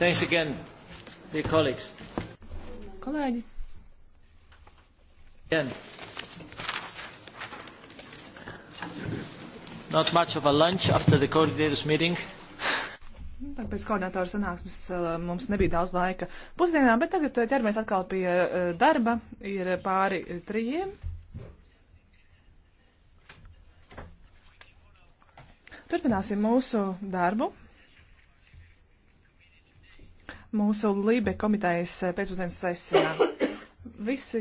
Thanks again, dear colleagues. Kolēģi. Again. Not much of a lunch after the coordinators meeting. Nu, pēc koordinatora sanāksmes uh, mums nebija daudz laika pusdienām, bet tagad uh, ķeramies atkal pie uh, darba. Ir pāri trījiem. Turpināsim mūsu darbu mūsu Lībe komitejas eh, pēcpusdienas sesijā. Visi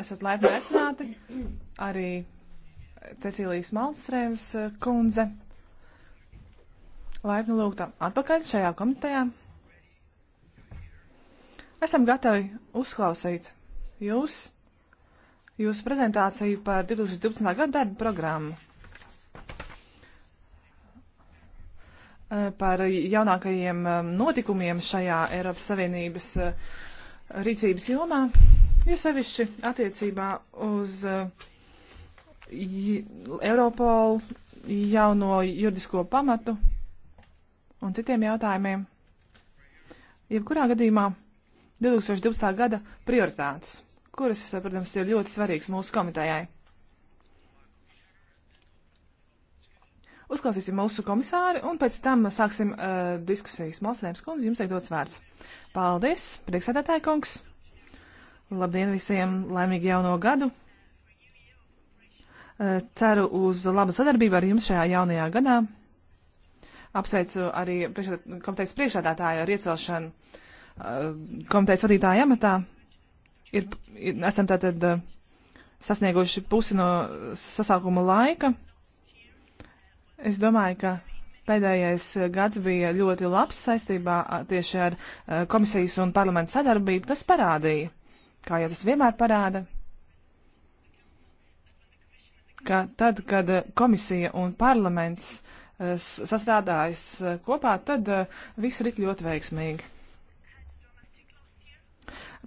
esat laipni aicināti, arī Cecīlijas Maltsrēvs eh, kundze. Laipni lūgta atpakaļ šajā komitejā. Esam gatavi uzklausīt jūs, jūsu prezentāciju par 2012. gadu darbu programmu. Eh, par jaunākajiem eh, notikumiem šajā Eiropas Savienības eh, rīcības jomā, jo sevišķi attiecībā uz Europolu jauno juridisko pamatu un citiem jautājumiem. Jebkurā gadījumā 2012. gada prioritātes, kuras, protams, ir ļoti svarīgas mūsu komitējai. Uzklausīsim mūsu komisāri un pēc tam sāksim uh, diskusijas. Malsnēms kundze, jums tiek dots vārds. Paldies, priekšsēdētāja kungs. Labdien visiem, laimīgi jauno gadu. Uh, ceru uz labu sadarbību ar jums šajā jaunajā gadā. Apsveicu arī priekšādā, komitejas priekšsēdētāju ar iecelšanu uh, komitejas vadītāja amatā. Ir, ir, esam tātad uh, sasnieguši pusi no sasaukuma laika. Es domāju, ka pēdējais eh, gads bija ļoti labs saistībā tieši ar eh, komisijas un parlamentu sadarbību. Tas parādīja, kā jau tas vienmēr parāda, ka tad, kad eh, komisija un parlaments sastrādājas kopā, tad viss rit ļoti veiksmīgi.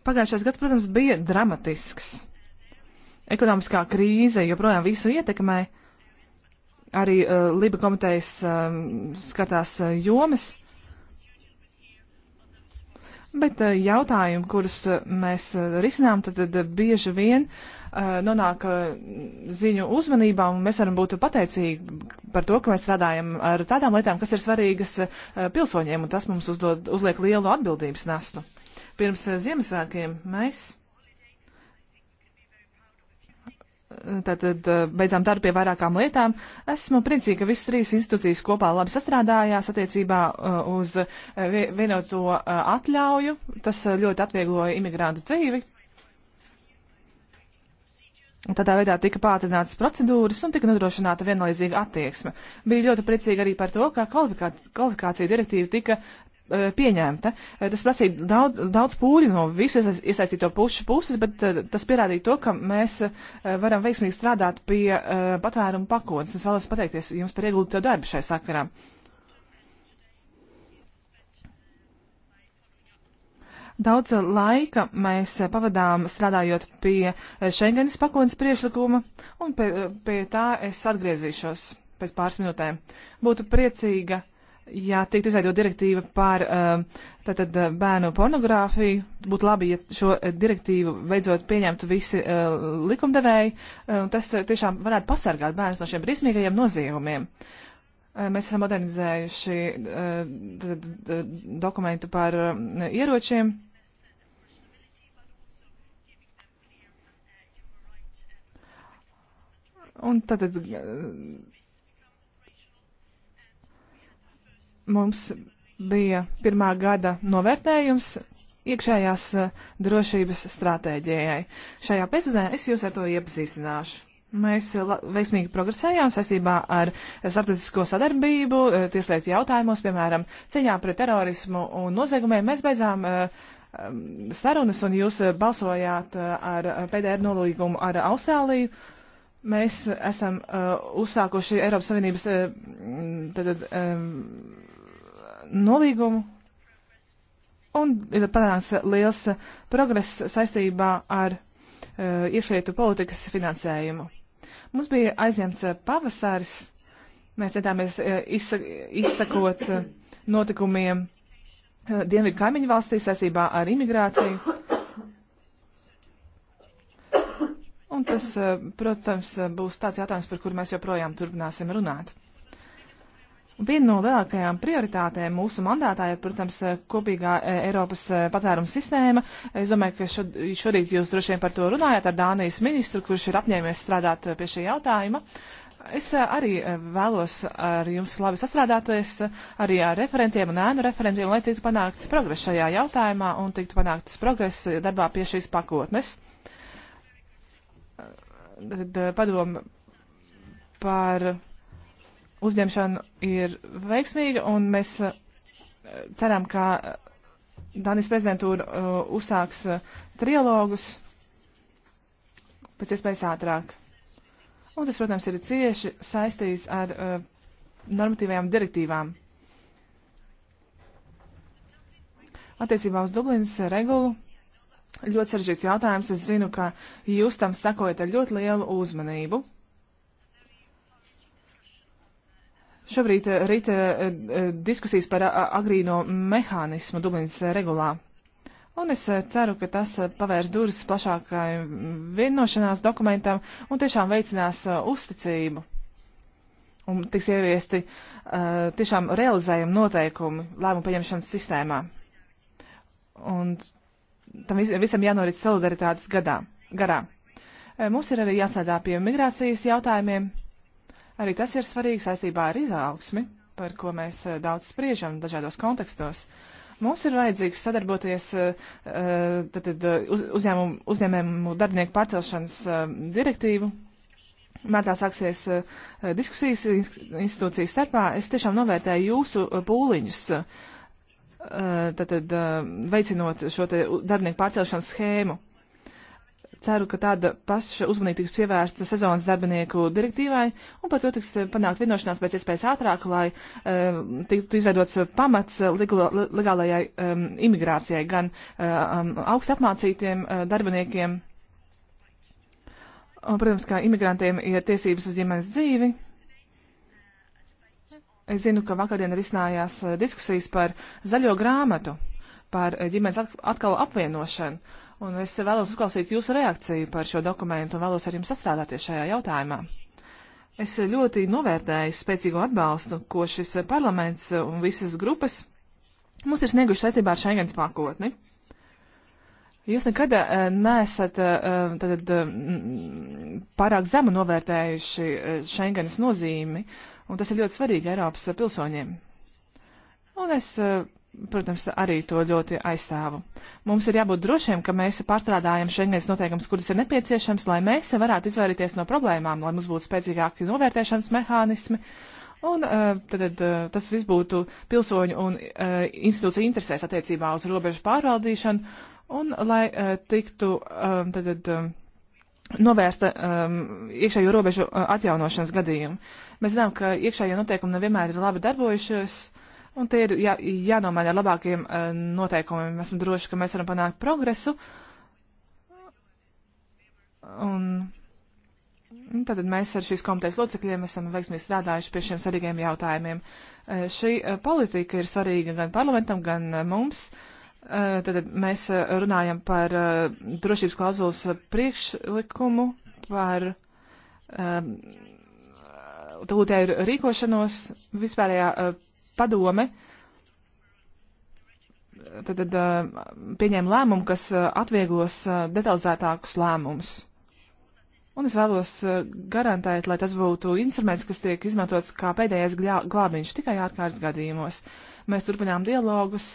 Pagājušais gads, protams, bija dramatisks. Ekonomiskā krīze joprojām visu ietekmēja arī uh, Liba komitejas uh, skatās uh, jomas. Bet uh, jautājumi, kurus uh, mēs uh, risinām, tad, tad uh, bieži vien uh, nonāk uh, ziņu uzmanībā, un mēs varam būt pateicīgi par to, ka mēs strādājam ar tādām lietām, kas ir svarīgas pilsoņiem, un tas mums uzdod, uzliek lielu atbildības nastu. Pirms Ziemassvētkiem mēs Tātad eh, beidzām darbu pie vairākām lietām. Esmu priecīga, ka visas trīs institūcijas kopā labi sastrādājās attiecībā eh, uz eh, vienoto atļauju. Tas ļoti atviegloja imigrantu dzīvi. Tādā veidā tika pātrinātas procedūras un tika nodrošināta vienlīdzīga attieksme. Bija ļoti priecīga arī par to, ka kvalifikācija direktīva tika E, pieņemta. E, tas prasīja daudz, daudz pūļu no visu iesaistīto pušu puses, bet e, tas pierādīja to, ka mēs varam veiksmīgi strādāt pie patvērumu pakodas. Es vēlos pateikties jums par ieguldīto darbu šai sakarā. Daudz laika mēs pavadām strādājot pie Schengenis pakodas priešlikuma, un pie, pie tā es atgriezīšos pēc pāris minūtēm. Būtu priecīga ja tiktu izveidot direktīva par eh, tātad, eh, bērnu pornogrāfiju, būtu labi, ja šo eh, direktīvu beidzot pieņemtu visi likumdevēji. Tas tiešām varētu pasargāt bērnus no šiem briesmīgajiem noziegumiem. Mēs esam modernizējuši tātad, dokumentu par ieročiem. Un tātad mums bija pirmā gada novērtējums iekšējās eh, drošības stratēģijai. Šajā pēcpusdienā es jūs ar to iepazīstināšu. Mēs eh, veiksmīgi progresējām saistībā ar starptautisko sadarbību, eh, tieslietu jautājumos, piemēram, cīņā pret terorismu un noziegumiem. Mēs beidzām um, sarunas un jūs balsojāt ar PDR nolīgumu ar Austrāliju. Mēs esam uzsākuši Eiropas Savienības tad, nolīgumu un ir panāks liels progress saistībā ar uh, iekšlietu politikas finansējumu. Mums bija aizņemts pavasaris, mēs centāmies uh, izsa izsakot uh, notikumiem e, Dienvidu kaimiņu valstīs saistībā ar imigrāciju. Un tas, protams, būs tāds jautājums, par kuru mēs joprojām turpināsim runāt. Viena no lielākajām prioritātēm mūsu mandātā ir, protams, eh, kopīgā eh, Eiropas eh, patvērums sistēma. Es domāju, ka šod, šorīt jūs droši vien par to runājat ar Dānijas ministru, kurš ir apņēmies strādāt pie šī jautājuma. Es arī vēlos ar jums labi sastrādāties, arī ar referentiem un ēnu referentiem, lai tiktu panākts progress šajā jautājumā un tiktu panākts progress darbā pie šīs pakotnes. Tad padomu par uzņemšana ir veiksmīga, un mēs eh, ceram, ka Dānijas prezidentūra eh, uzsāks eh, trilogus pēc iespējas ātrāk. Un tas, protams, ir cieši saistīts ar normatīvajām direktīvām. Attiecībā uz Dublinas regulu ļoti sarežģīts jautājums. Es zinu, ka jūs tam sakojat ar ļoti lielu uzmanību. Šobrīd eh, rita eh, eh, diskusijas par agrīno mehānismu Dublinas regulā. Un es ceru, ka tas pavērs durvis plašākai mm, vienošanās dokumentam un tiešām veicinās uzticību. Un tiks ieviesti uh, tiešām realizējami noteikumi lēmumu pieņemšanas sistēmā. Un tam vis visam jānorit solidaritātes gadā, garā. Mums ir arī jāsādā pie migrācijas jautājumiem Arī tas ir svarīgi saistībā ar izaugsmi, par ko mēs eh, daudz spriežam dažādos kontekstos. Mums ir vajadzīgs sadarboties eh, eh, tad, uz, uzņēmumu, uzņēmumu darbinieku pārcelšanas direktīvu. Mērtā sāksies diskusijas institūcijas starpā. Es tiešām novērtēju jūsu pūliņus, tad, tad veicinot šo darbinieku pārcelšanas schēmu ceru, ka tāda paša uzmanība tiks pievērsta sezonas darbinieku direktīvai, un par to tiks eh, panākt vienošanās pēc iespējas ātrāk, lai um, tiktu izveidots pamats legālajai um, imigrācijai gan um, eh, augst apmācītiem uh, darbiniekiem. Un, protams, kā imigrantiem ir tiesības uz ģimenes dzīvi. Es zinu, ka vakardien arī iznājās diskusijas par zaļo grāmatu, par ģimenes atkal apvienošanu. Un es vēlos uzklausīt jūsu reakciju par šo dokumentu un vēlos ar jums sastrādāties šajā jautājumā. Es ļoti novērtēju spēcīgo atbalstu, ko šis parlaments un visas grupas mums ir snieguši saistībā ar Schengens pakotni. Jūs nekad eh, neesat eh, eh, tad, pārāk zemu novērtējuši Schengenas nozīmi, un tas ir ļoti svarīgi Eiropas pilsoņiem. Un es protams, arī to ļoti aizstāvu. Mums ir jābūt drošiem, ka mēs pārstrādājam šengens noteikums, kuras ir nepieciešams, lai mēs varētu izvairīties no problēmām, lai mums būtu spēcīgāki novērtēšanas mehānismi. Un eh, tad eh, tas viss būtu pilsoņu un eh, institūciju interesēs attiecībā uz robežu pārvaldīšanu, un lai tiktu tad novērsta um, iekšējo robežu atjaunošanas gadījumu. Mēs zinām, ka iekšējie noteikumi nevienmēr ir labi darbojušies, uh, un tie ir jā, jānomaina ar labākiem uh, noteikumiem. Esmu droši, ka mēs varam panākt progresu. Un tātad mēs ar šīs komitejas locekļiem esam veiksmīgi strādājuši pie šiem svarīgiem jautājumiem. Uh, šī uh, politika ir svarīga gan parlamentam, gan uh, mums. Tātad mēs runājam par drošības klauzulas priekšlikumu, par tūlītēju rīkošanos vispārējā padome tad, tad, eh, pieņēma lēmumu, kas eh, atvieglos eh, detalizētākus lēmumus. Un es vēlos garantēt, lai tas būtu instruments, kas tiek izmantots kā pēdējais glābiņš tikai ārkārtas gadījumos. Mēs turpinām dialogus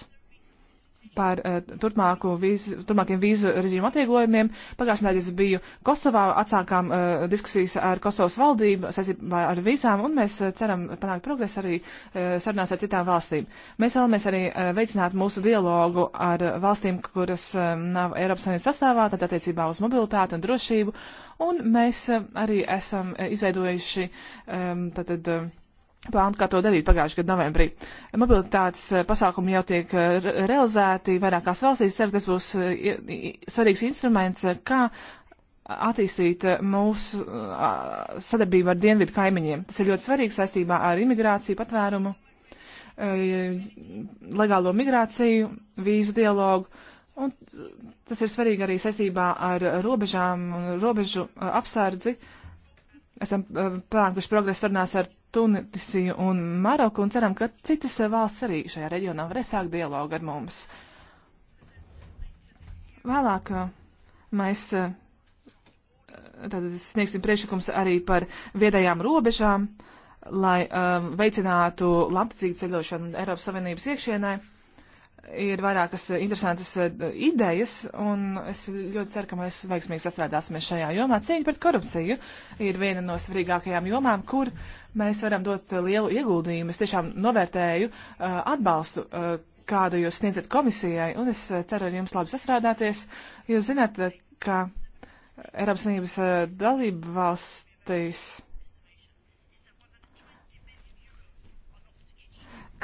par uh, eh, turpmāku vīzu, turpmākiem vīzu režīmu atvieglojumiem. Pagājušajā nedēļā es biju Kosovā, atsākām uh, diskusijas ar Kosovas valdību saistībā ar vīzām, un mēs uh, ceram panākt progresu arī uh, sarunās ar citām valstīm. Mēs vēlamies arī uh, veicināt mūsu dialogu ar valstīm, kuras uh, nav Eiropas Savienības sastāvā, tad attiecībā uz mobilitāti un drošību, un mēs uh, arī esam uh, izveidojuši um, tātad. Uh, plānu, kā to darīt pagājušajā gadā novembrī. Mobilitātes eh, pasākumi jau tiek eh, realizēti vairākās valstīs. Ceru, tas būs eh, svarīgs instruments, kā attīstīt mūsu sadarbību ar dienvidu kaimiņiem. Tas ir ļoti svarīgi saistībā ar imigrāciju, patvērumu, legālo migrāciju, vīzu dialogu. Un tas ir svarīgi arī saistībā ar robežām un robežu apsardzi. Esam panākuši progresu sarunās ar Tunisiju un Maroku un ceram, ka citas valsts arī šajā reģionā varēs sākt dialogu ar mums. Vēlāk uh, mēs tātad uh, sniegsim priekšlikums arī par viedajām robežām, lai um, veicinātu labticīgu ceļošanu Eiropas Savienības iekšienai ir vairākas eh, interesantas eh, idejas, un es ļoti ceru, ka mēs veiksmīgi sastrādāsimies šajā jomā. Cīņa pret korupciju ir viena no svarīgākajām jomām, kur mēs varam dot eh, lielu ieguldījumu. Es tiešām novērtēju atbalstu, kādu jūs sniedzat komisijai, un es ceru ar jums labi sastrādāties. Jūs zināt, ka Eiropas Savienības dalība valstīs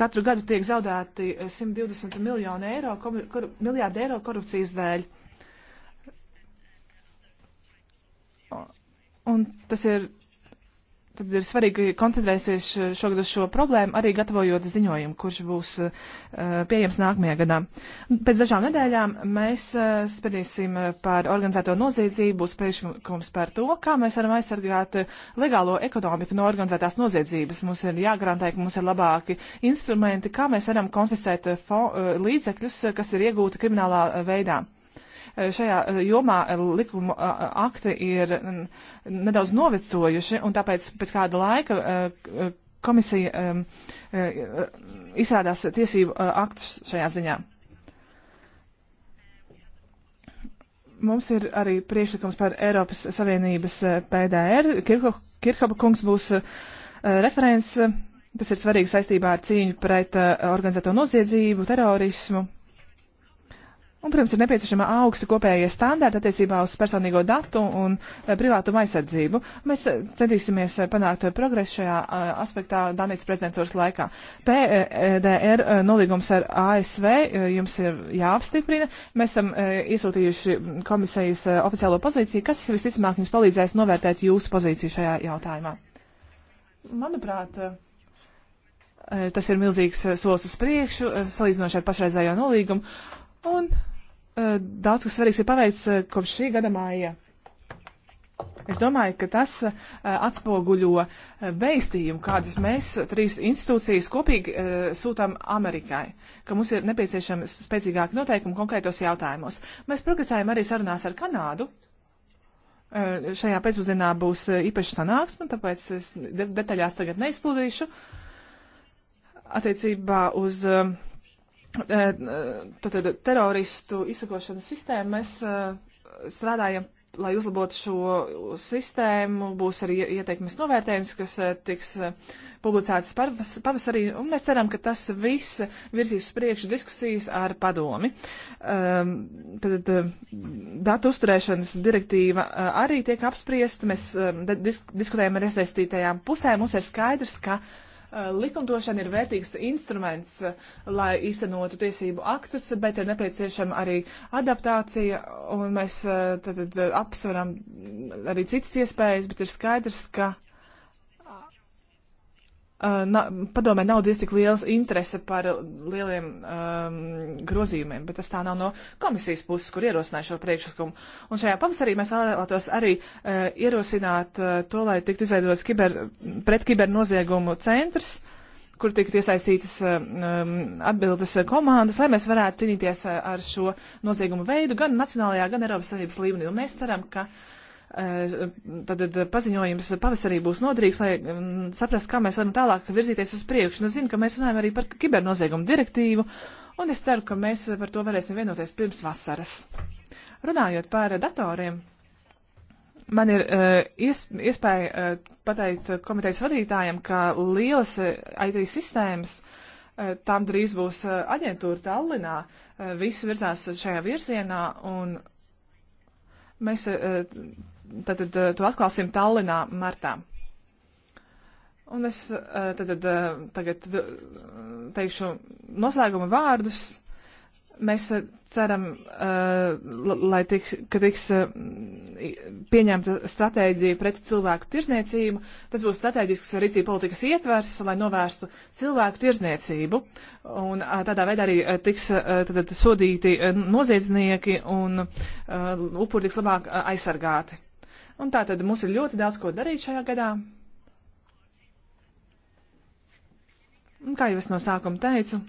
Katru gadu tiek zaudēti 120 eh, miljoni eiro, koru, miljārdi eiro korupcijas dēļ. Un tas ir tad ir svarīgi koncentrēsies šogad uz šo problēmu, arī gatavojot ziņojumu, kurš būs uh, pieejams nākamajā gadā. Pēc dažām nedēļām mēs uh, spēdīsim par organizēto noziedzību, būs priekšlikums par to, kā mēs varam aizsargāt legālo ekonomiku no organizētās noziedzības. Mums ir jāgarantē, ka mums ir labāki instrumenti, kā mēs varam konfiscēt uh, līdzekļus, kas ir iegūti kriminālā veidā šajā eh, jomā eh, likuma eh, akti ir nedaudz novecojuši, un tāpēc pēc kāda laika komisija izstrādās tiesību aktus šajā ziņā. mums ir arī priekšlikums par Eiropas Savienības PDR. Kirko, Kirkhopa kungs būs uh, referents. Tas ir svarīgi saistībā ar cīņu pret uh, organizēto noziedzību, terorismu Un, protams, ir nepieciešama augsta kopējie standarti attiecībā uz personīgo datu un eh, privātu aizsardzību. Mēs eh, centīsimies eh, panākt progresu šajā aspektā Danijas prezidentūras laikā. PDR e nolīgums ar ASV jums ir jāapstiprina. Mēs esam iesūtījuši komisijas oficiālo pozīciju, kas visticamāk jums palīdzēs novērtēt jūsu pozīciju šajā jautājumā. Manuprāt, tas ir milzīgs solis uz priekšu, salīdzinot ar pašreizējo nolīgumu. Un Eh, daudz kas svarīgs ir paveikts eh, kopš šī gada māja. Es domāju, ka tas eh, atspoguļo veistījumu, kādas mēs trīs institūcijas kopīgi sūtām Amerikai, ka mums ir nepieciešami spēcīgāki noteikumi konkrētos jautājumos. Mēs progresējam arī sarunās ar Kanādu. Šajā pēcpusdienā būs īpaša sanāksme, tāpēc es detaļās tagad neizplūdīšu attiecībā uz uh, Eh, tātad, teroristu izsakošanas sistēmu mēs eh, strādājam, lai uzlabotu šo sistēmu. Būs arī ieteikums novērtējums, kas eh, tiks publicēts pavasarī, un mēs ceram, ka tas viss virzīs uz priekšu diskusijas ar padomi. Ehm, Tad datu uzturēšanas direktīva arī tiek apspriesta. Mēs disk diskutējam ar iesaistītajām pusēm. Mums ir skaidrs, ka Eh, likumdošana ir vērtīgs instruments, eh, lai īstenotu tiesību aktus, bet ir nepieciešama arī adaptācija, un mēs eh, tad, tad apsveram arī citas iespējas, bet ir skaidrs, ka Uh, na, padomē nav diezgan liels interese par lieliem um, grozījumiem, bet tas tā nav no komisijas puses, kur ierosināja šo priekšlikumu. Un šajā pavasarī mēs vēlētos arī uh, ierosināt uh, to, lai tiktu izveidots kiber, pret kibernoziegumu centrs kur tiktu iesaistītas um, atbildes komandas, lai mēs varētu cīnīties uh, ar šo noziegumu veidu gan nacionālajā, gan Eiropas Savienības līmenī. Un mēs ceram, ka uh, Tad paziņojums pavasarī būs noderīgs, lai mm, saprastu, kā mēs varam tālāk virzīties uz priekšu. Nu, zinu, ka mēs runājam arī par kibernoziegumu direktīvu, un es ceru, ka mēs par to varēsim vienoties pirms vasaras. Runājot par datoriem, man ir uh, ies, iespēja uh, pateikt komitejas vadītājiem, ka lielas uh, eh, IT sistēmas, uh, tām drīz būs uh, aģentūra Tallinā, uh, visi virzās šajā virzienā, un mēs uh, tad eh, to atklāsim Tallinā martā. Un es eh, tad, tad eh, tagad teikšu noslēguma vārdus. Mēs ceram, lai tiks, ka tiks pieņemta stratēģija pret cilvēku tirzniecību. Tas būs strateģisks rīcība politikas ietvers, lai novērstu cilvēku tirzniecību. Un tādā veidā arī tiks tad, sodīti noziedznieki un upuri tiks labāk aizsargāti. Un tā tad mums ir ļoti daudz ko darīt šajā gadā. Un kā jau es no sākuma teicu,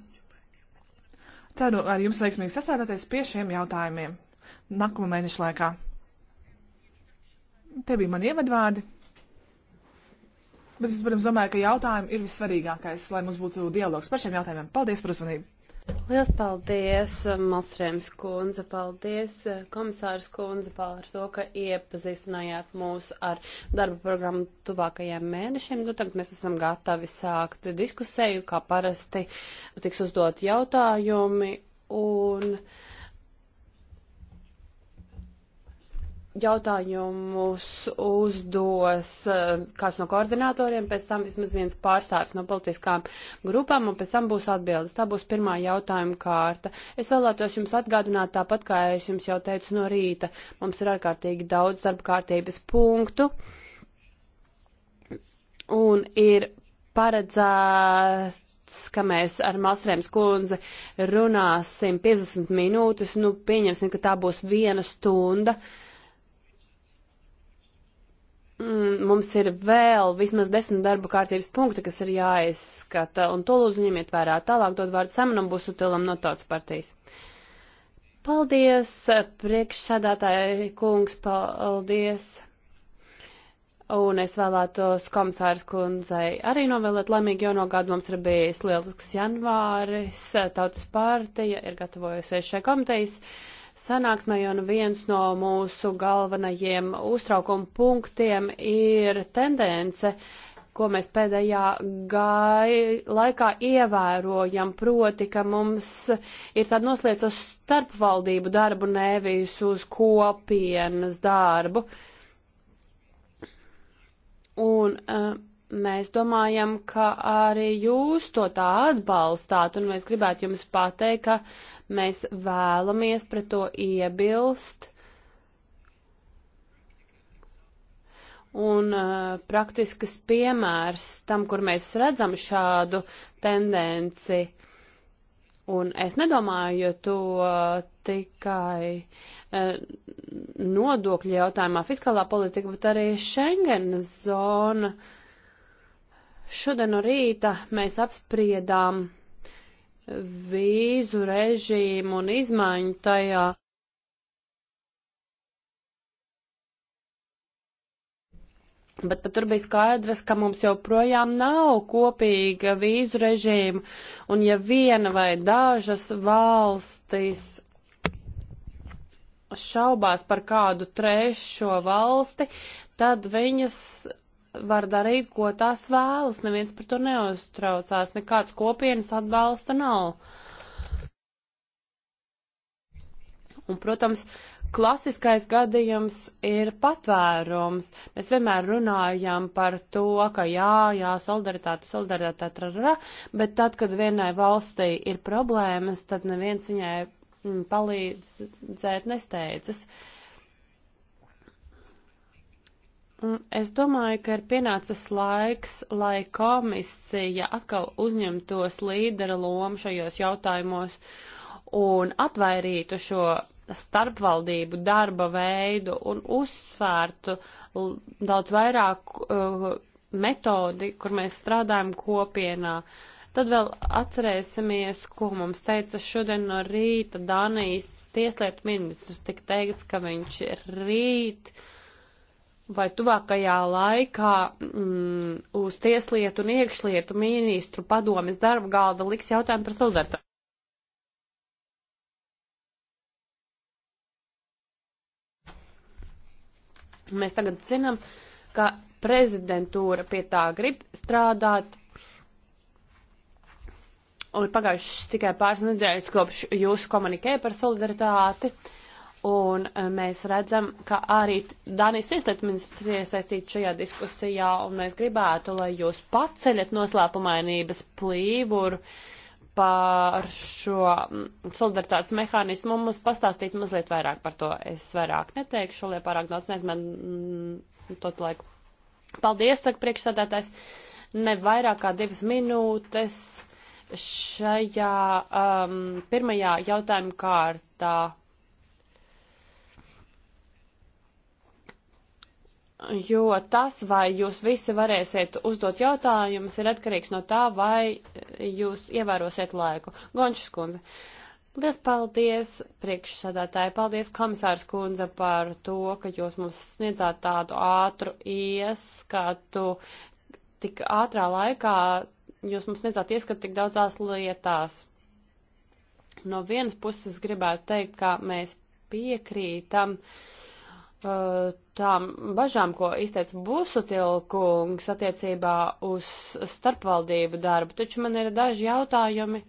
ceru ar jums veiksmīgi sastrādāties pie šiem jautājumiem nākamā mēneša laikā. Te bija mani ievadvārdi. Bet es, protams, domāju, ka jautājumi ir vissvarīgākais, lai mums būtu dialogs par šiem jautājumiem. Paldies par uzmanību! Liels paldies, eh, Malstrēms kundze, paldies, eh, komisārs kundze, par to, ka iepazīstinājāt mūs ar darba programmu tuvākajiem mēnešiem. Nu, tagad mēs esam gatavi sākt diskusēju, kā parasti tiks uzdot jautājumi. Un, uh, jautājumus uzdos eh, kāds no koordinatoriem, pēc tam vismaz viens pārstāvis no politiskām grupām, un pēc tam būs atbildes. Tā būs pirmā jautājuma kārta. Es vēlētos jums atgādināt, tāpat kā es jums jau teicu no rīta, mums ir ārkārtīgi daudz darba kārtības punktu, un ir paredzēts fakts, ka mēs ar Masrēms kundzi runāsim 50 minūtes, nu pieņemsim, ka tā būs viena stunda. Uh, Mm, mums ir vēl vismaz desmit darba kārtības punkti, kas ir jāizskata, un to lūdzu ņemiet vērā. Tālāk dod vārdu Samanam Busutilam no tautas partijas. Paldies, priekšsādātāji kungs, paldies. Un es vēlētos komisārs kundzei arī novēlēt laimīgi jauno gadu. Mums ir bijis lielisks janvāris, tautas partija ir gatavojusies šai komitejas uh, sanāksmē, un viens no mūsu galvenajiem uztraukuma punktiem ir tendence, ko mēs pēdējā gai laikā ievērojam, proti, ka mums ir tāda noslēdz uz starpvaldību darbu, nevis uz kopienas darbu. Un, uh, mēs domājam, ka arī jūs to tā atbalstāt, un mēs gribētu jums pateikt, ka Mēs vēlamies pret to iebilst. Un uh, praktiskas piemērs tam, kur mēs redzam šādu tendenci, un es nedomāju to tikai uh, nodokļu jautājumā, fiskālā politika, bet arī Schengen zona. Šodien no rīta mēs apspriedām uh, vīzu režīmu un izmaiņu tajā. Bet pat tur bija skaidrs, ka mums joprojām nav kopīga vīzu režīma, un ja viena vai dažas valstis šaubās par kādu trešo valsti, tad viņas var darīt, ko tās vēlas. Neviens par to neuztraucās, nekāds kopienas atbalsta nav. Un, protams, klasiskais gadījums ir patvērums. Mēs vienmēr runājam par to, ka jā, jā, solidaritāte, solidaritāte, trarā, bet tad, kad vienai valstī ir problēmas, tad neviens viņai mm, palīdzēt nesteidzas. Uh, Un es domāju, ka ir pienācis laiks, lai komisija atkal uzņemtos līdera lomu šajos jautājumos un atvairītu šo starpvaldību darba veidu un uzsvērtu daudz vairāk uh, metodi, kur mēs strādājam kopienā. Tad vēl atcerēsimies, ko mums teica šodien no rīta Danijas tieslietu ministrs. Tik teikts, ka viņš rīt uh, vai tuvākajā laikā mm, uz tieslietu un iekšlietu ministru padomis darba galda liks jautājumu par solidaritāti. Mēs tagad zinām, ka prezidentūra pie tā grib strādāt. Un pagājušas tikai pāris nedēļas kopš jūsu komunikē par solidaritāti. Uh, Un e, mēs redzam, ka arī Dānijas tieslietu ministrija iesaistīta šajā diskusijā, un mēs gribētu, lai jūs paceļat noslēpumainības plīvuru par šo solidaritātes mehānismu. Mums pastāstīt mazliet vairāk par to. Es vairāk neteikšu, lai pārāk daudz neizmantotu to laiku. Paldies, saka priekšsādātājs. Ne vairāk kā divas minūtes šajā um, pirmajā jautājuma kārtā. Jo tas, vai jūs visi varēsiet uzdot jautājumus, ir atkarīgs no tā, vai jūs ievērosiet laiku. Gončs kundze. Liels paldies priekšsādātāji, paldies komisārs kundze par to, ka jūs mums sniedzāt tādu ātru ieskatu tik ātrā laikā, jūs mums sniedzāt ieskatu tik daudzās lietās. No vienas puses gribētu teikt, ka mēs piekrītam. Uh, Eh, tām bažām, ko izteica Busutilkungs attiecībā uz starpvaldību darbu, taču man ir daži jautājumi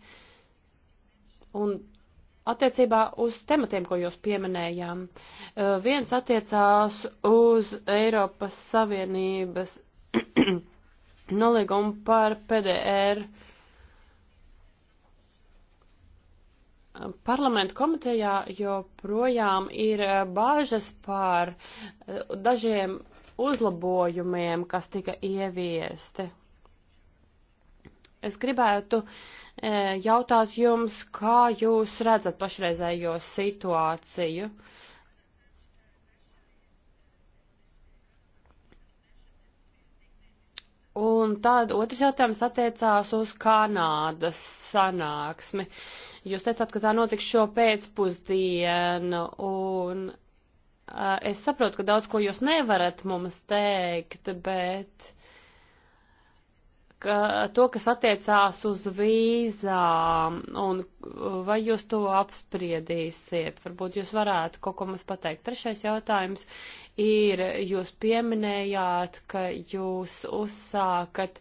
un attiecībā uz tematiem, ko jūs pieminējām. Eh, viens attiecās uz Eiropas Savienības nolīgumu par PDR. Uh, parlamentu komitejā joprojām ir eh, bāžas par eh, dažiem uzlabojumiem, kas tika ieviesti. Es gribētu eh, jautāt jums, kā jūs redzat pašreizējo situāciju? Uh, Un tad otrs jautājums attiecās uz Kanādas sanāksmi. Jūs teicāt, ka tā notiks šo pēcpusdienu, un uh, es saprotu, ka daudz ko jūs nevarat mums teikt, bet ka, to, kas attiecās uz vīzām, un vai jūs to apspriedīsiet? Varbūt jūs varētu kaut ko mums pateikt. Trešais jautājums ir, jūs pieminējāt, ka jūs uzsākat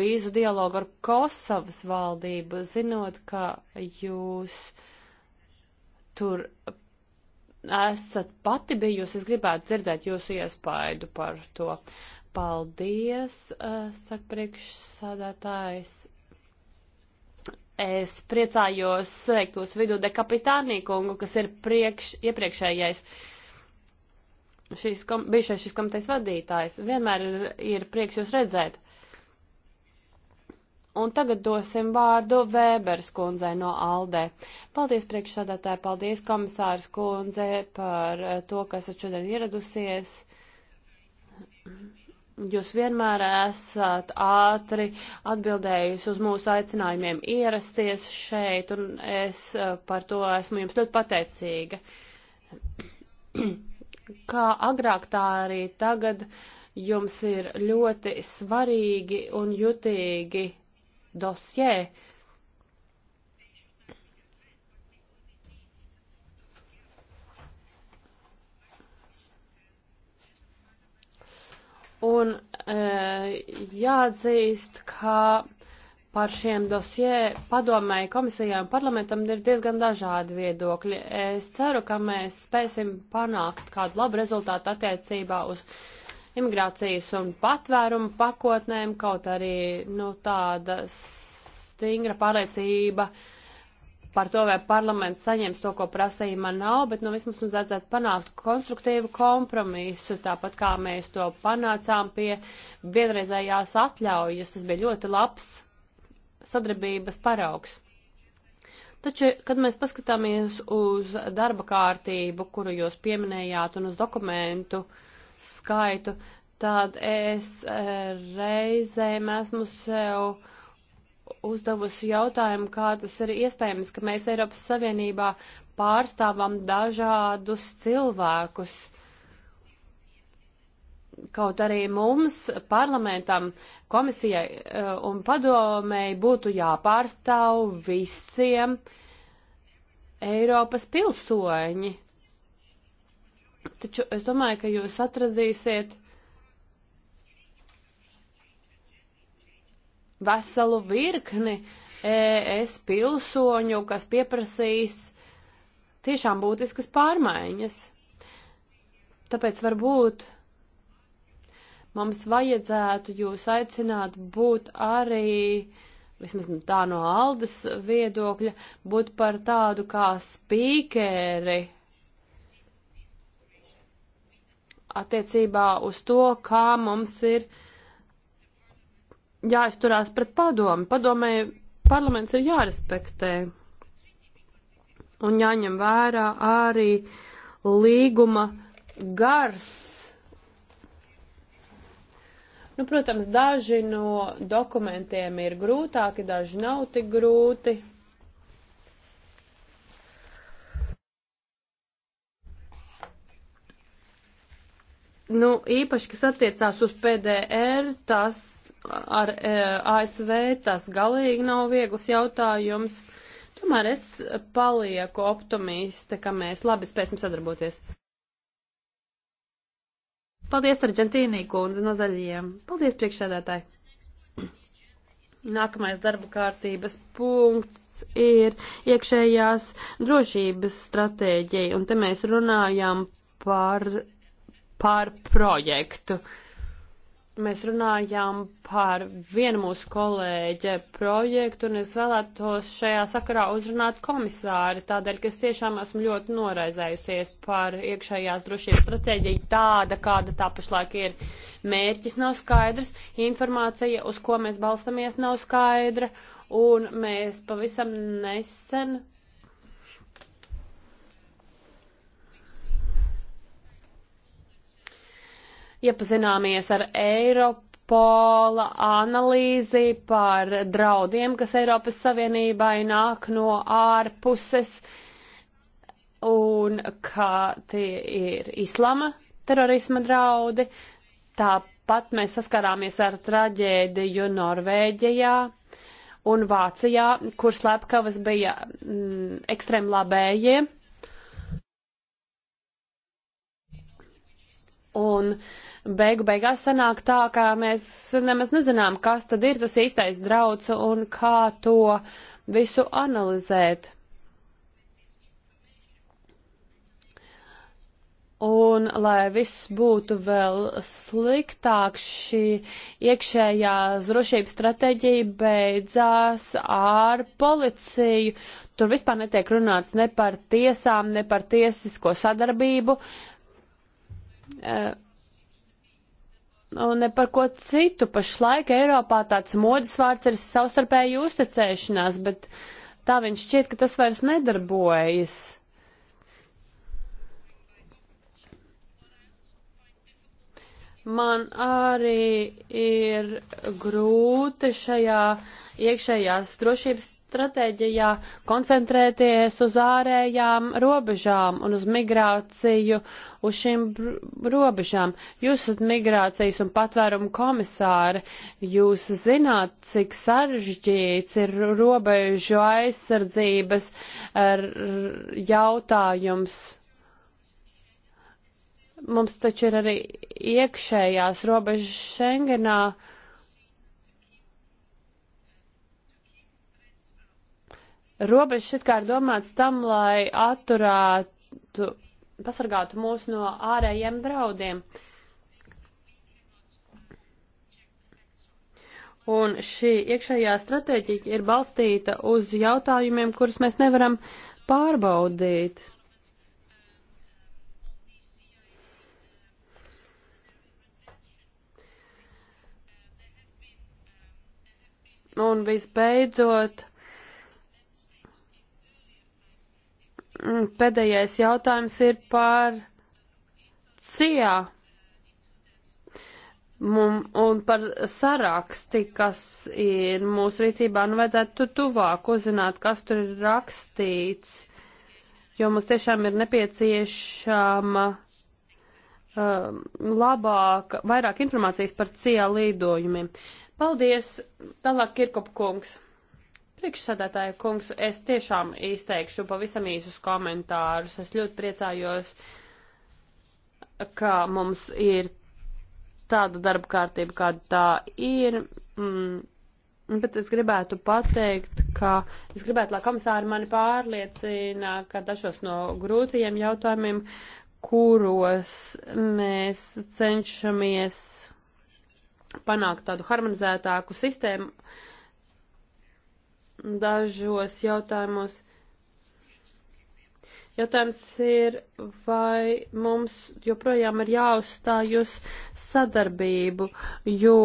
vīzu dialogu ar Kosovas valdību, zinot, ka jūs tur esat pati bijusi. Es gribētu dzirdēt jūsu iespaidu par to. Uh, Paldies, uh, saka priekšsādātājs. Es priecājos sveikt jūs vidū dekapitānīkungu, kas ir priekš, iepriekšējais šīs kom, bijušais šis komitejas vadītājs. Vienmēr ir, ir prieks jūs redzēt. Un tagad dosim vārdu Vēbers kundzei no Aldē. Paldies priekšsādātāji, paldies komisārs kundze par eh, to, kas esat šodien ieradusies. Mm-hmm. Jūs vienmēr esat ātri atbildējusi uz mūsu aicinājumiem ierasties šeit, un es eh, par to esmu jums ļoti pateicīga. Kā agrāk tā arī tagad jums ir ļoti svarīgi un jutīgi dosjē, uh, Un e, jāatzīst, ka par šiem dosie padomēji komisijām un parlamentam ir diezgan dažādi viedokļi. Es ceru, ka mēs spēsim panākt kādu labu rezultātu attiecībā uz imigrācijas un patvērumu pakotnēm, kaut arī nu, tāda stingra pārliecība uh, par to, vai parlaments saņems to, ko prasījuma nav, bet nu, vismaz mums vajadzētu panākt konstruktīvu kompromisu, tāpat kā mēs to panācām pie vienreizējās atļaujas. Tas bija ļoti labs sadarbības paraugs. Taču, kad mēs paskatāmies uz darba kārtību, kuru jūs pieminējāt, un uz dokumentu skaitu, tad es eh, reizēm esmu sev. Uh, uzdevusi jautājumu, kā tas ir iespējams, ka mēs Eiropas Savienībā pārstāvam dažādus cilvēkus. Kaut arī mums, parlamentam, komisijai eh, un padomēji būtu jāpārstāv visiem Eiropas pilsoņi. Taču es domāju, ka jūs atradīsiet veselu virkni ES pilsoņu, kas pieprasīs tiešām būtiskas pārmaiņas. Tāpēc varbūt mums vajadzētu jūs aicināt būt arī, vismaz nu, tā no Aldas viedokļa, būt par tādu kā spīkeri attiecībā uz to, kā mums ir jāizturās pret padomi. Padomēji parlaments ir jārespektē un jāņem vērā arī līguma gars. Nu, protams, daži no dokumentiem ir grūtāki, daži nav tik grūti. Nu, īpaši, kas attiecās uz PDR, tas ar e, ASV tas galīgi nav viegls jautājums. Tomēr es palieku optimiste, ka mēs labi spēsim sadarboties. Paldies, Argentīnī kundze no zaļajiem. Paldies, priekšsēdētāji. Nākamais darba kārtības punkts ir iekšējās drošības stratēģija, un te mēs runājam par, par projektu. Uh, mēs runājām par vienu mūsu kolēģe projektu, un es vēlētos šajā sakarā uzrunāt komisāri, tādēļ, ka es tiešām esmu ļoti noraizējusies par iekšējās drošības stratēģiju tāda, kāda tā pašlaik ir. Mērķis nav skaidrs, informācija, uz ko mēs balstamies, nav skaidra, un mēs pavisam nesen Iepazināmies ar Eiropola analīzi par draudiem, kas Eiropas Savienībai nāk no ārpuses un kā tie ir islama terorisma draudi. Tāpat mēs saskarāmies ar traģēdiju Norvēģijā un Vācijā, kur slepkavas bija mm, ekstrēmlabējie. Un beigu beigās sanāk tā, ka mēs nemaz nezinām, kas tad ir tas īstais draudz un kā to visu analizēt. Un, lai viss būtu vēl sliktāk, šī iekšējā drošības stratēģija beidzās ar policiju. Tur vispār netiek runāts ne par tiesām, ne par tiesisko sadarbību. Uh, Eh, un ne par ko citu. Pašlaik Eiropā tāds modes vārds ir savstarpēji uzticēšanās, bet tā viņš šķiet, ka tas vairs nedarbojas. Man arī ir grūti šajā iekšējās drošības stratēģijā koncentrēties uz ārējām robežām un uz migrāciju, uz šīm robežām. Jūs esat migrācijas un patvērumu komisāri, jūs zināt, cik sarežģīts ir robežu aizsardzības er, jautājums. Mums taču ir arī iekšējās robežas Schengenā. Uh, robežas šit kā ir domāts tam, lai atturētu, pasargātu mūs no ārējiem draudiem. Un šī iekšējā stratēģija ir balstīta uz jautājumiem, kurus mēs nevaram pārbaudīt. Un visbeidzot, Mm, pēdējais jautājums ir par CIA mum, un par saraksti, kas ir mūsu rīcībā. Nu, vajadzētu tu tuvāk uzzināt, kas tur ir rakstīts, jo mums tiešām ir nepieciešama um, labāka, vairāk informācijas par CIA lidojumiem. Paldies, tālāk Kirkop kungs. Priekšsēdētāja kungs, es tiešām izteikšu pavisam īsus komentārus. Es ļoti priecājos, ka mums ir tāda darba kārtība, kāda tā ir. Mm, bet es gribētu pateikt, ka es gribētu, lai komisāri mani pārliecina, ka dažos no grūtajiem jautājumiem, kuros mēs cenšamies panākt tādu harmonizētāku sistēmu, uh, dažos jautājumos. Jautājums ir, vai mums joprojām ir jāuzstāj uz sadarbību, jo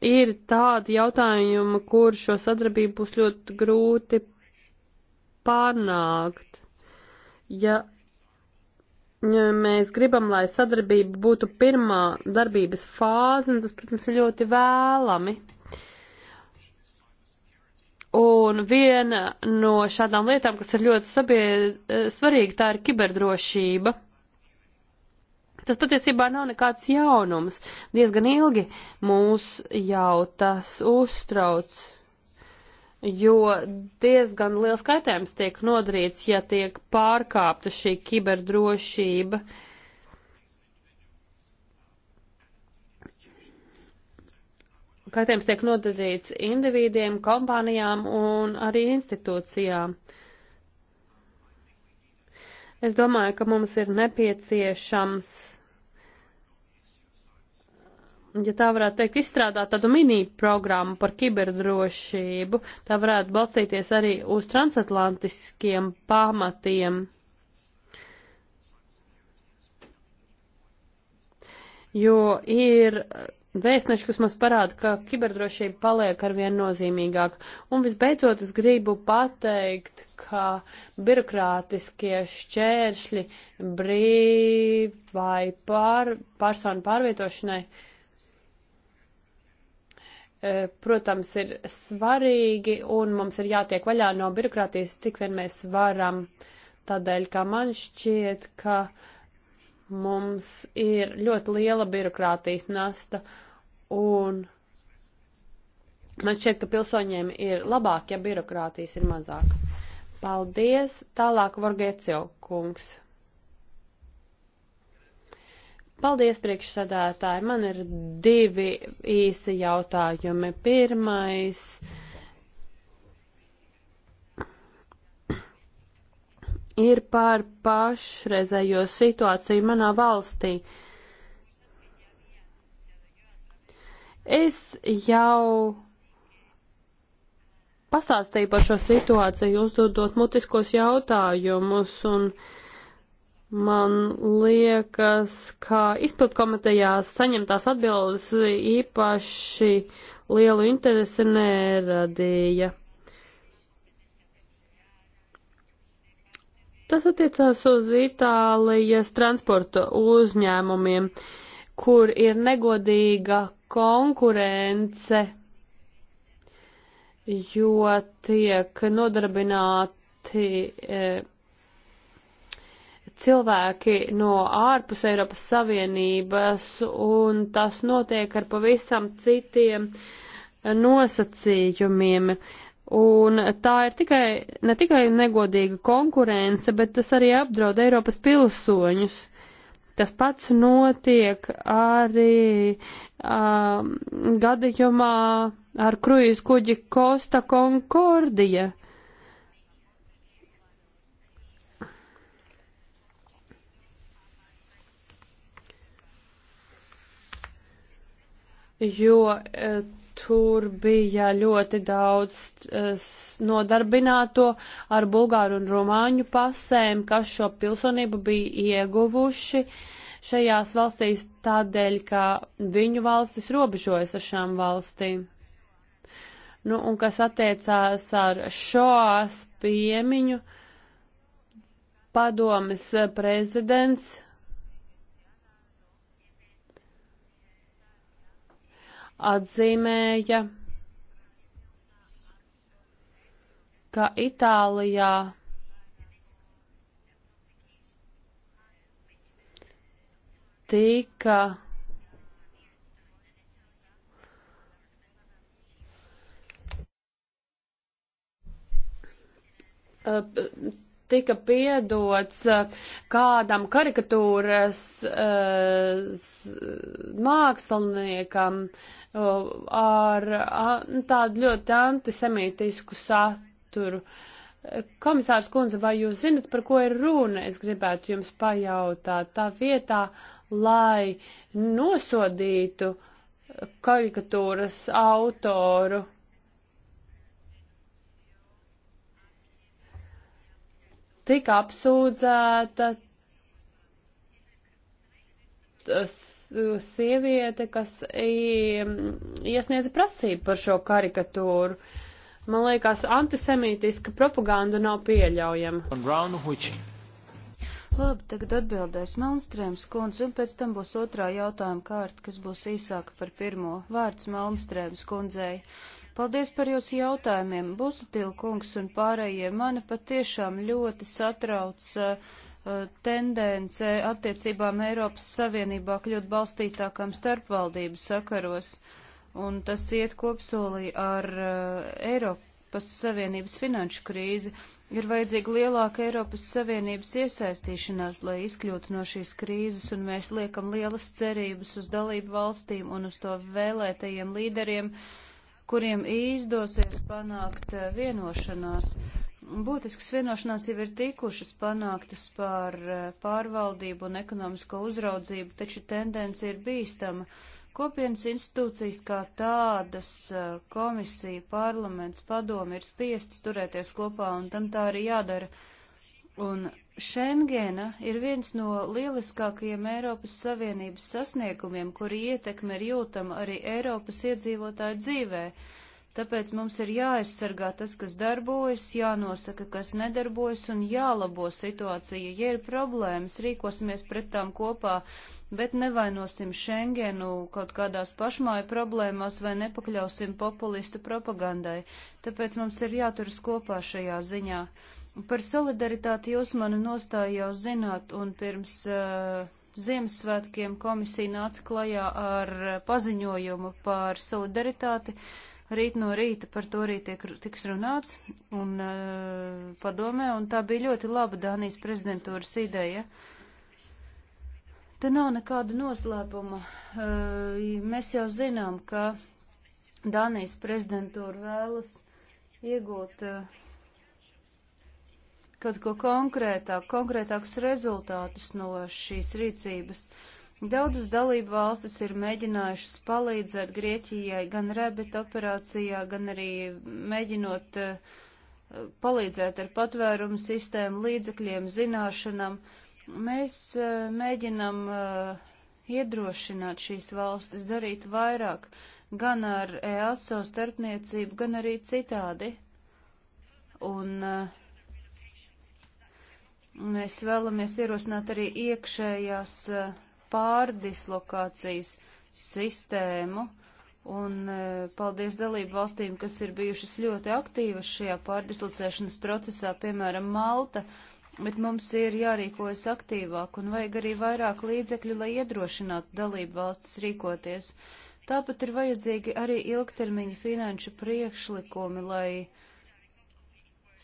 ir tādi jautājumi, kur šo sadarbību būs ļoti grūti panākt. Ja mēs gribam, lai sadarbība būtu pirmā darbības fāze, un tas, protams, ir ļoti vēlami. Un viena no šādām lietām, kas ir ļoti sabied... Eh, svarīga, tā ir kiberdrošība. Tas patiesībā nav nekāds jaunums. Diezgan ilgi mūs jau tas uztrauc, jo diezgan liels kaitējums tiek nodarīts, ja tiek pārkāpta šī kiberdrošība. Uh, kaitējums tiek nodarīts individiem, kompānijām un arī institūcijām. Es domāju, ka mums ir nepieciešams, ja tā varētu teikt, izstrādāt tādu mini-programmu par kiberdrošību. Tā varētu balstīties arī uz transatlantiskiem pamatiem. Jo ir vēstneši, kas mums parāda, ka kiberdrošība paliek arvien nozīmīgāk. Un visbeidzot, es gribu pateikt, ka birokrātiskie šķēršļi brīvai pār, personu pārvietošanai, e, protams, ir svarīgi un mums ir jātiek vaļā no birokrātijas, cik vien mēs varam. Tādēļ, kā man šķiet, ka uh, Mums ir ļoti liela birokrātijas nasta, un man šķiet, ka pilsoņiem ir labāk, ja birokrātijas ir mazāk. Paldies! Tālāk Vorgecio kungs. Paldies, priekšsēdētāji. Man ir divi īsi jautājumi. Pirmais. Uh, ir par pašreizējo situāciju manā valstī. Es jau pasāstīju par šo situāciju, uzdodot mutiskos jautājumus, un man liekas, ka izpildu komitejās saņemtās atbildes īpaši lielu interesi neradīja. Tas attiecās uz Itālijas transporta uzņēmumiem, kur ir negodīga konkurence, jo tiek nodarbināti. Eh, cilvēki no ārpus Eiropas Savienības, un tas notiek ar pavisam citiem nosacījumiem. Un tā ir tikai, ne tikai negodīga konkurence, bet tas arī apdraud Eiropas pilsoņus. Tas pats notiek arī um, gadījumā ar kruīzu kuģi Costa Concordia. Jo eh, tur bija ļoti daudz uh, nodarbināto ar bulgāru un rumāņu pasēm, kas šo pilsonību bija ieguvuši šajās valstīs tādēļ, ka viņu valstis robežojas ar šām valstīm. Nu, un kas attiecās ar šoās piemiņu, padomis prezidents atzīmēja, ka Itālijā tika tika piedots uh, kādam karikatūras uh, māksliniekam uh, ar nu, tādu ļoti antisemītisku saturu. Komisārs kundze, vai jūs zinat, par ko ir runa? Es gribētu jums pajautāt tā vietā, lai nosodītu karikatūras autoru. tika apsūdzēta uh, sieviete, kas mm, iesniedza prasību par šo karikatūru. Man liekas, antisemītiska propaganda nav pieļaujama. Labi, tagad atbildēs Melmstrēms kundze, un pēc tam būs otrā jautājuma kārta, kas būs īsāka par pirmo. Vārds Melmstrēms kundzei. Paldies par jūsu jautājumiem. Busutilkungs un pārējie mani patiešām ļoti satrauc uh, uh, tendence attiecībām Eiropas Savienībā kļūt balstītākām starpvaldību sakaros, un tas iet kopsolī ar uh, Eiropas Savienības finanšu krīzi. Ir vajadzīga lielāka Eiropas Savienības iesaistīšanās, lai izkļūtu no šīs krīzes, un mēs liekam lielas cerības uz dalību valstīm un uz to vēlētajiem līderiem. Uh, kuriem izdosies panākt eh, vienošanās. Būtiskas vienošanās jau ir tikušas panāktas par eh, pārvaldību un ekonomisko uzraudzību, taču tendence ir bīstama. Kopienas institūcijas kā tādas, eh, komisija, parlaments, padomi ir spiestas turēties kopā, un tam tā arī jādara. Un Šengena ir viens no lieliskākajiem Eiropas Savienības sasniegumiem, kuri ietekme ir jūtama arī Eiropas iedzīvotāju dzīvē. Tāpēc mums ir jāaizsargā tas, kas darbojas, jānosaka, kas nedarbojas un jālabo situācija. Ja ir problēmas, rīkosimies pret tām kopā, bet nevainosim Schengenu kaut kādās pašmāju problēmās vai nepakļausim populistu propagandai. Tāpēc mums ir jāturas kopā šajā ziņā. Par solidaritāti jūs manu nostāju jau zināt, un pirms uh, Ziemassvētkiem komisija nāca klajā ar eh, paziņojumu par solidaritāti. Rīt no rīta par to arī tiek, tiks runāts un uh, padomē, un tā bija ļoti laba Dānijas prezidentūras ideja. Uh, Te nav nekāda noslēpuma. Mēs jau zinām, ka Danijas prezidentūra vēlas iegūt kaut ko konkrētāk, konkrētākus rezultātus no šīs rīcības. Daudzas dalību valstis ir mēģinājušas palīdzēt Grieķijai gan rebit operācijā, gan arī mēģinot uh, palīdzēt ar patvērumu sistēmu, līdzekļiem, zināšanām. Mēs uh, mēģinam uh, iedrošināt šīs valstis darīt vairāk, gan ar EASO starpniecību, gan arī citādi. Un uh, Mēs vēlamies ierosināt arī iekšējās eh, pārdislokācijas sistēmu, un eh, paldies dalību valstīm, kas ir bijušas ļoti aktīvas šajā pārdislocēšanas procesā, piemēram, Malta, bet mums ir jārīkojas aktīvāk un vajag arī vairāk līdzekļu, lai iedrošinātu dalību valstis rīkoties. Tāpat ir vajadzīgi arī ilgtermiņa finanšu priekšlikumi, lai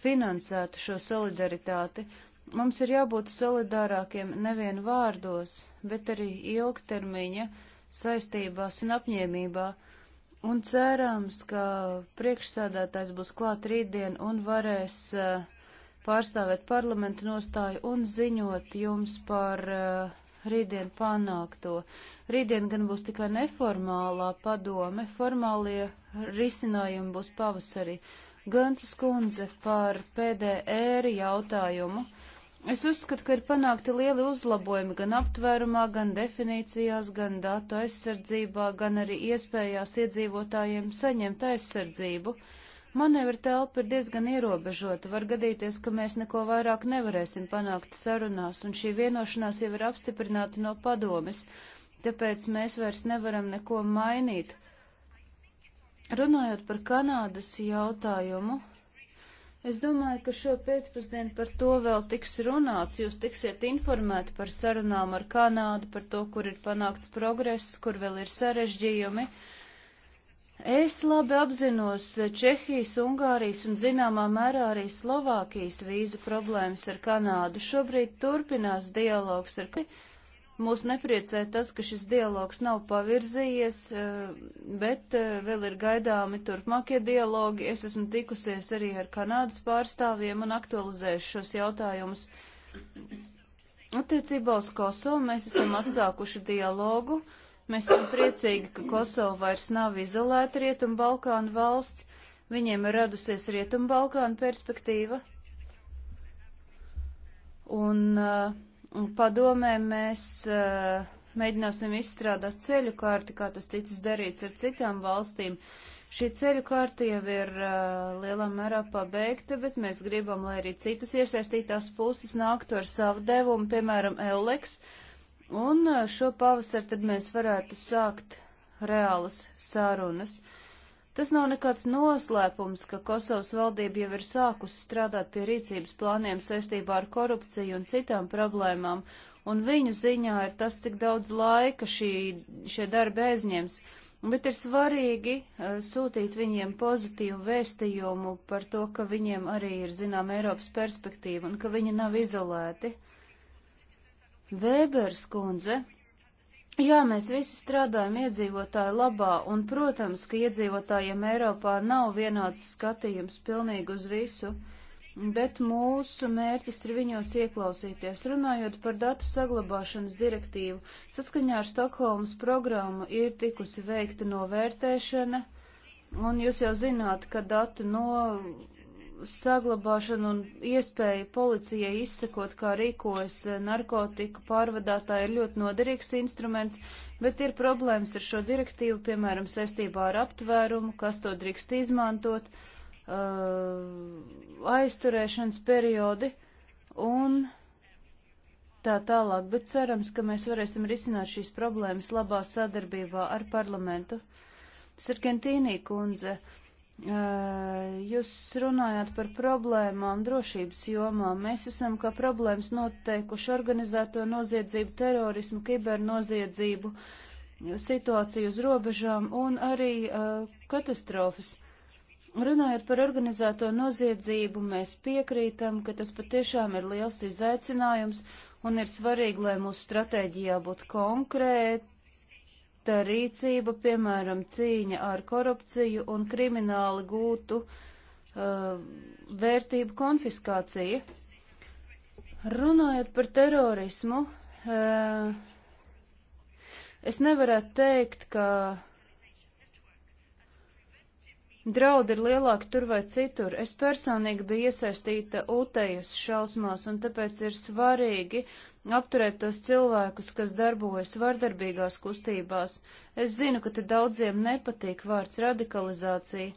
finansētu šo solidaritāti. Uh, Mums ir jābūt solidārākiem nevien vārdos, bet arī ilgtermiņa saistībās un apņēmībā, un cerams, ka priekšsēdētājs būs klāt rītdien un varēs uh, pārstāvēt parlamentu nostāju un ziņot jums par uh, rītdien panākto. Rītdien gan būs tikai neformālā padome, formālie risinājumi būs pavasarī. Gans skundze par PDR jautājumu. Es uzskatu, ka ir panākti lieli uzlabojumi gan aptvērumā, gan definīcijās, gan datu aizsardzībā, gan arī iespējās iedzīvotājiem saņemt aizsardzību. Manevra telpa ir diezgan ierobežota, var gadīties, ka mēs neko vairāk nevarēsim panākt sarunās, un šī vienošanās jau ir apstiprināta no padomes, tāpēc mēs vairs nevaram neko mainīt. Runājot par Kanādas jautājumu, Es domāju, ka šo pēcpusdienu par to vēl tiks runāts. Jūs tiksiet informēti par sarunām ar Kanādu, par to, kur ir panākts progress, kur vēl ir sarežģījumi. Es labi apzinos Čehijas, Ungārijas un zināmā mērā arī Slovākijas vīzu problēmas ar Kanādu. Šobrīd turpinās dialogs ar Kanādu Mūs nepriecē tas, ka šis dialogs nav pavirzījies, eh, bet eh, vēl ir gaidāmi turpmākie dialogi. Es esmu tikusies arī ar Kanādas pārstāvjiem un aktualizējuši šos jautājumus. Attiecībā uz Kosovu mēs esam atsākuši dialogu. Mēs esam priecīgi, ka Kosova vairs nav izolēta Rietumbalkānu valsts. Viņiem ir radusies Rietumbalkānu perspektīva. Un uh, Padomē mēs uh, mēģināsim izstrādāt ceļu karti, kā tas ticis darīts ar citām valstīm. Šī ceļu karti jau ir uh, lielā mērā pabeigta, bet mēs gribam, lai arī citas iesaistītās puses nāktu ar savu devumu, piemēram, Euleks, un uh, šo pavasaru tad mēs varētu sākt reālas sārunas. Uh, Tas nav nekāds noslēpums, ka Kosovas valdība jau ir sākusi strādāt pie rīcības plāniem saistībā ar korupciju un citām problēmām, un viņu ziņā ir tas, cik daudz laika šī, šie darbi aizņems. Bet ir svarīgi uh, sūtīt viņiem pozitīvu vēstījumu par to, ka viņiem arī ir zinām Eiropas perspektīva un ka viņi nav izolēti. Vēbers kundze Jā, mēs visi strādājam iedzīvotāju labā, un, protams, ka iedzīvotājiem Eiropā nav vienāds skatījums pilnīgi uz visu, bet mūsu mērķis ir viņos ieklausīties. Runājot par datu saglabāšanas direktīvu, saskaņā ar Stokholmas programmu ir tikusi veikta novērtēšana, un jūs jau zināt, ka datu no saglabāšana un iespēja policijai izsekot, kā rīkojas eh, narkotiku pārvadātāji, ir ļoti noderīgs instruments, bet ir problēmas ar šo direktīvu, piemēram, saistībā ar aptvērumu, kas to drīkst izmantot, eh, aizturēšanas periodi un tā tālāk, bet cerams, ka mēs varēsim risināt šīs problēmas labā sadarbībā ar parlamentu. Sarkentīnī kundze. Uh, Eh, jūs runājāt par problēmām drošības jomā. Mēs esam kā problēmas noteikuši organizēto noziedzību, terorismu, kibernoziedzību, situāciju uz robežām un arī uh, katastrofas. Runājot par organizēto noziedzību, mēs piekrītam, ka tas patiešām ir liels izaicinājums un ir svarīgi, lai mūsu stratēģijā būtu konkrēt, rīcība, piemēram, cīņa ar korupciju un krimināli gūtu uh, vērtību konfiskācija. Runājot par terorismu, uh, es nevarētu teikt, ka draudi ir lielāki tur vai citur. Es personīgi biju iesaistīta UTEJAS šausmās, un tāpēc ir svarīgi uh, apturēt tos cilvēkus, kas darbojas vardarbīgās kustībās. Es zinu, ka te daudziem nepatīk vārds radikalizācija,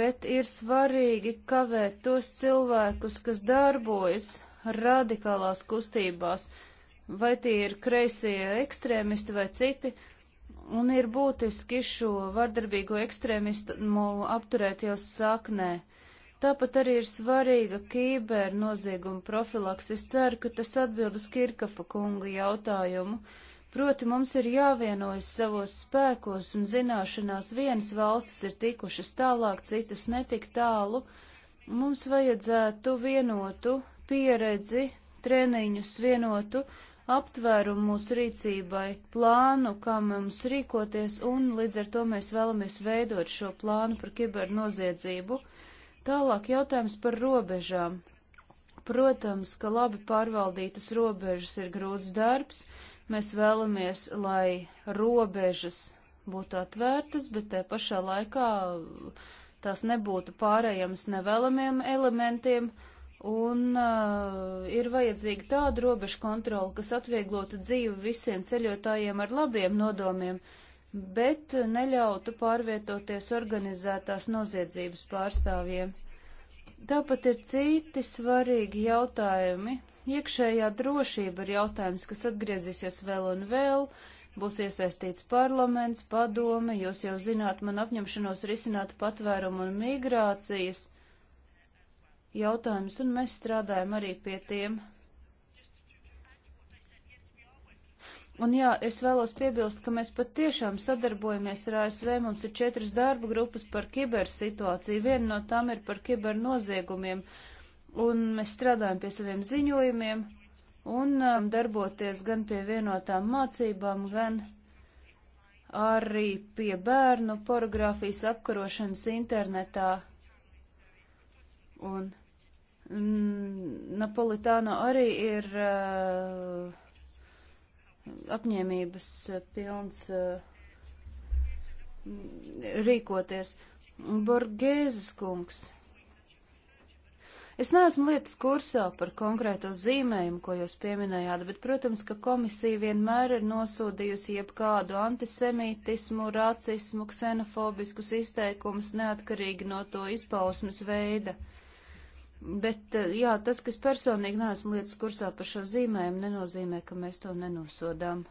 bet ir svarīgi kavēt tos cilvēkus, kas darbojas radikālās kustībās, vai tie ir kreisie ekstrēmisti vai citi, un ir būtiski šo vardarbīgo ekstrēmistu apturēt jau saknē. Tāpat arī ir svarīga kībernozieguma profilaks. Es ceru, ka tas atbild uz Kirkafa kunga jautājumu. Proti mums ir jāvienojas savos spēkos un zināšanās vienas valstis ir tikušas tālāk, citas netik tālu. Mums vajadzētu vienotu pieredzi, treniņus vienotu aptvērumu mūsu rīcībai, plānu, kā mums rīkoties, un līdz ar to mēs vēlamies veidot šo plānu par kibernoziedzību. noziedzību. Tālāk jautājums par robežām. Protams, ka labi pārvaldītas robežas ir grūts darbs. Mēs vēlamies, lai robežas būtu atvērtas, bet te pašā laikā tās nebūtu pārējamas nevēlamiem elementiem. Un uh, ir vajadzīga tāda robeža kontrola, kas atvieglotu dzīvi visiem ceļotājiem ar labiem nodomiem. Uh, bet neļautu pārvietoties organizētās noziedzības pārstāvjiem. Tāpat ir citi svarīgi jautājumi. Iekšējā drošība ir jautājums, kas atgriezīsies vēl un vēl. Būs iesaistīts parlaments, padome, jūs jau zināt man apņemšanos risināt patvērumu un migrācijas jautājumus, un mēs strādājam arī pie tiem. Un jā, es vēlos piebilst, ka mēs patiešām sadarbojamies ar ASV. Mums ir četras darba grupas par kibersituāciju. Viena no tām ir par kibernoziegumiem. Un mēs strādājam pie saviem ziņojumiem un um, darboties gan pie vienotām mācībām, gan arī pie bērnu pornogrāfijas apkarošanas internetā. Un mm, Napolitāno arī ir. Uh, apņēmības eh, pilns eh, rīkoties. Borgēzes kungs. Es neesmu lietas kursā par konkrēto zīmējumu, ko jūs pieminējāt, bet, protams, ka komisija vienmēr ir nosūdījusi jebkādu antisemītismu, racismu, ksenofobiskus izteikumus neatkarīgi no to izpausmes veida. Uh, Bet, eh, jā, tas, kas personīgi neesmu lietas kursā par šo zīmējumu, nenozīmē, ka mēs to nenosodām.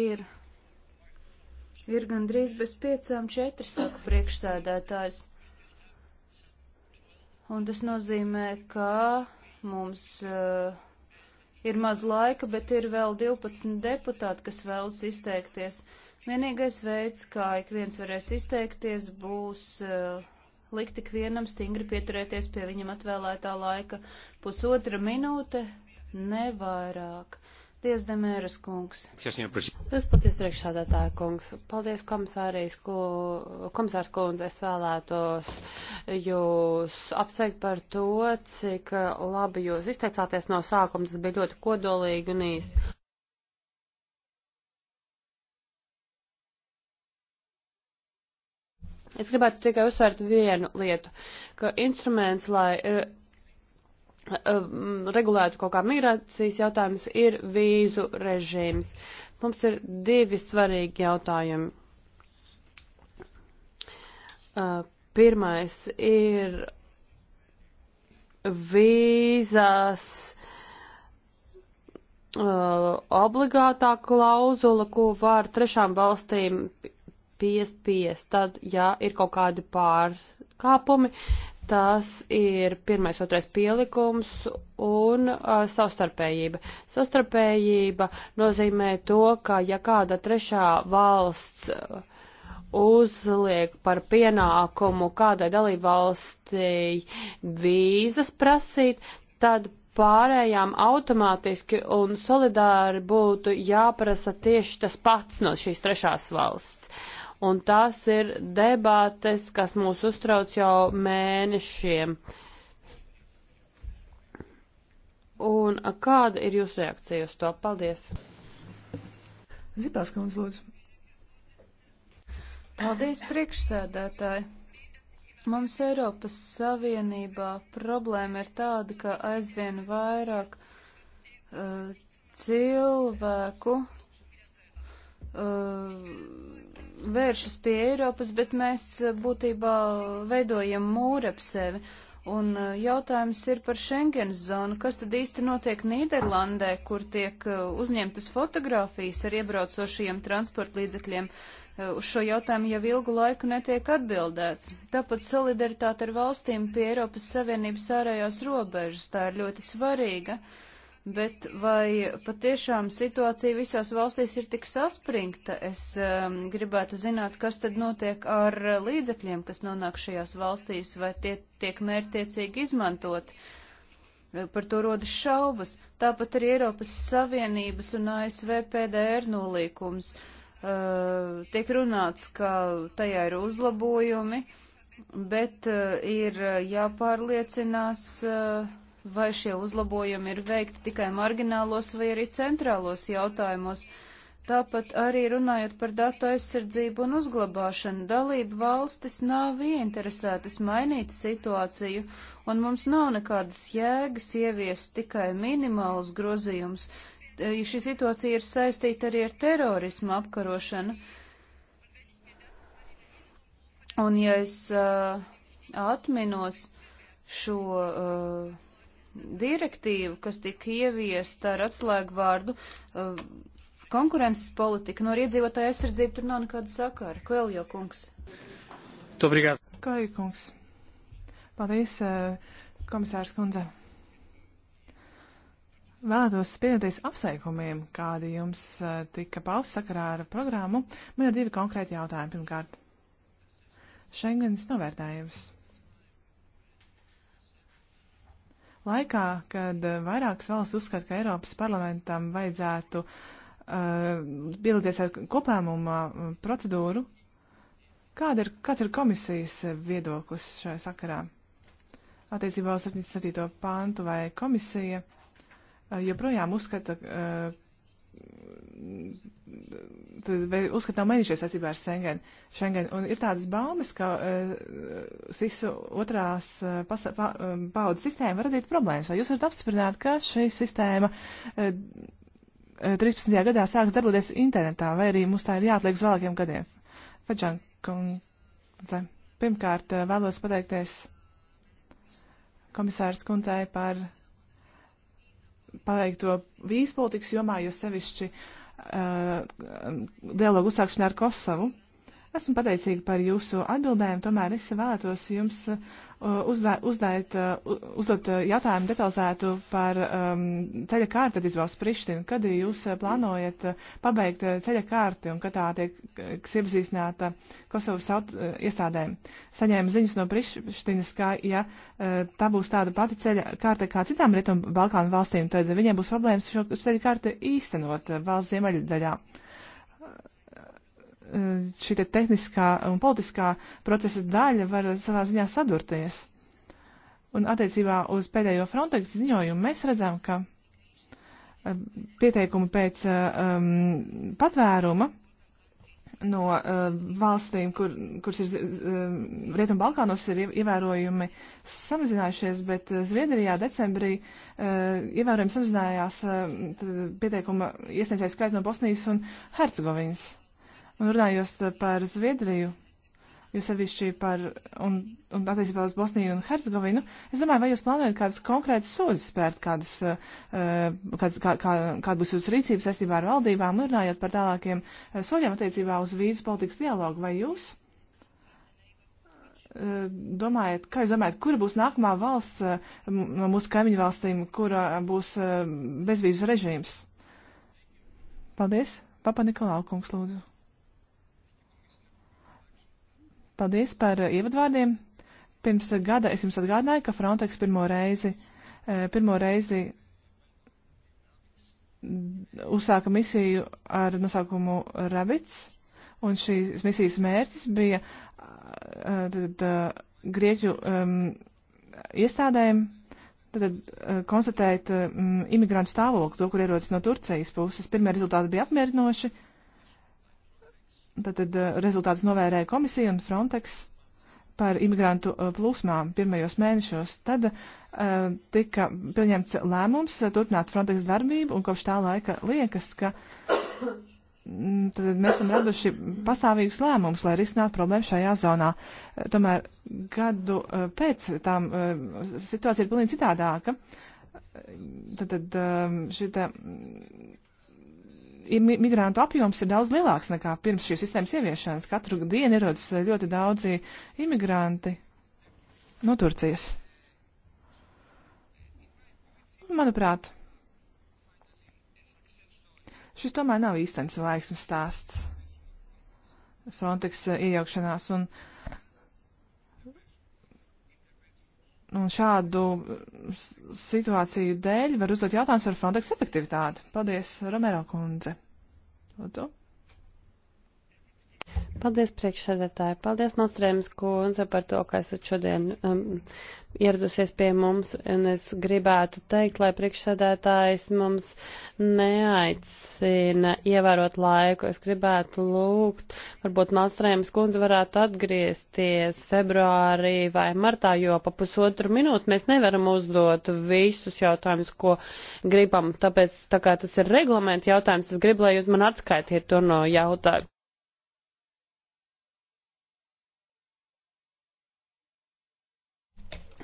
Ir, ir gandrīz bez piecām četri, saka priekšsēdētājs. Un tas nozīmē, ka mums uh, ir maz laika, bet ir vēl 12 deputāti, kas vēlas izteikties. Vienīgais veids, kā ik viens varēs izteikties, būs uh, likt ik vienam stingri pieturēties pie viņam atvēlētā laika pusotra minūte, nevairāk. Paldies, Demēras kungs. Es paties priekšsādātāja kungs. Paldies, komisārijas ku, komisārs kundze. Es vēlētos jūs apsveikt par to, cik labi jūs izteicāties no sākuma. Tas bija ļoti kodolīgi un īsi. Es gribētu tikai uzsvērt vienu lietu, ka instruments, lai e, e, regulētu kaut kā migrācijas jautājumus, ir vīzu režīms. Mums ir divi svarīgi jautājumi. E, pirmais ir vīzas obligātā klauzula, ko var trešām valstīm piespiest. Tad, ja ir kaut kādi pārkāpumi, tas ir pirmais, otrais pielikums un uh, savstarpējība. Savstarpējība nozīmē to, ka ja kāda trešā valsts uzliek par pienākumu kādai dalībvalstī vīzas prasīt, tad pārējām automātiski un solidāri būtu jāprasa tieši tas pats no šīs trešās valsts un tās ir debātes, kas mūs uztrauc jau mēnešiem. Un kāda ir jūsu reakcija uz to? Paldies! Zipās, kundz, lūdzu. Paldies, priekšsēdētāji! Mums Eiropas Savienībā problēma ir tāda, ka aizvien vairāk uh, cilvēku uh, vēršas pie Eiropas, bet mēs eh, būtībā veidojam mūru ap sevi. Un eh, jautājums ir par Schengens zonu. Kas tad īsti notiek Nīderlandē, kur tiek eh, uzņemtas fotografijas ar iebraucošajiem transportlīdzekļiem? Uz šo jautājumu jau ilgu laiku netiek atbildēts. Tāpat solidaritāte ar valstīm pie Eiropas Savienības ārējās robežas tā ir ļoti svarīga. Uh, Bet vai patiešām situācija visās valstīs ir tik saspringta? Es um, gribētu zināt, kas tad notiek ar līdzekļiem, kas nonāk šajās valstīs, vai tie tiek mērtiecīgi izmantot. Par to rodas šaubas. Tāpat arī Eiropas Savienības un ASV PDR nolīkums. Uh, tiek runāts, ka tajā ir uzlabojumi, bet uh, ir uh, jāpārliecinās. Uh, vai šie uzlabojumi ir veikti tikai marginālos vai arī centrālos jautājumos. Tāpat arī runājot par datu aizsardzību un uzglabāšanu, dalību valstis nav ieinteresētas mainīt situāciju, un mums nav nekādas jēgas ieviest tikai minimālus grozījumus. E, šī situācija ir saistīta arī ar terorismu apkarošanu. Un ja es uh, atminos šo. Uh, direktīva, kas tika ieviesta ar atslēgvārdu uh, konkurences politika, no iedzīvotāja aizsardzība tur nav nekāda sakara. Koeljo kungs. Tobrigāt. Koeljo kungs. Paldies, uh, komisārs kundze. Vēlētos pievienoties apsveikumiem, kādi jums uh, tika paust sakarā ar programmu. Man ir divi konkrēti jautājumi. Pirmkārt, Schengenas novērtējums. Laikā, kad eh, vairākas valsts uzskata, ka Eiropas parlamentam vajadzētu uh, piedalīties ar kopēmuma eh, procedūru, kāda ir, kāds ir komisijas viedoklis šajā sakarā? Attiecībā uz 77. pāntu vai komisija uh, joprojām uzskata, uh, uzskatām mainījušies saistībā ar Schengen. Schengen. Un ir tādas baumas, ka uh, eh, SISU otrās uh, pasa, pa, uh, eh, paudzes sistēma var radīt problēmas. Vai jūs varat apstiprināt, ka šī sistēma uh, 13. gadā sāks darboties internetā, vai arī mums tā ir jāatliek uz vēlākiem gadiem? Fadžankundze, pirmkārt uh, vēlos pateikties komisārs kundzei par paveikto vīzu politikas jomā, jo sevišķi uh, dialogu uzsākšanā ar Kosovu. Esmu pateicīga par jūsu atbildēm, tomēr es vēlētos jums uh, uzdē, uh, uzdēt, uh, uzdot uh, jautājumu detalizētu par um, ceļa kārtu izvēles Prištinu. Kad jūs plānojat pabeigt ceļa kārti un kad tā tiek iepazīstināta Kosovas aut, iestādēm? Saņēmu ziņas no Prištinas, ka ja tā būs tāda pati ceļa kārta kā citām Rietumu Balkānu valstīm, tad viņiem būs problēmas šo ceļa kārti īstenot valsts ziemeļu daļā. Uh, Eh, šī te tehniskā un politiskā procesa daļa var savā ziņā sadurties. Un attiecībā uz pēdējo Frontex ziņojumu mēs redzam, ka eh, pieteikumu pēc um, patvēruma no uh, valstīm, kur, kuras ir uh, Rietumu Balkānos, ir ievērojumi samazinājušies, bet Zviedrijā decembrī uh, ievērojami samazinājās uh, pieteikuma iesniedzējas skaits no Bosnijas un Hercegovinas. Uh, Un runājot par Zviedriju, jo sevišķi par un, un attiecībā uz Bosniju un Hercegovinu, es domāju, vai jūs plānojat kādus konkrētus soļus spērt, kādus, uh, eh, kād, kā, kā, kāda būs jūsu rīcība saistībā ar valdībām, un runājot par tālākiem eh, soļiem attiecībā uz vīzu politikas dialogu, vai jūs? Uh, domājat, kā jūs domājat, kura būs nākamā valsts uh, no mūsu kaimiņu valstīm, kura būs bezvīzu režīms? Paldies! Papa Nikolau kungs, lūdzu. Paldies par eh, ievadvārdiem. Pirms eh, gada es jums atgādināju, ka Frontex pirmo reizi, eh, pirmo reizi mm, uzsāka misiju ar nosaukumu Rabits, un šīs misijas mērķis bija tad, grieķu um, iestādēm tad, konstatēt um, imigrantu stāvokli, to, kur ierodas no Turcijas puses. Pirmie rezultāti bija apmierinoši. Uh, Tātad eh, rezultātus novērēja komisija un Frontex par imigrantu eh, plūsmām pirmajos mēnešos. Tad eh, tika pieņemts lēmums turpināt Frontex darbību, un kopš tā laika liekas, ka mm, tad mēs esam raduši pastāvīgus lēmumus, lai risinātu problēmu šajā zonā. Tomēr gadu pēc tam situācija ir pilnīgi citādāka. Tad, tad šī migrantu apjoms ir daudz lielāks nekā pirms šīs sistēmas ieviešanas. Katru dienu ierodas ļoti daudzi imigranti no Turcijas. Manuprāt, šis tomēr nav īstenis vaigsmes stāsts. Frontex iejaukšanās un uh, Un šādu situāciju dēļ var uzdot jautājumus par Frontex efektivitāti. Paldies, Romero kundze. Lūdzu. Paldies priekšsēdētāji, paldies Mastrēmas kundze par to, ka esat šodien um, ieradusies pie mums, un es gribētu teikt, lai priekšsēdētājs mums neaicina ievērot laiku. Es gribētu lūgt, varbūt Mastrēmas kundze varētu atgriezties februārī vai martā, jo pa pusotru minūtu mēs nevaram uzdot visus jautājumus, ko gribam. Tāpēc, tā kā tas ir reglamenta jautājums, es gribu, lai jūs man atskaitiet to no jautājumu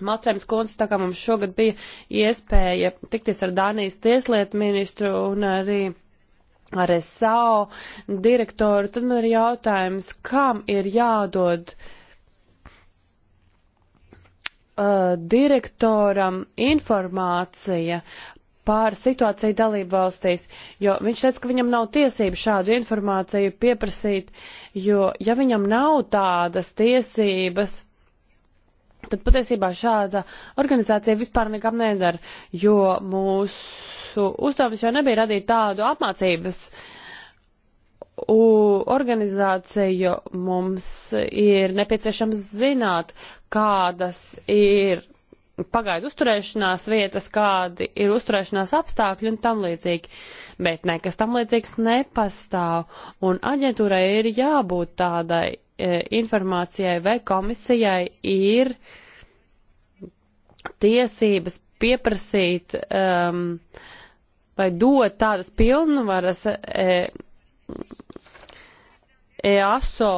Mastrēms kundze, tā kā mums šogad bija iespēja tikties ar Dānijas tieslietu ministru un arī ar SAO direktoru, tad man ir jautājums, kam ir jādod uh, direktoram informācija pār situāciju dalību valstīs, jo viņš teica, ka viņam nav tiesību šādu informāciju pieprasīt, jo ja viņam nav tādas tiesības, tad patiesībā šāda organizācija vispār nekam nedara, jo mūsu uzdevums jau nebija radīt tādu apmācības organizāciju. Mums ir nepieciešams zināt, kādas ir pagaidu uzturēšanās vietas, kādi ir uzturēšanās apstākļi un tam līdzīgi. Bet nekas tam līdzīgs nepastāv. Un aģentūrai ir jābūt tādai E, informācijai, vai komisijai ir tiesības pieprasīt um, vai dot tādas pilnvaras e, EASO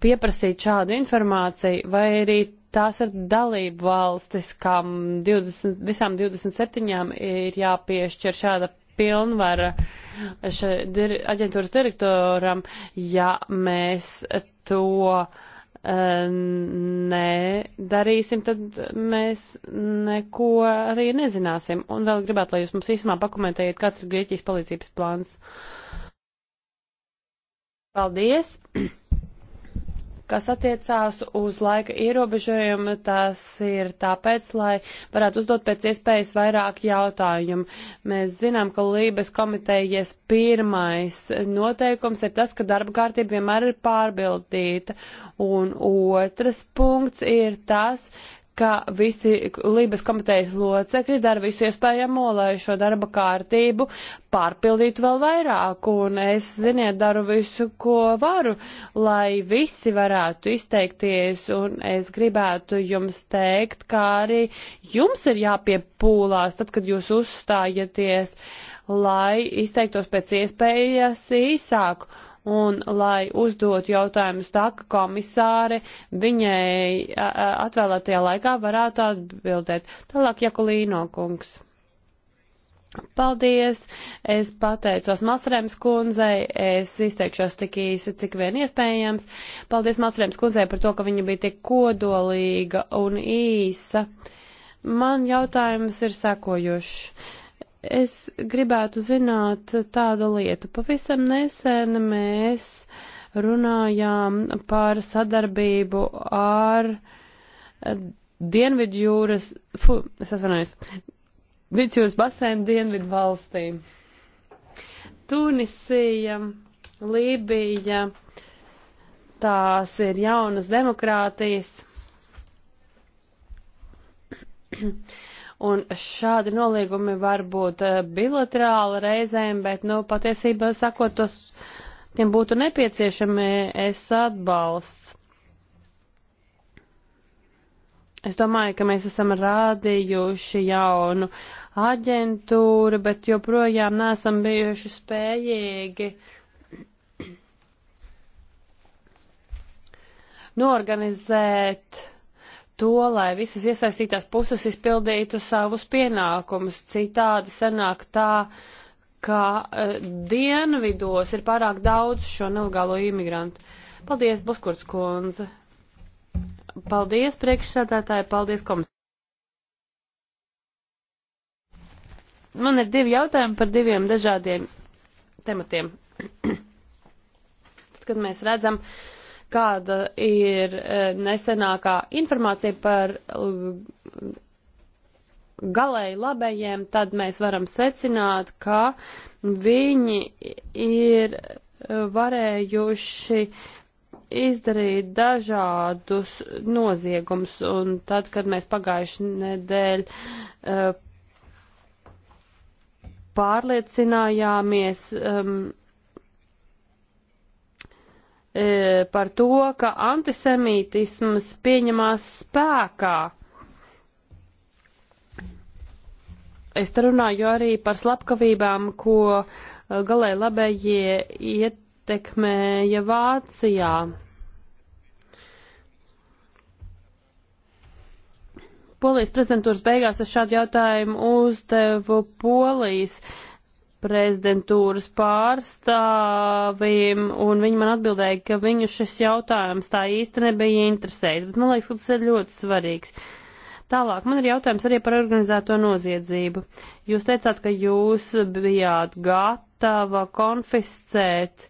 pieprasīt šādu informāciju, vai arī tās ir dalību valstis, kam 20, visām 27 ir jāpiešķir šāda pilnvara uh, šai dir aģentūras direktoram, ja mēs to e, nedarīsim, tad mēs neko arī nezināsim. Un vēl gribētu, lai jūs mums īsumā pakomentējiet, kāds ir Grieķijas palīdzības plāns. Paldies! kas attiecās uz laika ierobežojumu. Tas ir tāpēc, lai varētu uzdot pēc iespējas vairāk jautājumu. Mēs zinām, ka Lībes komitejas pirmais noteikums ir tas, ka darba kārtība vienmēr ir pārbildīta. Un otrs punkts ir tas, ka visi Lībijas komitejas locekļi dara visu iespējamo, lai šo darba kārtību pārpildītu vēl vairāk. Un es, ziniet, daru visu, ko varu, lai visi varētu izteikties. Un es gribētu jums teikt, kā arī jums ir jāpiepūlās, tad, kad jūs uzstājaties, lai izteiktos pēc iespējas īsāk un lai uzdot jautājumus tā, ka komisāre viņai atvēlētajā laikā varētu atbildēt. Tālāk Jakulīno kungs. Paldies! Es pateicos Masrēms kundzei, es izteikšos tik īsi, cik vien iespējams. Paldies Masrēms kundzei par to, ka viņa bija tik kodolīga un īsa. Man jautājums ir sekojuši. Es gribētu zināt tādu lietu. Pavisam nesen mēs runājām par sadarbību ar Dienvidu jūras, fu, es atvainojos, Vidusjūras basēnu Dienvidu valstīm. Tunisija, Lībija, tās ir jaunas demokrātijas. Un šādi nolīgumi var būt eh, bilaterāli reizēm, bet, nu, patiesībā sakot, tos, tiem būtu nepieciešami es atbalsts. Es domāju, ka mēs esam rādījuši jaunu aģentūru, bet joprojām nesam bijuši spējīgi norganizēt to, lai visas iesaistītās puses izpildītu savus pienākumus. Citādi sanāk tā, ka uh, dienvidos ir pārāk daudz šo nelegālo imigrantu. Paldies, Buskurts kundze. Paldies, priekšsādātāji, paldies, komisija. Man ir divi jautājumi par diviem dažādiem tematiem. Tad, kad mēs redzam, uh, kāda ir e, nesenākā informācija par e, galēji labējiem, tad mēs varam secināt, ka viņi ir e, varējuši izdarīt dažādus noziegumus, un tad, kad mēs pagājuši nedēļ pārliecinājāmies, um, E, par to, ka antisemītisms pieņemās spēkā. Es te runāju arī par slepkavībām, ko e, galēji labējie ietekmēja Vācijā. Polijas prezidentūras beigās es šādu jautājumu uzdevu Polijas uh, prezidentūras pārstāvim, un viņi man atbildēja, ka viņu šis jautājums tā īsti nebija interesējis, bet man liekas, ka tas ir ļoti svarīgs. Tālāk, man ir jautājums arī par organizēto noziedzību. Jūs teicāt, ka jūs bijāt gatava konfiscēt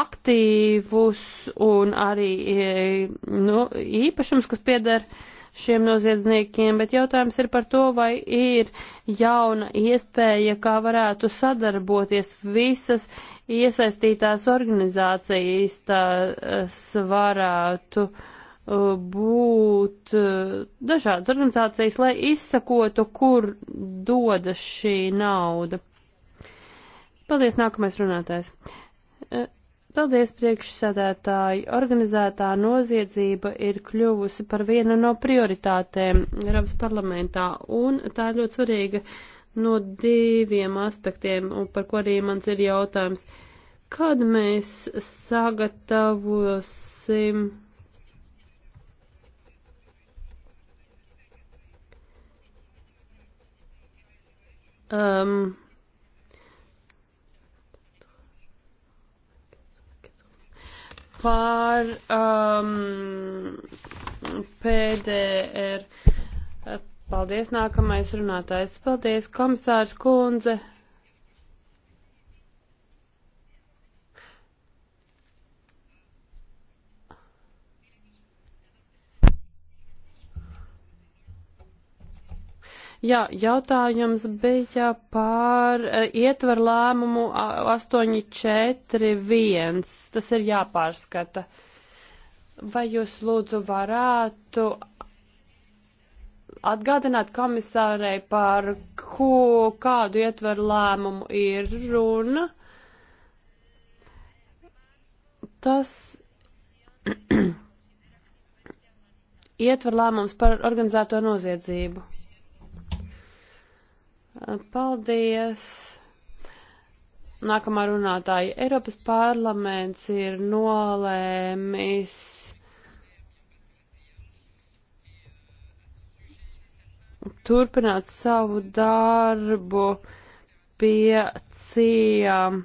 aktīvus un arī e, nu, īpašums, kas pieder uh, šiem noziedzniekiem, bet jautājums ir par to, vai ir jauna iespēja, kā varētu sadarboties visas iesaistītās organizācijas, tās varētu uh, būt uh, dažādas organizācijas, lai izsakotu, kur dodas šī nauda. Paldies, nākamais runātājs. Uh, Paldies, priekšsēdētāji! Organizētā noziedzība ir kļuvusi par vienu no prioritātēm Eiropas parlamentā, un tā ir ļoti svarīga no diviem aspektiem, un par ko arī mans ir jautājums. Kad mēs sagatavosim um, par um, PDR. Paldies, nākamais runātājs. Paldies, komisārs Kunze. Jā, jautājums bija par e, ietver lēmumu 841. Tas ir jāpārskata. Vai jūs lūdzu varētu atgādināt komisārei, par ko, kādu ietveru lēmumu ir runa. Tas ietver lēmums par organizēto noziedzību. Paldies! Nākamā runātāja. Eiropas parlaments ir nolēmis turpināt savu darbu pie cījām.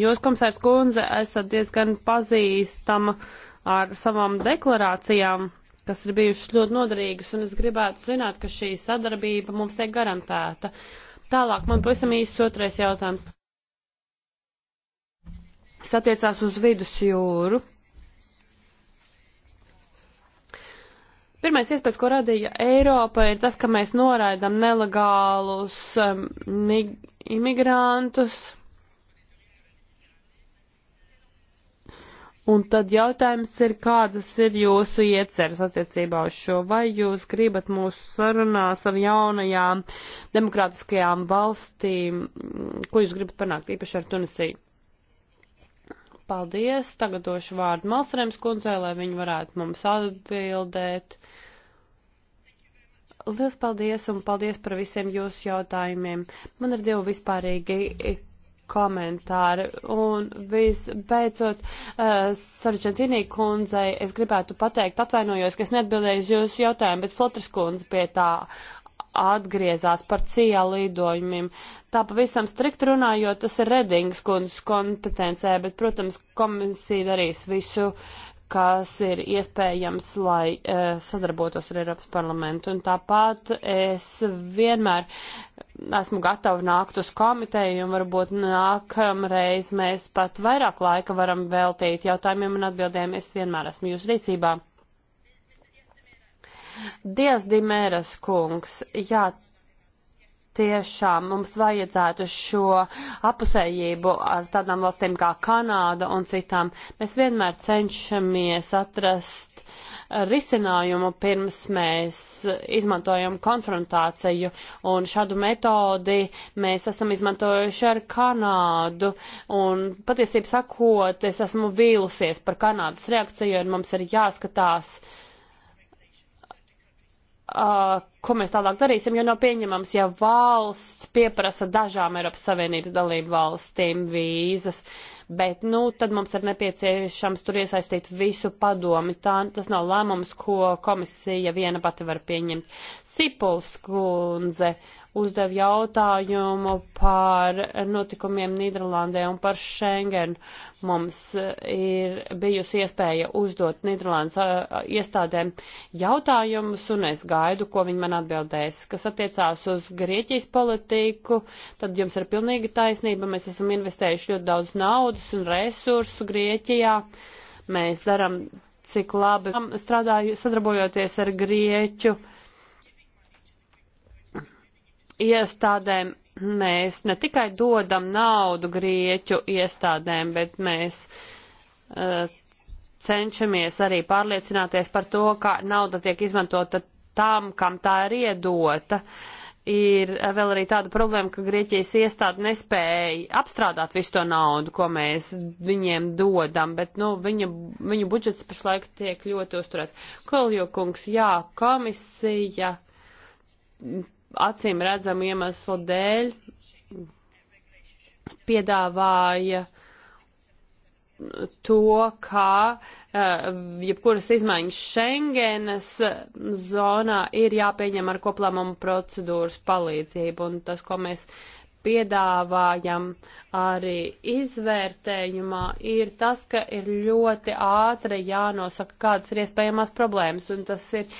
Jūs, komisārs Kunze, esat diezgan pazīstama ar savām deklarācijām kas ir bijušas ļoti noderīgas, un es gribētu zināt, ka šī sadarbība mums tiek garantēta. Tālāk man pavisam īsts otrais jautājums. Tas attiecās uz vidus jūru. Pirmais iespējas, ko radīja Eiropa, ir tas, ka mēs noraidam nelegālus um, imigrantus, Un tad jautājums ir, kādas ir jūsu ieceres attiecībā uz šo? Vai jūs gribat mūsu sarunās ar jaunajām demokrātiskajām valstīm, ko jūs gribat panākt īpaši ar Tunisiju? Paldies, tagad došu vārdu Malsarēms kundzei, lai viņi varētu mums atbildēt. Lielas paldies un paldies par visiem jūsu jautājumiem. Man ir divi vispārīgi komentāri. Un visbeidzot, uh, Sargentīnī kundzei es gribētu pateikt, atvainojos, ka es neatbildēju uz jūsu jautājumu, bet Flotras kundze pie tā atgriezās par cijā lidojumiem. Tā pavisam strikt runājot, tas ir Redings kundzes kompetencē, bet, protams, komisija darīs visu uh, kas ir iespējams, lai uh, sadarbotos ar Eiropas parlamentu. Un tāpat es vienmēr esmu gatava nākt uz komiteju, un varbūt nākamreiz mēs pat vairāk laika varam veltīt jautājumiem un atbildēm. Es vienmēr esmu jūsu rīcībā. Dievs Dimēras kungs, jā, tiešām mums vajadzētu šo apusējību ar tādām valstīm kā Kanāda un citām. Mēs vienmēr cenšamies atrast risinājumu pirms mēs izmantojam konfrontāciju, un šādu metodi mēs esam izmantojuši ar Kanādu, un patiesību sakot, es esmu vīlusies par Kanādas reakciju, un mums ir jāskatās, uh, ko mēs tālāk darīsim, jo nav pieņemams, ja valsts pieprasa dažām Eiropas Savienības dalību valstīm vīzas, bet, nu, tad mums ir nepieciešams tur iesaistīt visu padomi. Tā, tas nav lēmums, ko komisija viena pati var pieņemt. Sipuls kundze. Uh, uzdev jautājumu par notikumiem Nīderlandē un par Schengen. Mums ir bijusi iespēja uzdot Nīderlandes iestādēm jautājumus, un es gaidu, ko viņi man atbildēs. Kas attiecās uz Grieķijas politiku, tad jums ir pilnīga taisnība. Mēs esam investējuši ļoti daudz naudas un resursu Grieķijā. Mēs darām cik labi strādāju, sadarbojoties ar Grieķu uh, iestādēm mēs ne tikai dodam naudu grieķu iestādēm, bet mēs uh, cenšamies arī pārliecināties par to, ka nauda tiek izmantota tam, kam tā ir iedota. Ir vēl arī tāda problēma, ka Grieķijas iestāde nespēja apstrādāt visu to naudu, ko mēs viņiem dodam, bet nu, viņa, viņu budžets pašlaik tiek ļoti uzturēts. Koljokungs, jā, komisija acīm redzamu iemeslu dēļ piedāvāja to, kā eh, jebkuras izmaiņas Schengenas zonā ir jāpieņem ar koplēmumu procedūras palīdzību. Un tas, ko mēs piedāvājam arī izvērtējumā, ir tas, ka ir ļoti ātri jānosaka, kādas ir iespējamās problēmas, un tas ir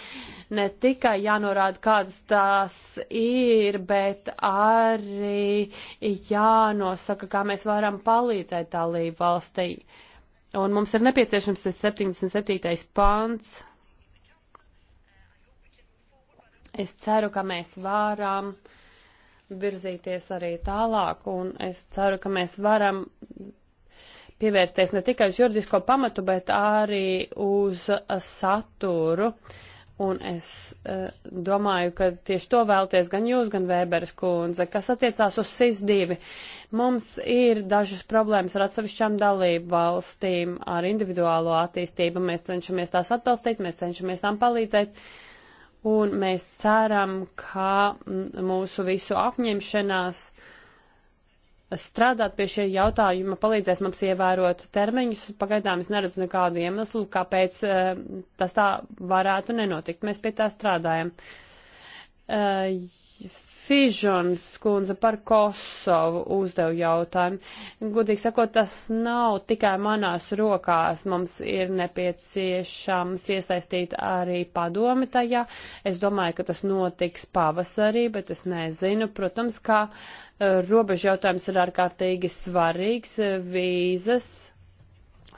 ne tikai jānorāda, kādas tās ir, bet arī jānosaka, kā mēs varam palīdzēt dalību valstī. Un mums ir nepieciešams tas 77. pants. Es ceru, ka mēs varam uh, virzīties arī tālāk, un es ceru, ka mēs varam pievērsties ne tikai uz juridisko pamatu, bet arī uz saturu. Un es e, domāju, ka tieši to vēlties gan jūs, gan Vēberas kundze, kas attiecās uz SIS-2. Mums ir dažas problēmas ar atsevišķām dalību valstīm, ar individuālo attīstību. Mēs cenšamies tās atbalstīt, mēs cenšamies tām palīdzēt. Uh, un mēs ceram, ka mm, mūsu visu apņemšanās strādāt pie šie jautājuma palīdzēs mums ievērot termiņus. Pagaidām es neredzu nekādu iemeslu, kāpēc eh, tas tā varētu nenotikt. Mēs pie tā strādājam. Eh, Fižons skundze par Kosovu uzdev jautājumu. Gudīgi sakot, tas nav tikai manās rokās. Mums ir nepieciešams iesaistīt arī padomi tajā. Es domāju, ka tas notiks pavasarī, bet es nezinu. Protams, kā e, robežu jautājums ir ārkārtīgi svarīgs. Vīzas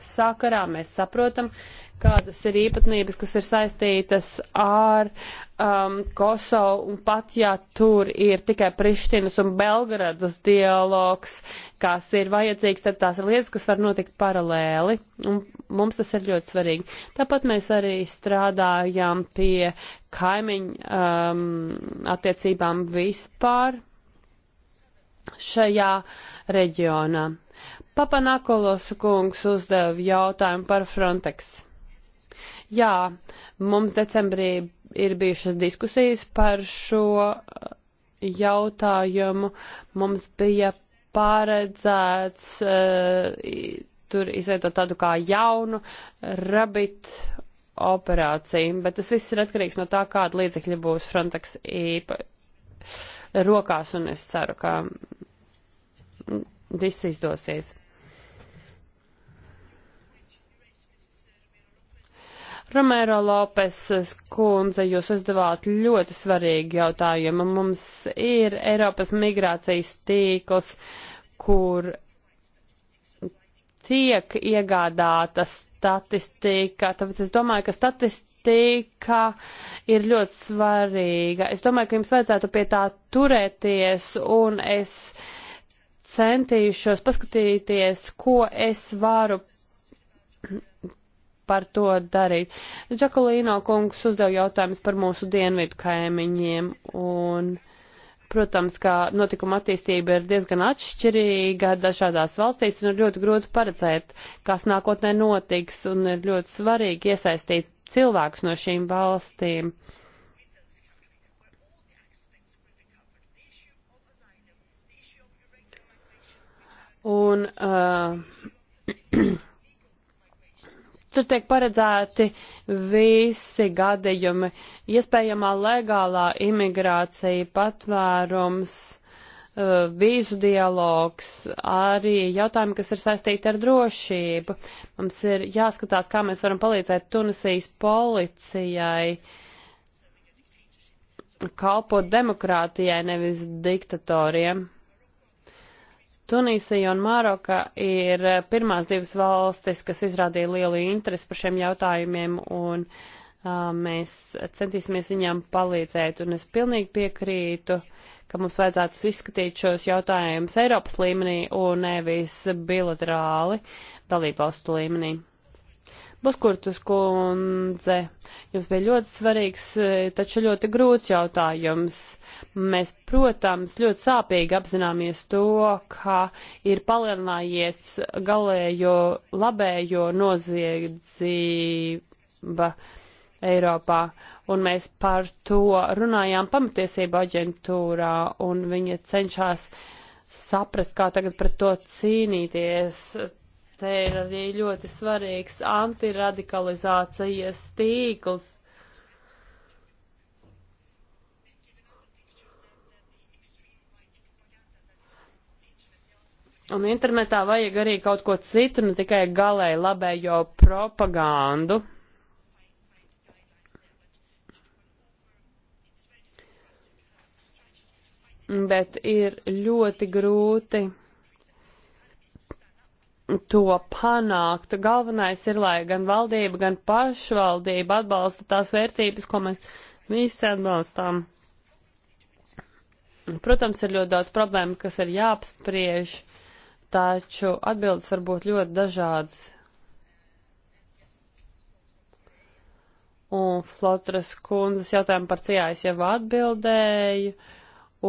sakarā mēs saprotam, uh, kādas ir īpatnības, kas ir saistītas ar um, Kosovu, un pat ja tur ir tikai Prištinas un Belgradas dialogs, kas ir vajadzīgs, tad tās ir lietas, kas var notikt paralēli, un mums tas ir ļoti svarīgi. Tāpat mēs arī strādājam pie kaimiņu um, attiecībām vispār šajā reģionā. Papanakolosa kungs uzdeva jautājumu par Frontex. Jā, mums decembrī ir bijušas diskusijas par šo uh, jautājumu. Mums bija paredzēts uh, tur izveidot tādu kā jaunu rabit operāciju, bet tas viss ir atkarīgs no tā, kāda līdzekļa būs Frontex īpa rokās, un es ceru, ka viss izdosies. Romēro Lopes kundze, jūs uzdevāt ļoti svarīgu jautājumu. Mums ir Eiropas migrācijas tīkls, kur tiek iegādāta statistika, tāpēc es domāju, ka statistika ir ļoti svarīga. Es domāju, ka jums vajadzētu pie tā turēties, un es centīšos paskatīties, ko es varu par to darīt. Džakolīno kungs uzdev jautājumus par mūsu dienvidu kaimiņiem, un, protams, kā notikuma attīstība ir diezgan atšķirīga dažādās valstīs, un ir ļoti grūti paredzēt, kas nākotnē notiks, un ir ļoti svarīgi iesaistīt cilvēkus no šīm valstīm. Un, uh, Tur tiek paredzēti visi gadījumi, iespējamā legālā imigrācija, patvērums, uh, vīzu dialogs, arī jautājumi, kas ir saistīti ar drošību. Mums ir jāskatās, kā mēs varam palīdzēt Tunisijas policijai kalpot demokrātijai, nevis diktatoriem. Tunīsija un Maroka ir eh, pirmās divas valstis, kas izrādīja lielu interesi par šiem jautājumiem, un uh, mēs centīsimies viņām palīdzēt. Un es pilnīgi piekrītu, ka mums vajadzētu izskatīt šos jautājumus Eiropas līmenī un nevis bilaterāli dalībvalstu līmenī. Buskurtus kundze, jums bija ļoti svarīgs, e, taču ļoti grūts jautājums. Mēs, protams, ļoti sāpīgi apzināmies to, ka ir palielinājies galējo labējo noziedzība Eiropā, un mēs par to runājām pamatiesību aģentūrā, un viņa cenšas saprast, kā tagad pret to cīnīties te ir arī ļoti svarīgs antiradikalizācijas tīkls. Un internetā vajag arī kaut ko citu, ne tikai galēji labējo propagandu. Bet ir ļoti grūti to panākt. Galvenais ir, lai gan valdība, gan pašvaldība atbalsta tās vērtības, ko mēs visi atbalstām. Protams, ir ļoti daudz problēmu, kas ir jāapspriež, taču atbildes var būt ļoti dažādas. Un Flotras kundzes jautājumu par cijā es jau atbildēju. Uh,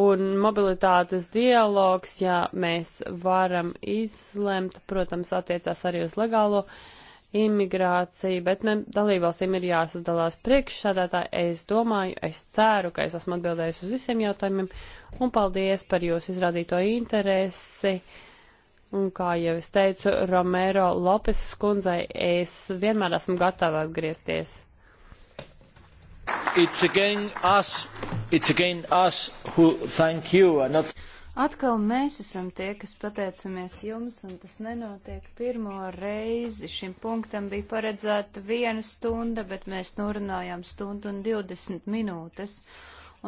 Un mobilitātes dialogs, ja mēs varam izlemt, protams, attiecās arī uz legālo imigrāciju, bet ne, dalībvalstīm ir jāsadalās priekšsādātāji. Es domāju, es ceru, ka es esmu atbildējis uz visiem jautājumiem, un paldies par jūsu izrādīto interesi. Un kā jau es teicu, Romero Lopes skundzei, es vienmēr esmu gatava atgriezties. It's again us, it's again us who thank you and not. Atkal mēs esam tie, kas pateicamies jums, un tas nenotiek pirmo reizi. Šim punktam bija paredzēta viena stunda, bet mēs norunājām stundu un 20 minūtes.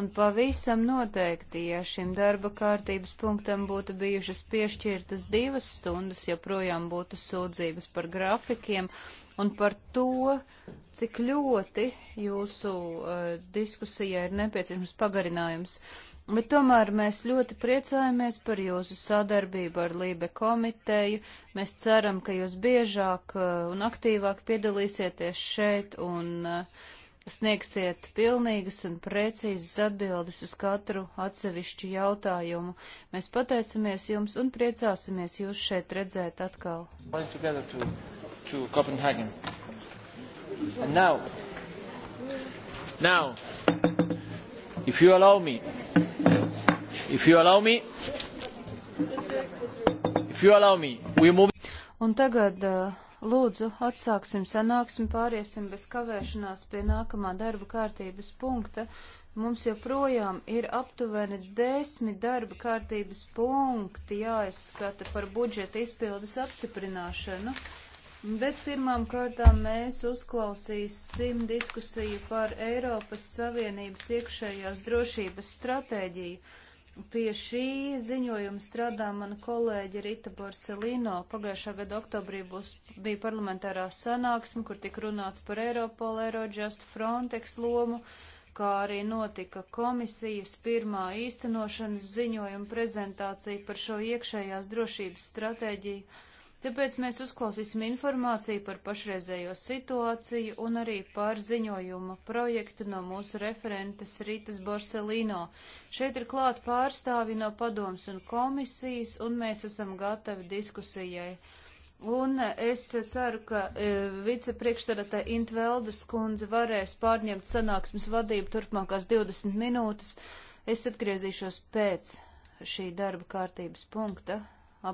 Un pavisam noteikti, ja šim darba kārtības punktam būtu bijušas piešķirtas divas stundas, joprojām būtu sūdzības par grafikiem, un par to, cik ļoti jūsu uh, diskusijai ir nepieciešams pagarinājums. Bet tomēr mēs ļoti priecājamies par jūsu sadarbību ar Lībe komiteju. Mēs ceram, ka jūs biežāk uh, un aktīvāk piedalīsieties šeit un uh, sniegsiet pilnīgas un precīzas atbildes uz katru atsevišķu jautājumu. Mēs pateicamies jums un priecāsimies jūs šeit redzēt atkal to Copenhagen. And now, now, if you allow me, if you allow me, if you allow me, we move. Un tagad, uh, lūdzu, atsāksim sanāksmi, pāriesim bez kavēšanās pie nākamā darba kārtības punkta. Mums joprojām ir aptuveni desmit darba kārtības punkti jāizskata par budžeta izpildes apstiprināšanu. Bet pirmām kārtām mēs uzklausīsim diskusiju par Eiropas Savienības iekšējās drošības stratēģiju. Pie šī ziņojuma strādā mana kolēģe Rita Borselino. Pagājušā gada oktobrī būs, bija parlamentārā sanāksme, kur tika runāts par Eiropolu, Eirojust, Frontex lomu, kā arī notika komisijas pirmā īstenošanas ziņojuma prezentācija par šo iekšējās drošības stratēģiju Tāpēc mēs uzklausīsim informāciju par pašreizējo situāciju un arī par ziņojumu projektu no mūsu referentes Ritas Borselino. Šeit ir klāt pārstāvi no padoms un komisijas, un mēs esam gatavi diskusijai. Un es ceru, ka e, vicepriekšstādātāja Intveldes kundze varēs pārņemt sanāksmes vadību turpmākās 20 minūtes. Es atgriezīšos pēc šī darba kārtības punkta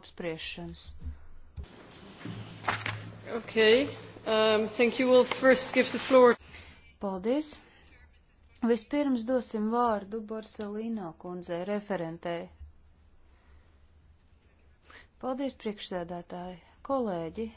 apspriešanas. Okay. Um, thank you. We'll first give the floor. Paldies. Vispirms dosim vārdu Barcelīnā kundzei referentei. Paldies, priekšsēdētāji, kolēģi.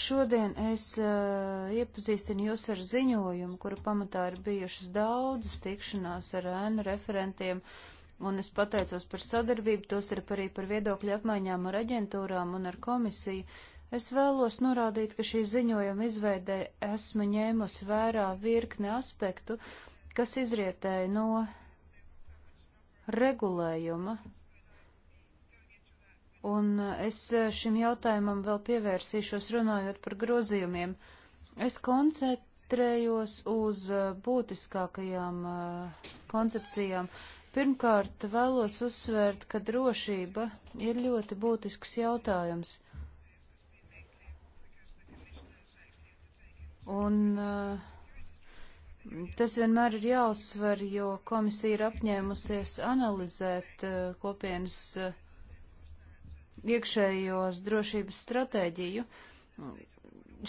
Šodien es uh, iepazīstinu jūs ar ziņojumu, kura pamatā ir bijušas daudzas tikšanās ar ēnu referentiem. Uh, un es pateicos par sadarbību, tos ir arī par viedokļu apmaiņām ar aģentūrām un ar komisiju. Es vēlos norādīt, ka šī ziņojuma izveidē esmu ņēmusi vērā virkni aspektu, kas izrietēja no regulējuma, un es šim jautājumam vēl pievērsīšos runājot par grozījumiem. Es koncentrējos uz būtiskākajām eh, koncepcijām. Uh, Pirmkārt, vēlos uzsvērt, ka drošība ir ļoti būtisks jautājums. Un uh, tas vienmēr ir jāuzsver, jo komisija ir apņēmusies analizēt uh, kopienas uh, iekšējos drošības stratēģiju.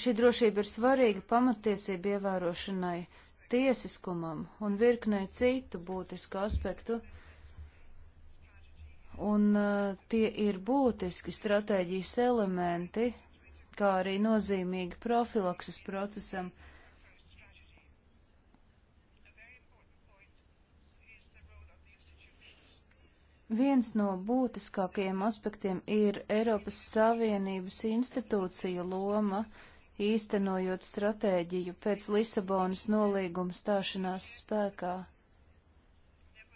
Šī drošība ir svarīga pamatiesība ievērošanai, tiesiskumam un virknē citu būtisku aspektu, un uh, tie ir būtiski stratēģijas elementi, kā arī nozīmīgi profilakses procesam. Viens no būtiskākajiem aspektiem ir Eiropas Savienības institūcija loma, uh, īstenojot stratēģiju pēc Lisabonas nolīguma stāšanās spēkā.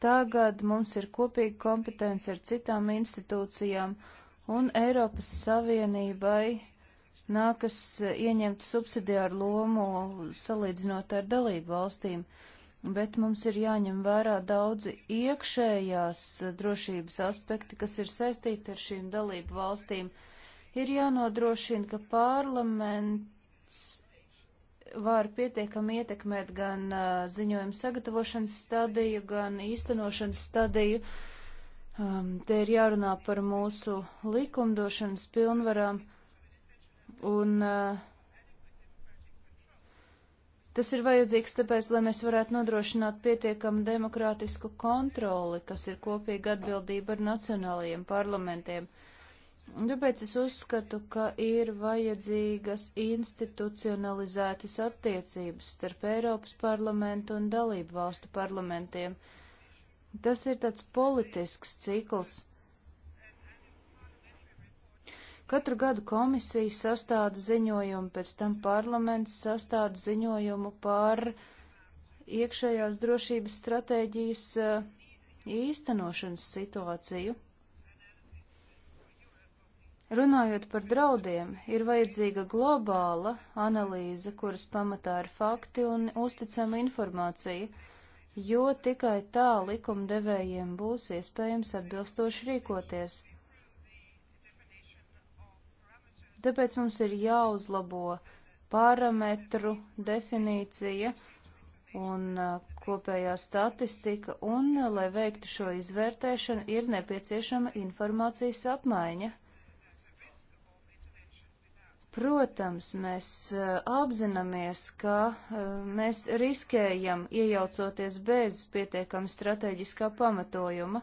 Tagad mums ir kopīga kompetence ar citām institūcijām, un Eiropas Savienībai nākas ieņemt subsidiāru lomu salīdzinot ar dalību valstīm, bet mums ir jāņem vērā daudzi iekšējās drošības aspekti, kas ir saistīti ar šīm dalību valstīm. Ir jānodrošina, ka parlament var pietiekami ietekmēt gan uh, ziņojuma sagatavošanas stadiju, gan īstenošanas stadiju. Um, te ir jārunā par mūsu likumdošanas pilnvarām, un uh, tas ir vajadzīgs tāpēc, lai mēs varētu nodrošināt pietiekamu demokrātisku kontroli, kas ir kopīga atbildība ar nacionālajiem parlamentiem. Uh, Tāpēc es uzskatu, ka ir vajadzīgas institucionalizētas attiecības starp Eiropas parlamentu un dalību valstu parlamentiem. Tas ir tāds politisks cikls. Katru gadu komisija sastāda ziņojumu, pēc tam parlaments sastāda ziņojumu par iekšējās drošības stratēģijas eh, īstenošanas situāciju. Runājot par draudiem, ir vajadzīga globāla analīze, kuras pamatā ir fakti un uzticama informācija, jo tikai tā likumdevējiem būs iespējams atbilstoši rīkoties. Tāpēc mums ir jāuzlabo parametru definīcija un kopējā statistika, un, lai veiktu šo izvērtēšanu, ir nepieciešama informācijas apmaiņa. Protams, mēs eh, apzināmies, ka eh, mēs riskējam iejaucoties bez pietiekami strateģiskā pamatojuma.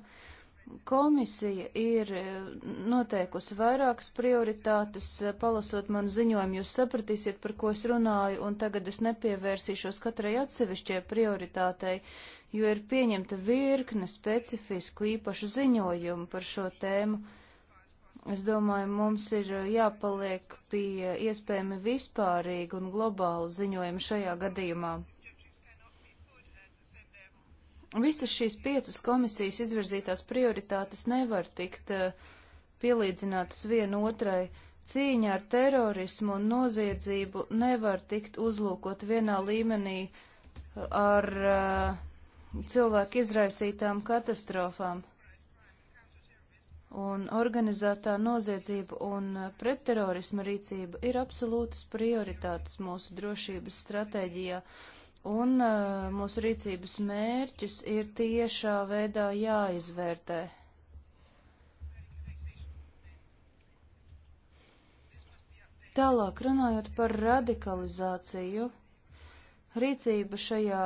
Komisija ir eh, noteikusi vairākas prioritātes, palasot manu ziņojumu, jūs sapratīsiet, par ko es runāju, un tagad es nepievērsīšos katrai atsevišķie prioritātei, jo ir pieņemta virkne specifisku īpašu ziņojumu par šo tēmu. Es domāju, mums ir uh, jāpaliek pie iespējami vispārīga un globāla ziņojuma šajā gadījumā. Visas šīs piecas komisijas izvirzītās prioritātes nevar tikt uh, pielīdzinātas vienotrai. Cīņa ar terorismu un noziedzību nevar tikt uzlūkot vienā līmenī uh, ar cilvēku izraisītām katastrofām un organizētā noziedzība un uh, pretterorisma rīcība ir absolūtas prioritātes mūsu drošības stratēģijā, un uh, mūsu rīcības mērķus ir tiešā veidā jāizvērtē. Tālāk runājot par radikalizāciju, rīcība šajā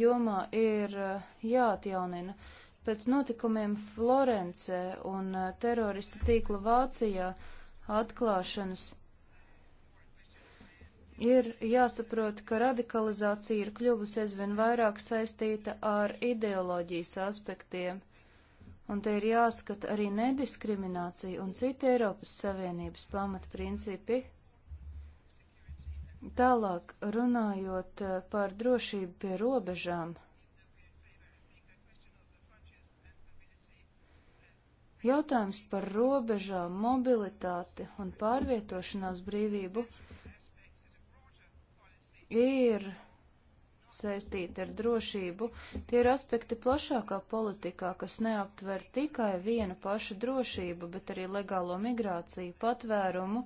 jomā ir uh, jāatjaunina. Uh, Pēc notikumiem Florencē un uh, terorista tīkla Vācijā atklāšanas ir jāsaprot, ka radikalizācija ir kļuvusi aizvien vairāk saistīta ar ideoloģijas aspektiem, un te ir jāskata arī nediskriminācija un citi Eiropas Savienības pamatprincipi, Tālāk runājot uh, par drošību pie robežām, Jautājums par robežām, mobilitāti un pārvietošanās brīvību ir saistīti ar drošību. Tie ir aspekti plašākā politikā, kas neaptver tikai vienu pašu drošību, bet arī legālo migrāciju, patvērumu,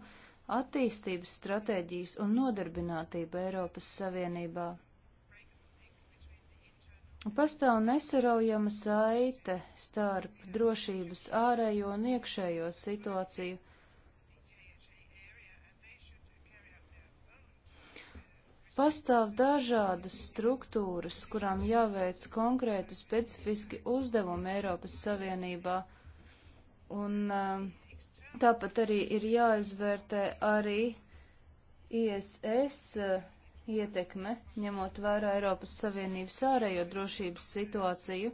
attīstības stratēģijas un nodarbinātību Eiropas Savienībā. Pastāv nesaraujama saite starp drošības ārējo un iekšējo situāciju. Pastāv dažādas struktūras, kurām jāveic konkrēti specifiski uzdevumi Eiropas Savienībā, un um, tāpat arī ir jāizvērtē arī ISS ietekme, ņemot vērā Eiropas Savienības ārējo drošības situāciju,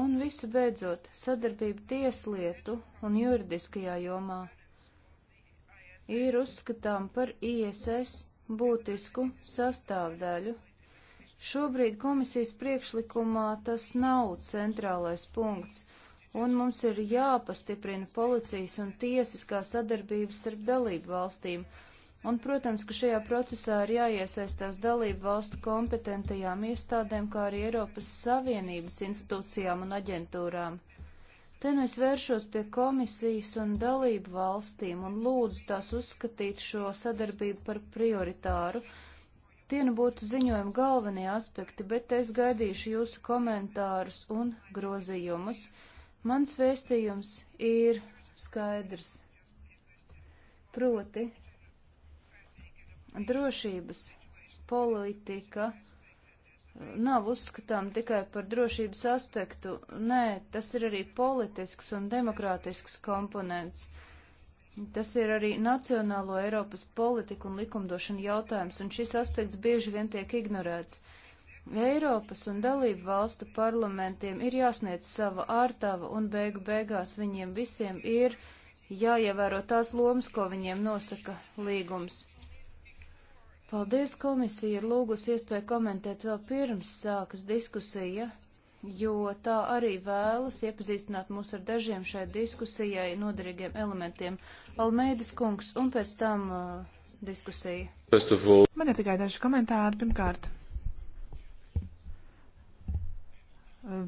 un visu beidzot sadarbību tieslietu un juridiskajā jomā ir uzskatām par ISS būtisku sastāvdaļu. Šobrīd komisijas priekšlikumā tas nav centrālais punkts, un mums ir jāpastiprina policijas un tiesiskā sadarbība starp dalību valstīm, Un, protams, ka šajā procesā ir jāiesaistās dalību valstu kompetentajām iestādēm, kā arī Eiropas Savienības institūcijām un aģentūrām. Te nu es vēršos pie komisijas un dalību valstīm un lūdzu tās uzskatīt šo sadarbību par prioritāru. Tie nu būtu ziņojumi galvenie aspekti, bet es gaidīšu jūsu komentārus un grozījumus. Mans vēstījums ir skaidrs. Proti, Drošības politika uh, nav uzskatām tikai par drošības aspektu, nē, tas ir arī politisks un demokrātisks komponents. Tas ir arī nacionālo Eiropas politiku un likumdošanu jautājums, un šis aspekts bieži vien tiek ignorēts. Eiropas un dalību valstu parlamentiem ir jāsniedz sava ārtava, un beigu beigās viņiem visiem ir jāievēro tās lomas, ko viņiem nosaka līgums. Paldies, komisija ir lūgusi iespēju komentēt vēl pirms sākas diskusija, jo tā arī vēlas iepazīstināt mūs ar dažiem šai diskusijai noderīgiem elementiem. Almeidas kungs un pēc tam uh, diskusija. Man ir tikai daži komentāri. Pirmkārt,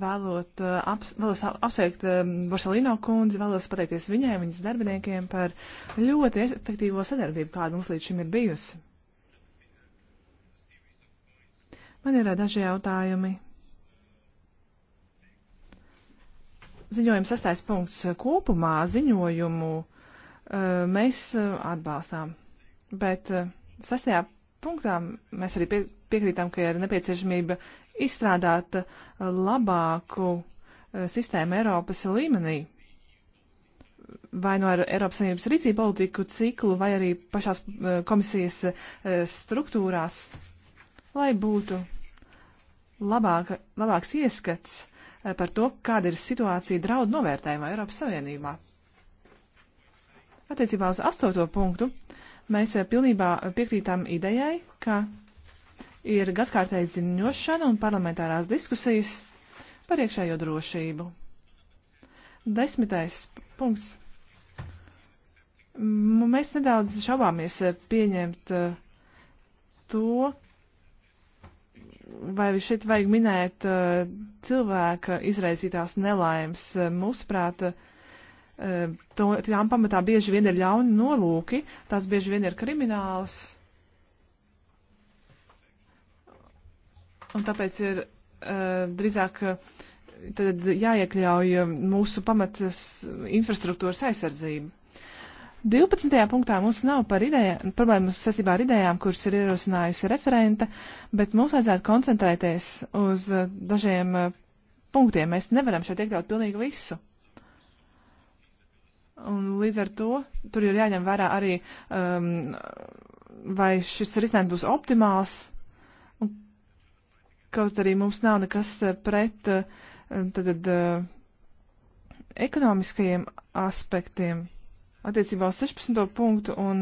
vēlot, uh, ap, vēlos apsveikt um, Borsalino kundzi, vēlos pateikties viņai, viņas darbiniekiem par ļoti efektīvo sadarbību, kāda mums līdz šim ir bijusi Man ir eh, daži jautājumi. Ziņojums sastais punkts kopumā ziņojumu eh, mēs eh, atbalstām, bet sastajā punktā mēs arī pie, piekrītam, ka ir nepieciešamība izstrādāt labāku sistēmu Eiropas līmenī, vai no Eiropas Savienības rīcību politiku ciklu, vai arī pašās komisijas struktūrās lai būtu labāka, labāks ieskats eh, par to, kāda ir situācija draudu novērtējumā Eiropas Savienībā. Attiecībā uz astoto punktu mēs eh, pilnībā piekrītām idejai, ka ir gadskārtēji ziņošana un parlamentārās diskusijas par iekšējo drošību. Desmitais punkts. M mēs nedaudz šaubāmies eh, pieņemt to, vai šeit vajag minēt uh, cilvēka izraisītās nelaimes. Uh, mūsuprāt, uh, to, tām pamatā bieži vien ir ļauni nolūki, tās bieži vien ir krimināls. Un tāpēc ir uh, drīzāk uh, tad jāiekļauj uh, mūsu pamatas infrastruktūras aizsardzība. 12. punktā mums nav par ideja, problēmas saistībā ar idejām, kuras ir ierosinājusi referente, bet mums vajadzētu koncentrēties uz eh, dažiem eh, punktiem. Mēs nevaram šeit iekļaut pilnīgi visu. Un līdz ar to tur ir jāņem vērā arī, um, vai šis risinājums būs optimāls. Un, kaut arī mums nav nekas eh, pret tad, tad, ekonomiskajiem aspektiem attiecībā uz 16. punktu un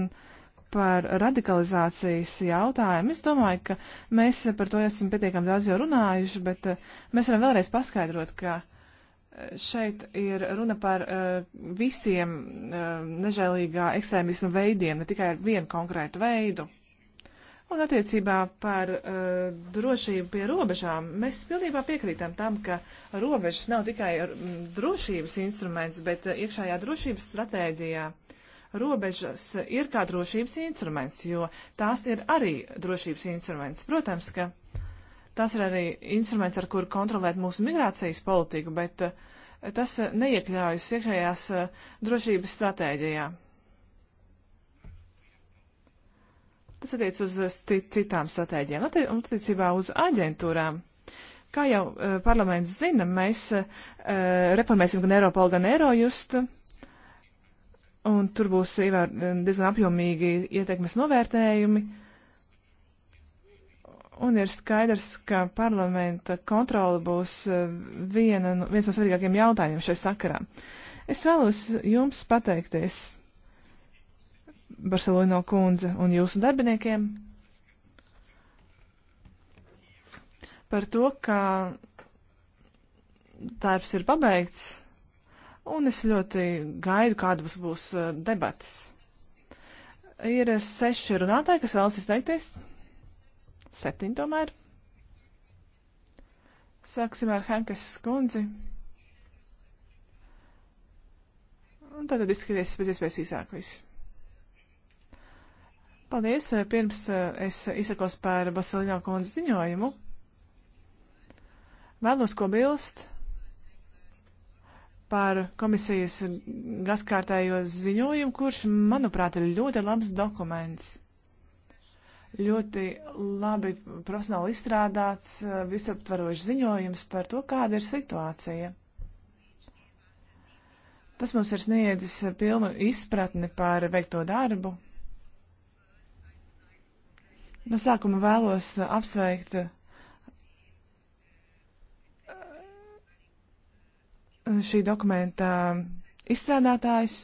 par radikalizācijas jautājumu. Es domāju, ka mēs par to esam pietiekami daudz jau runājuši, bet eh, mēs varam vēlreiz paskaidrot, ka eh, šeit ir runa par eh, visiem nežēlīgā ekstrēmismu veidiem, ne tikai ar vienu konkrētu veidu. Un attiecībā par uh, drošību pie robežām mēs pilnībā piekrītam tam, ka robežas nav tikai mm, drošības instruments, bet eh, iekšējā drošības stratēģijā robežas ir kā drošības instruments, jo tās ir arī drošības instruments. Protams, ka tas ir arī instruments, ar kuru kontrolēt mūsu migrācijas politiku, bet uh, tas neiekļaujas iekšējās uh, drošības stratēģijā. Tas attiec uz eh, sti, citām stratēģijām un attiecībā uz aģentūrām. Kā jau uh, parlaments zina, mēs uh, reformēsim gan Eiropolu, gan Eirojustu. Un tur būs ievēr, diezgan apjomīgi ieteikmes novērtējumi. Un ir skaidrs, ka parlamenta kontrola būs viena, viens no svarīgākiem jautājumiem šai sakarā. Es vēlos jums pateikties Barcelino kundze un jūsu darbiniekiem par to, ka darbs ir pabeigts, un es ļoti gaidu, kādas būs uh, debatas. Ir seši runātāji, kas vēlas izteikties. Septiņi tomēr. Sāksim ar Henkas skundzi. Un tad izskaties pēc iespējas īsāk viss. Paldies. Eh, pirms eh, es izsakos par Basilino kundzes ziņojumu, vēlos ko bilst par komisijas gaskārtējo ziņojumu, kurš, manuprāt, ir ļoti labs dokuments. Ļoti labi profesionāli izstrādāts, eh, visaptvarošs ziņojums par to, kāda ir situācija. Tas mums ir sniedzis pilnu izpratni par veikto darbu, No sākuma vēlos uh, apsveikt uh, uh, šī dokumenta izstrādātājs.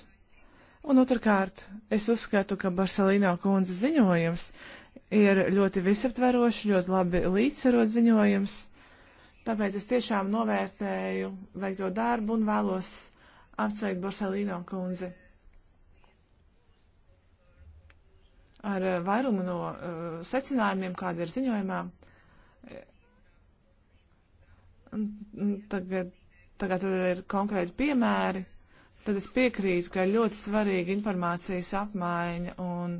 Un otrkārt, es uzskatu, ka Barcelino kundzes ziņojums ir ļoti visaptverošs, ļoti labi līdzsvarot ziņojums. Tāpēc es tiešām novērtēju veikto darbu un vēlos apsveikt Barcelino kundzi. ar eh, vairumu no uh, secinājumiem, kāda ir ziņojumā. Tagad, tagad tur ir konkrēti piemēri, tad es piekrītu, ka ir ļoti svarīga informācijas apmaiņa un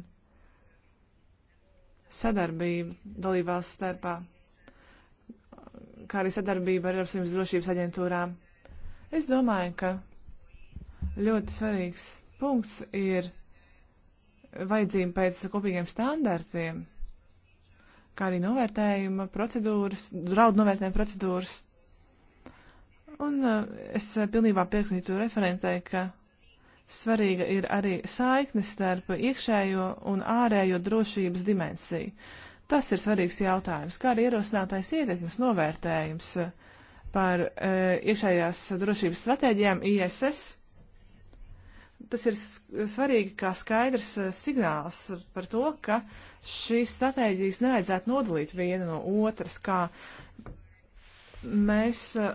sadarbība dalībvalsts starpā, kā arī sadarbība ar Eiropas Savienības drošības aģentūrām. Es domāju, ka ļoti svarīgs punkts ir vajadzību pēc kopīgiem standartiem, kā arī novērtējuma procedūras, draudu novērtējuma procedūras. Un uh, es uh, pilnībā piekrītu referentei, ka svarīga ir arī saikne starp iekšējo un ārējo drošības dimensiju. Tas ir svarīgs jautājums, kā arī ierosinātais ietekmes novērtējums uh, par e, iekšējās drošības stratēģijām ISS tas ir svarīgi kā skaidrs eh, signāls par to, ka šīs stratēģijas nevajadzētu nodalīt viena no otras, kā mēs eh,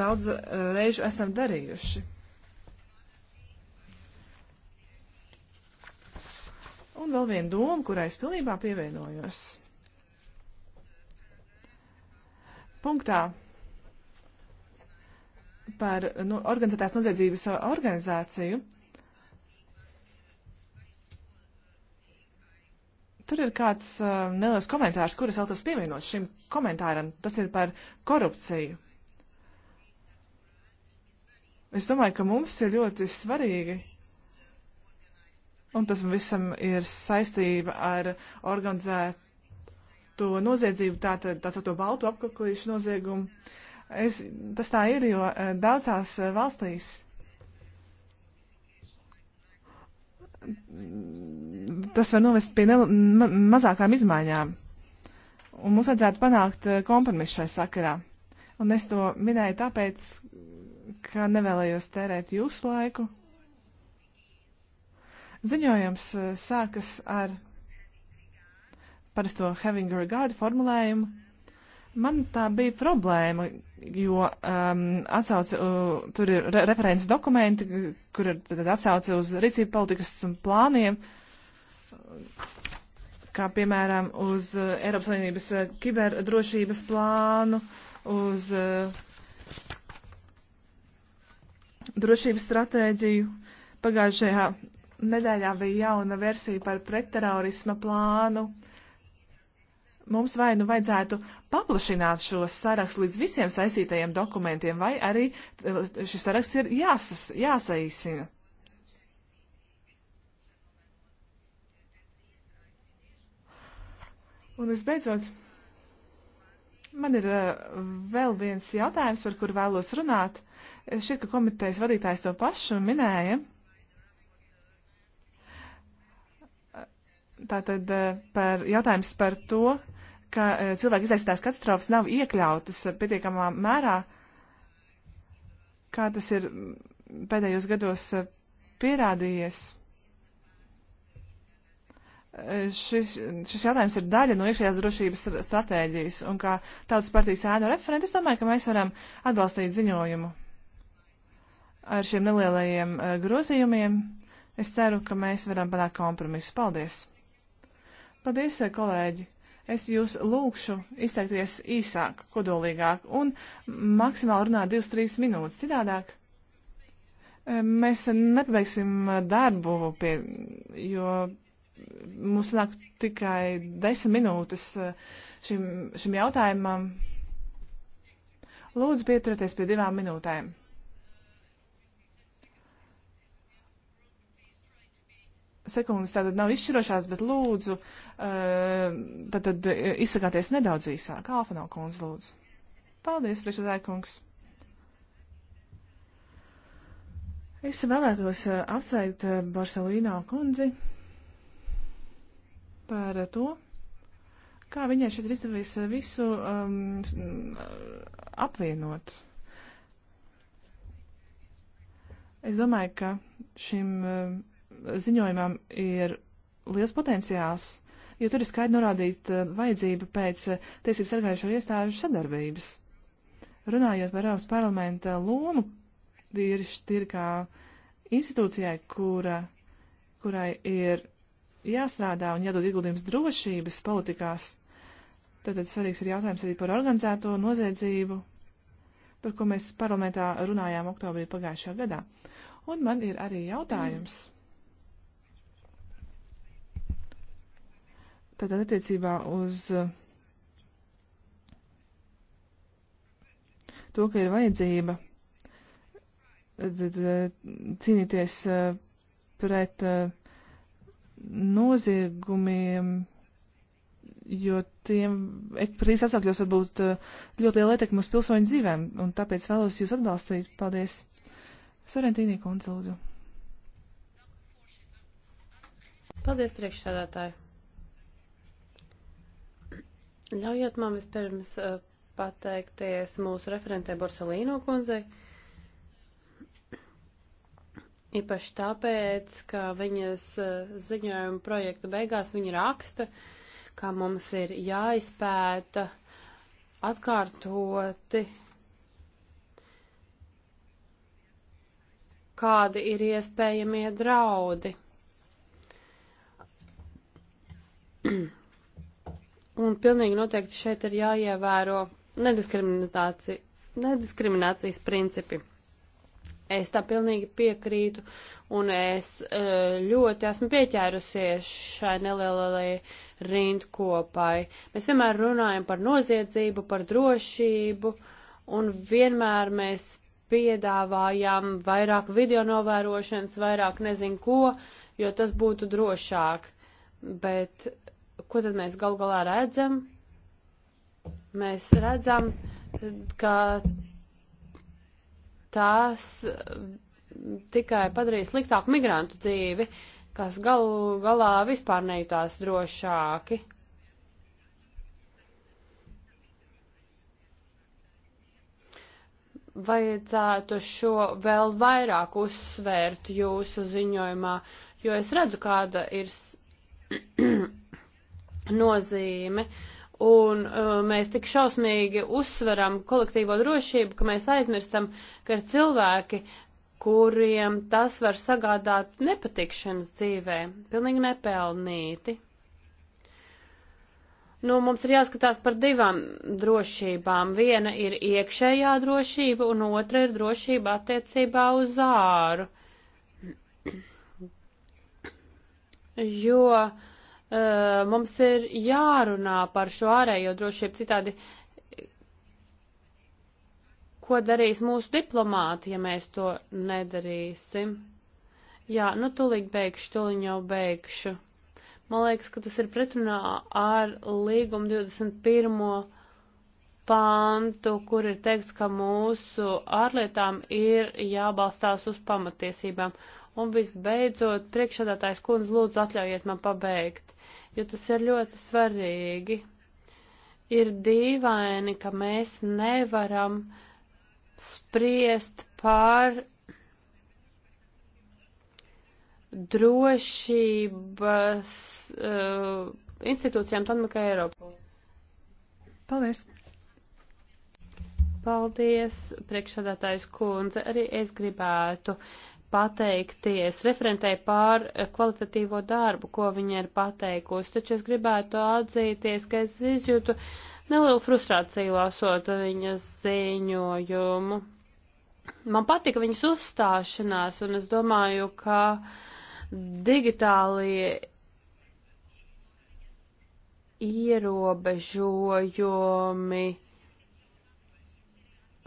daudz eh, reižu esam darījuši. Un vēl viena doma, kurai es pilnībā pievienojos. Punktā par nu, organizētās noziedzības organizāciju. Tur ir kāds uh, neliels komentārs, kurus vēl tos pievienot šim komentāram. Tas ir par korupciju. Es domāju, ka mums ir ļoti svarīgi, un tas visam ir saistība ar organizēto noziedzību, tātad tā, tā, tā to baltu apkaklīšu noziegumu. Uh, Es, tas tā ir, jo eh, daudzās eh, valstīs tas var novest pie ne, ma, mazākām izmaiņām. Un mums vajadzētu panākt eh, kompromisu šai sakarā. Un es to minēju tāpēc, ka nevēlējos tērēt jūsu laiku. Ziņojums sākas ar parasto having regard formulējumu Man tā bija problēma, jo um, atsauce, uh, tur ir re referents dokumenti, kur ir tad, atsauce uz rīcību politikas plāniem, kā piemēram uz uh, Eiropas Savienības uh, kiberdrošības plānu, uz uh, drošības stratēģiju. Pagājušajā nedēļā bija jauna versija par pretterorisma plānu. Uh, mums vai nu vajadzētu paplašināt šo sarakstu līdz visiem saistītajiem dokumentiem, vai arī eh, šis saraksts ir jāsas, jāsaīsina. Un visbeidzot, man ir uh, vēl viens jautājums, par kuru vēlos runāt. Eh, šķiet, ka komitejas vadītājs to pašu minēja. Tātad par jautājums par to, ka e, cilvēku izraisītās katastrofas nav iekļautas pietiekamā mērā, kā tas ir pēdējos gados e, pierādījies. E, šis, šis jautājums ir daļa no iekšējās drošības stratēģijas, un kā tautas partijas ēna referenti, es domāju, ka mēs varam atbalstīt ziņojumu ar šiem nelielajiem grozījumiem. Es ceru, ka mēs varam panākt kompromisu. Paldies! Paldies, kolēģi! es jūs lūkšu izteikties īsāk, kodolīgāk un maksimāli runāt 2-3 minūtes. Citādāk eh, mēs nepabeigsim darbu, pie, jo mums nāk tikai 10 minūtes eh, šim, šim jautājumam. Lūdzu, pieturieties pie divām minūtēm. sekundes tātad nav izšķirošās, bet lūdzu, eh, tātad eh, izsakāties nedaudz īsāk. Alfanau kundze, lūdzu. Paldies, priekšsēdētāj kungs. Es vēlētos eh, apsveikt Barcelīnā kundzi par to, kā viņai šeit ir izdevies visu um, apvienot. Es domāju, ka šim ziņojumam ir liels potenciāls, jo tur ir skaidri norādīta eh, vajadzība pēc eh, tiesību sargājušo iestāžu sadarbības. Runājot par Eiropas parlamenta lomu, tieši ir kā institūcijai, kura, kurai ir jāstrādā un jādod ieguldījums drošības politikās, tātad svarīgs ir jautājums arī par organizēto noziedzību, par ko mēs parlamentā runājām oktobrī pagājušajā gadā. Un man ir arī jautājums. Mm Tātad attiecībā uz eh, to, ka ir vajadzība eh, cīnīties eh, pret noziegumiem, jo tiem krīzes apstākļos var būt ļoti liela ietekme uz pilsoņu dzīvēm, un tāpēc vēlos jūs atbalstīt. Paldies! Sorrentīnī kundze, lūdzu. Paldies, priekšsēdētāji! Ļaujiet man vispirms uh, pateikties mūsu referentē Borsalīno kundzei. Īpaši tāpēc, ka viņas uh, ziņojuma projekta beigās viņa raksta, ka mums ir jāizpēta atkārtoti, kādi ir iespējamie draudi. Un pilnīgi noteikti šeit ir jāievēro nediskriminācijas principi. Es tā pilnīgi piekrītu, un es e, ļoti esmu pieķērusies šai nelielai rindkopai. Mēs vienmēr runājam par noziedzību, par drošību, un vienmēr mēs piedāvājam vairāk video novērošanas, vairāk nezinu ko, jo tas būtu drošāk. Bet ko tad mēs gal galā redzam? Mēs redzam, ka tās tikai padarīja sliktāku migrantu dzīvi, kas galu galā vispār nejūtās drošāki. Vajadzētu šo vēl vairāk uzsvērt jūsu ziņojumā, jo es redzu, kāda ir nozīme. Un uh, mēs tik šausmīgi uzsveram kolektīvo drošību, ka mēs aizmirstam, ka ir cilvēki, kuriem tas var sagādāt nepatikšanas dzīvē, pilnīgi nepelnīti. Nu, mums ir jāskatās par divām drošībām. Viena ir iekšējā drošība, un otra ir drošība attiecībā uz āru. Jo uh, Eh, mums ir jārunā par šo ārējo drošību citādi. Ko darīs mūsu diplomāti, ja mēs to nedarīsim? Jā, nu tūlīt beigšu, tūlīt jau beigšu. Man liekas, ka tas ir pretrunā ar līgumu 21 pantu, kur ir teikts, ka mūsu ārlietām ir jābalstās uz pamatiesībām. Un visbeidzot, priekšsēdētājs kundze, lūdzu atļaujiet man pabeigt jo tas ir ļoti svarīgi. Ir dīvaini, ka mēs nevaram spriest par drošības uh, institūcijām, tad kā Eiropā. Paldies! Paldies, priekšsādātājs kundze. Arī es gribētu uh, pateikties referentei pār eh, kvalitatīvo darbu, ko viņa ir pateikusi, taču es gribētu atzīties, ka es izjūtu nelielu frustrāciju lasot viņas ziņojumu. Man patika viņas uzstāšanās, un es domāju, ka digitālie ierobežojumi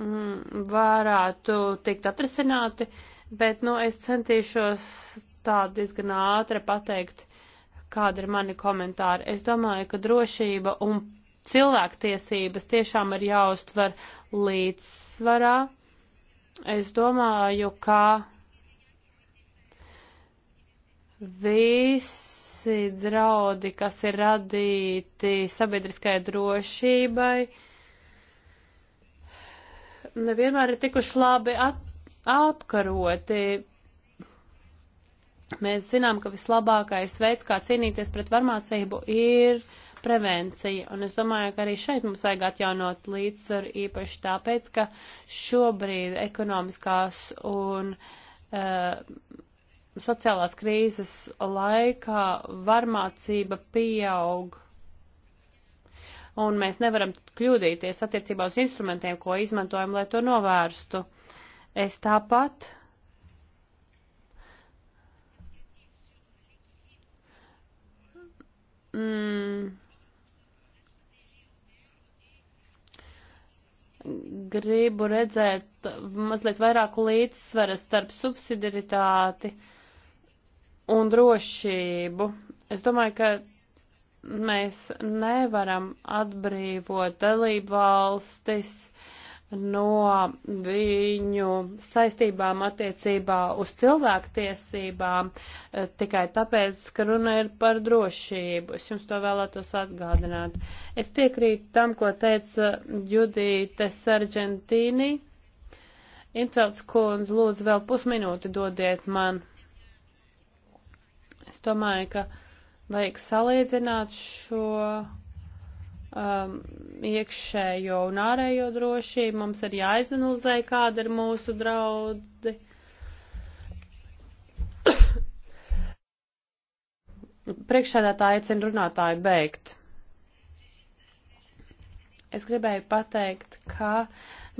mm, varētu tikt atrisināti bet, nu, es centīšos tā diezgan ātri pateikt, kāda ir mani komentāri. Es domāju, ka drošība un cilvēktiesības tiešām ir jāuztver līdzsvarā. Es domāju, ka visi draudi, kas ir radīti sabiedriskajai drošībai, nevienmēr ir tikuši labi at apkaroti. Mēs zinām, ka vislabākais veids, kā cīnīties pret varmācību, ir prevencija. Un es domāju, ka arī šeit mums vajag atjaunot līdzsvaru īpaši tāpēc, ka šobrīd ekonomiskās un uh, sociālās krīzes laikā varmācība pieaug. Un mēs nevaram kļūdīties attiecībā uz instrumentiem, ko izmantojam, lai to novērstu. Uh, Es tāpat mm, gribu redzēt mazliet vairāk līdzsvera starp subsidiaritāti un drošību. Es domāju, ka mēs nevaram atbrīvot dalību valstis no viņu saistībām attiecībā uz cilvēktiesībām eh, tikai tāpēc, ka runa ir par drošību. Es jums to vēlētos atgādināt. Es piekrītu tam, ko teica Judīte Sargentīni. Intvelds kundze, lūdzu, vēl pusminūti dodiet man. Es domāju, ka vajag salīdzināt šo um, iekšējo un ārējo drošību. Mums ir jāizanalizē, kāda ir mūsu draudi. Priekšsēdētāji aicina runātāju beigt. Es gribēju pateikt, ka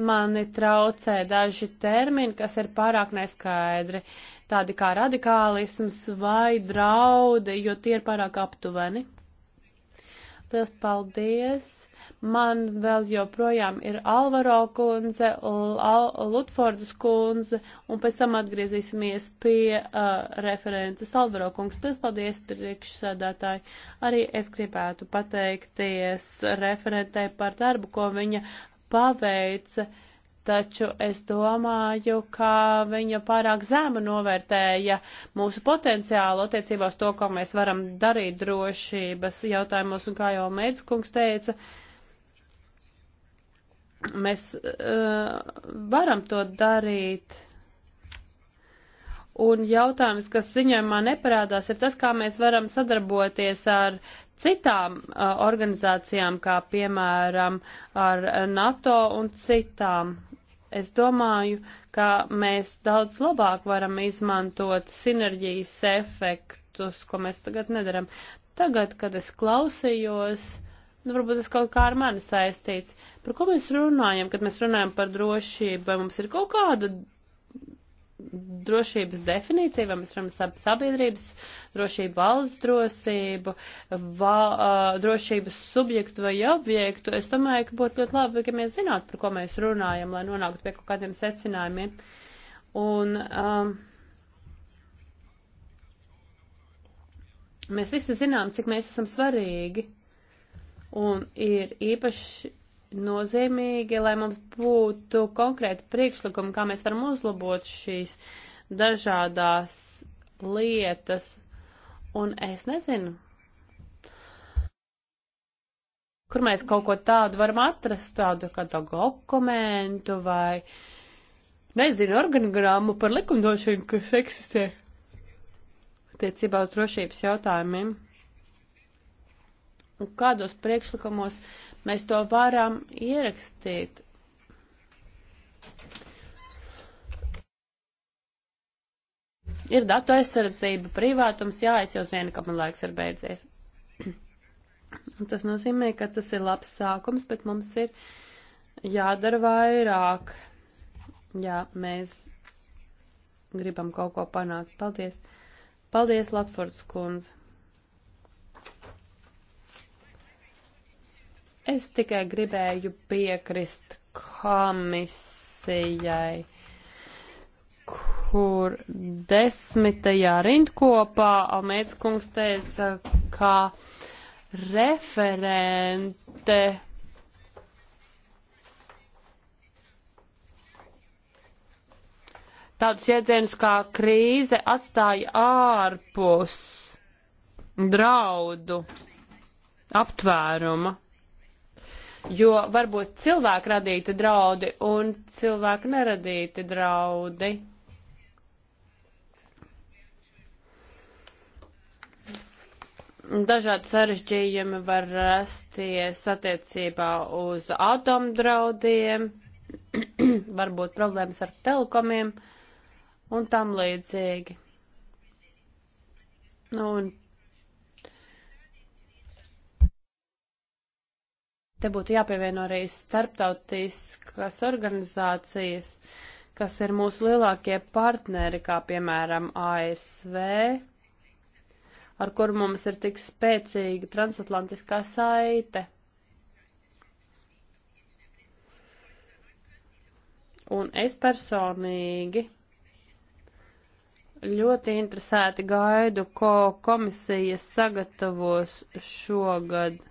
mani traucē daži termini, kas ir pārāk neskaidri, tādi kā radikālisms vai draudi, jo tie ir pārāk aptuveni. Liels paldies! Man vēl joprojām ir Alvaro kundze, Lutfordas kundze, un pēc tam atgriezīsimies pie uh, referentes Alvaro kungs. Liels paldies, priekšsēdētāji! Arī es gribētu pateikties referentē par darbu, ko viņa paveica. Uh, taču es domāju, ka viņa pārāk zēma novērtēja mūsu potenciālu attiecībā uz to, ko mēs varam darīt drošības jautājumos, un kā jau Mēdzkungs teica, mēs uh, varam to darīt. Un jautājums, kas ziņojumā neparādās, ir tas, kā mēs varam sadarboties ar citām uh, organizācijām, kā piemēram ar NATO un citām. Es domāju, ka mēs daudz labāk varam izmantot sinerģijas efektus, ko mēs tagad nedaram. Tagad, kad es klausījos, nu, varbūt tas kaut kā ar mani saistīts. Par ko mēs runājam, kad mēs runājam par drošību? Vai mums ir kaut kāda drošības definīciju, vai mēs varam sap sabiedrības drošību, valsts drošību, va, uh, drošības subjektu vai objektu. Es domāju, ka būtu ļoti labi, ka mēs zinātu, par ko mēs runājam, lai nonāktu pie kaut kādiem secinājumiem. Un, um, mēs visi zinām, cik mēs esam svarīgi. Un ir īpaši nozīmīgi, lai mums būtu konkrēti priekšlikumi, kā mēs varam uzlabot šīs dažādās lietas. Un es nezinu, kur mēs kaut ko tādu varam atrast, tādu kā dokumentu vai, nezinu, organogrammu par likumdošanu, kas eksistē. Tiecībā uz drošības jautājumiem un kādos priekšlikumos mēs to varam ierakstīt. Ir datu aizsardzība, privātums, jā, es jau zinu, ka man laiks ir beidzies. Tas nozīmē, ka tas ir labs sākums, bet mums ir jādara vairāk. Jā, mēs gribam kaut ko panākt. Paldies! Paldies, Latfords kundze! Es tikai gribēju piekrist komisijai, kur desmitajā rindkopā Almēdz kungs teica, ka referente tādus jēdzienus kā krīze atstāja ārpus draudu aptvēruma jo var būt cilvēku radīti draudi un cilvēku neradīti draudi. Dažādi sarežģījumi var rasties attiecībā uz atomdraudiem, varbūt problēmas ar telekomiem un tam līdzīgi. Nu, un Te būtu jāpievieno arī starptautiskas organizācijas, kas ir mūsu lielākie partneri, kā piemēram ASV, ar kur mums ir tik spēcīga transatlantiskā saite. Un es personīgi ļoti interesēti gaidu, ko komisija sagatavos šogad.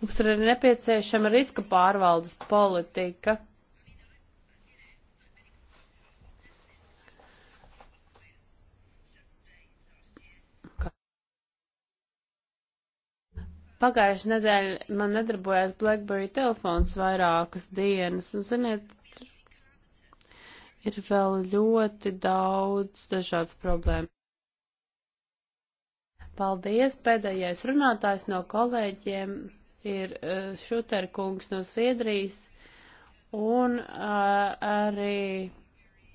Mums ir arī nepieciešama riska pārvaldes politika. Pagājušajā nedēļā man nedarbojās BlackBerry telefons vairākas dienas, un, ziniet, ir vēl ļoti daudz dažādas problēmas. Paldies, pēdējais runātājs no kolēģiem ir e, Šuterkungs no Zviedrijas un e, arī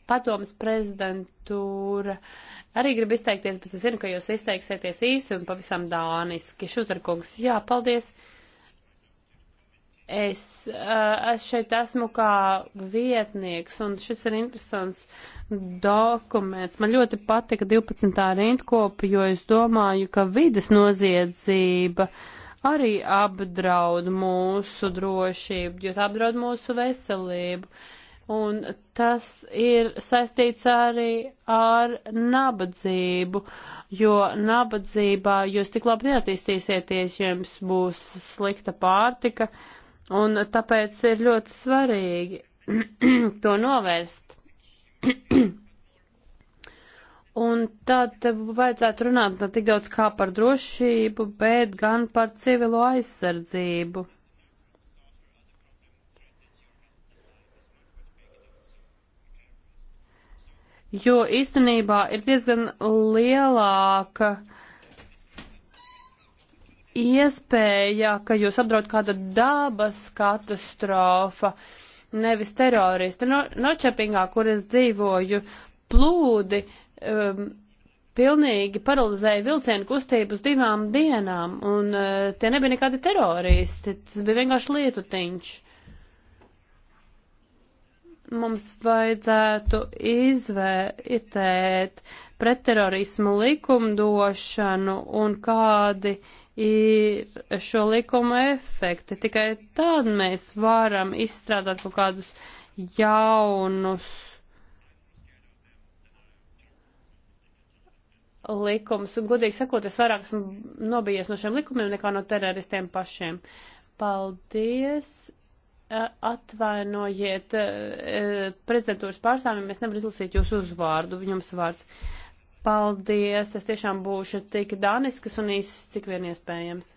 padomas prezidentūra. Arī gribu izteikties, bet es zinu, ka jūs izteiksieties īsi un pavisam dāniski. Šuterkungs, jā, paldies. Es, e, es šeit esmu kā vietnieks, un šis ir interesants dokuments. Man ļoti patika 12. rindkopa, jo es domāju, ka vides noziedzība uh, arī apdraud mūsu drošību, jo tā apdraud mūsu veselību. Un tas ir saistīts arī ar nabadzību, jo nabadzībā jūs tik labi neattīstīsieties, jo jums būs slikta pārtika, un tāpēc ir ļoti svarīgi to novērst. Un tad vajadzētu runāt ne tik daudz kā par drošību, bet gan par civilo aizsardzību. Jo īstenībā ir diezgan lielāka iespēja, ka jūs apdraud kāda dabas katastrofa, nevis teroristi. No, nočepingā, kur es dzīvoju, plūdi uh, um, pilnīgi paralizēja vilcienu kustību uz divām dienām, un uh, tie nebija nekādi teroristi, tas bija vienkārši lietutiņš. Mums vajadzētu izvērtēt pretterorismu likumdošanu un kādi ir šo likumu efekti. Tikai tad mēs varam izstrādāt kaut kādus jaunus likums, un godīgi sakot, es vairāk esmu nobijies no šiem likumiem nekā no teroristiem pašiem. Paldies! Atvainojiet e, prezidentūras pārstāvjiem, es nevaru izlasīt jūsu uzvārdu, jums vārds. Paldies, es tiešām būšu tik daniskas un īsts, cik vien iespējams.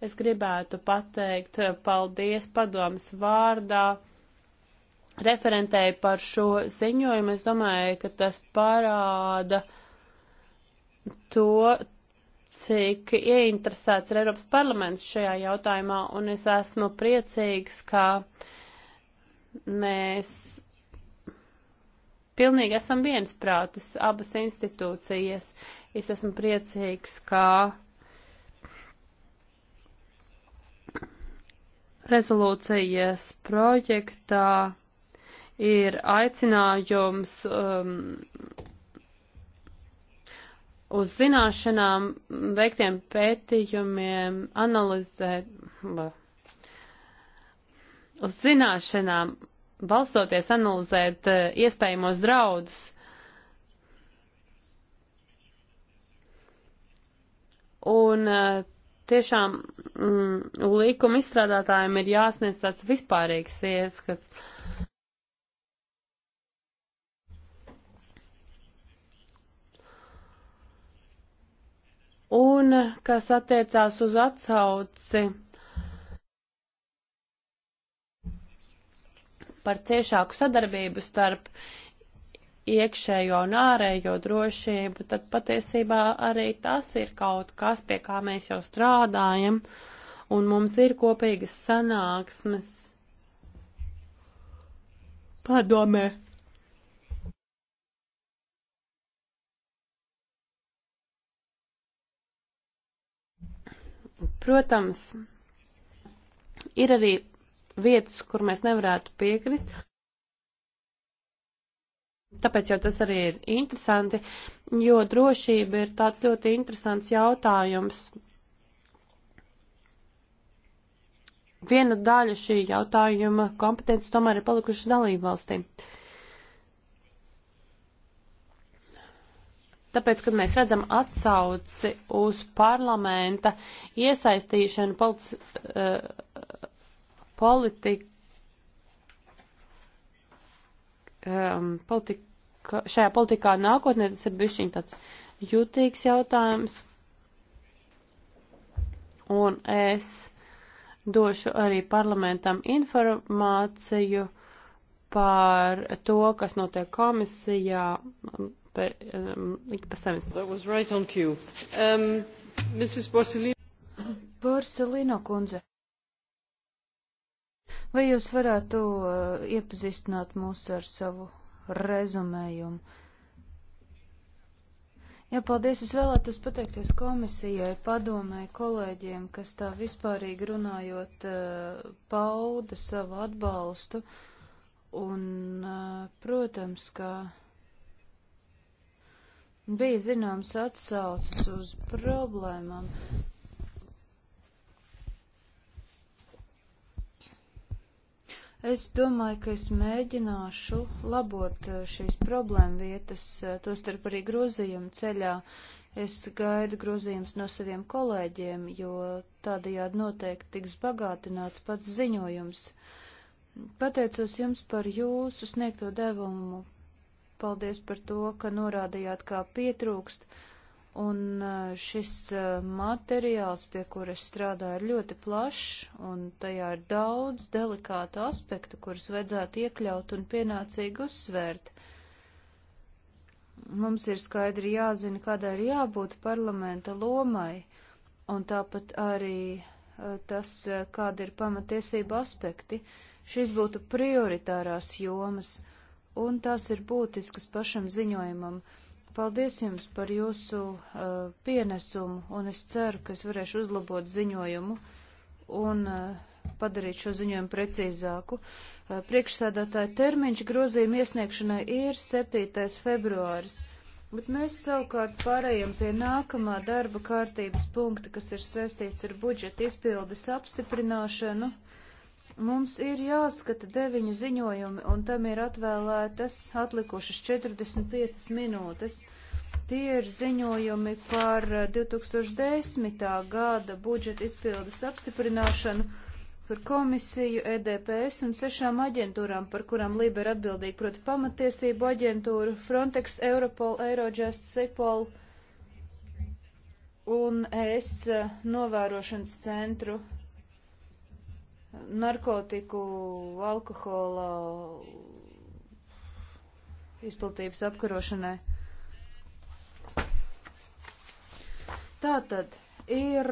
Es gribētu pateikt paldies padomas vārdā referentēju par šo ziņojumu. Es domāju, ka tas parāda uh, to, cik ieinteresēts ir Eiropas parlaments šajā jautājumā, un es esmu priecīgs, ka mēs pilnīgi esam viensprātis, abas institūcijas. Es esmu priecīgs, ka rezolūcijas projektā ir aicinājums um, uz zināšanām veiktiem pētījumiem analizēt, uz zināšanām balstoties analizēt eh, iespējamos draudus. Un eh, tiešām mm, likuma izstrādātājiem ir jāsniedz tāds vispārīgs ieskats Un kas attiecās uz atsauci par ciešāku sadarbību starp iekšējo un ārējo drošību, tad patiesībā arī tas ir kaut kas, pie kā mēs jau strādājam, un mums ir kopīgas sanāksmes padomē Protams, ir arī vietas, kur mēs nevarētu piekrist. Tāpēc jau tas arī ir interesanti, jo drošība ir tāds ļoti interesants jautājums. Viena daļa šī jautājuma kompetences tomēr ir palikušas dalību valstīm. Uh, Tāpēc, kad mēs redzam atsauci uz parlamenta iesaistīšanu polic, uh, eh, politik, um, politika, šajā politikā nākotnē, tas ir bišķiņ tāds jutīgs jautājums. Un es došu arī parlamentam informāciju par to, kas notiek komisijā pe, ik pa um, semestru. That was right on cue. Um, Mrs. Borsellino. Borsellino kundze. Vai jūs varētu uh, iepazīstināt mūs ar savu rezumējumu? Jā, paldies. Es vēlētos pateikties komisijai, padomai, kolēģiem, kas tā vispārīgi runājot uh, pauda savu atbalstu. Un, uh, protams, ka. Kā bija zināms atsaucas uz problēmām. Es domāju, ka es mēģināšu labot eh, šīs problēma vietas, eh, tostarp arī grozījumu ceļā. Es gaidu grozījumus no saviem kolēģiem, jo tādajādi noteikti tiks bagātināts pats ziņojums. Pateicos jums par jūsu sniegto devumu Paldies par to, ka norādījāt, kā pietrūkst. Un eh, šis eh, materiāls, pie kuras strādāju, ir ļoti plašs, un tajā ir daudz delikātu aspektu, kurus vajadzētu iekļaut un pienācīgi uzsvērt. Mums ir skaidri jāzina, kādai ir jābūt parlamenta lomai, un tāpat arī eh, tas, kāda ir pamatiesība aspekti. Šis būtu prioritārās jomas un tās ir būtiskas pašam ziņojumam. Paldies jums par jūsu uh, pienesumu, un es ceru, ka es varēšu uzlabot ziņojumu un uh, padarīt šo ziņojumu precīzāku. Uh, priekšsēdātāja termiņš grozījuma iesniegšanai ir 7. februāris, bet mēs savukārt pārējiem pie nākamā darba kārtības punkta, kas ir saistīts ar budžeta izpildes apstiprināšanu. Uh, Mums ir jāskata deviņi ziņojumi, un tam ir atvēlētas atlikušas 45 minūtes. Tie ir ziņojumi par 2010. Eh, gada budžeta izpildes apstiprināšanu, par komisiju, EDPS un sešām aģentūrām, par kurām Lība ir atbildīga, proti pamatiesību aģentūru, Frontex, Europol, Eurojust, Sepol un ES eh, novērošanas centru narkotiku, alkohola izplatības apkarošanai. Tātad ir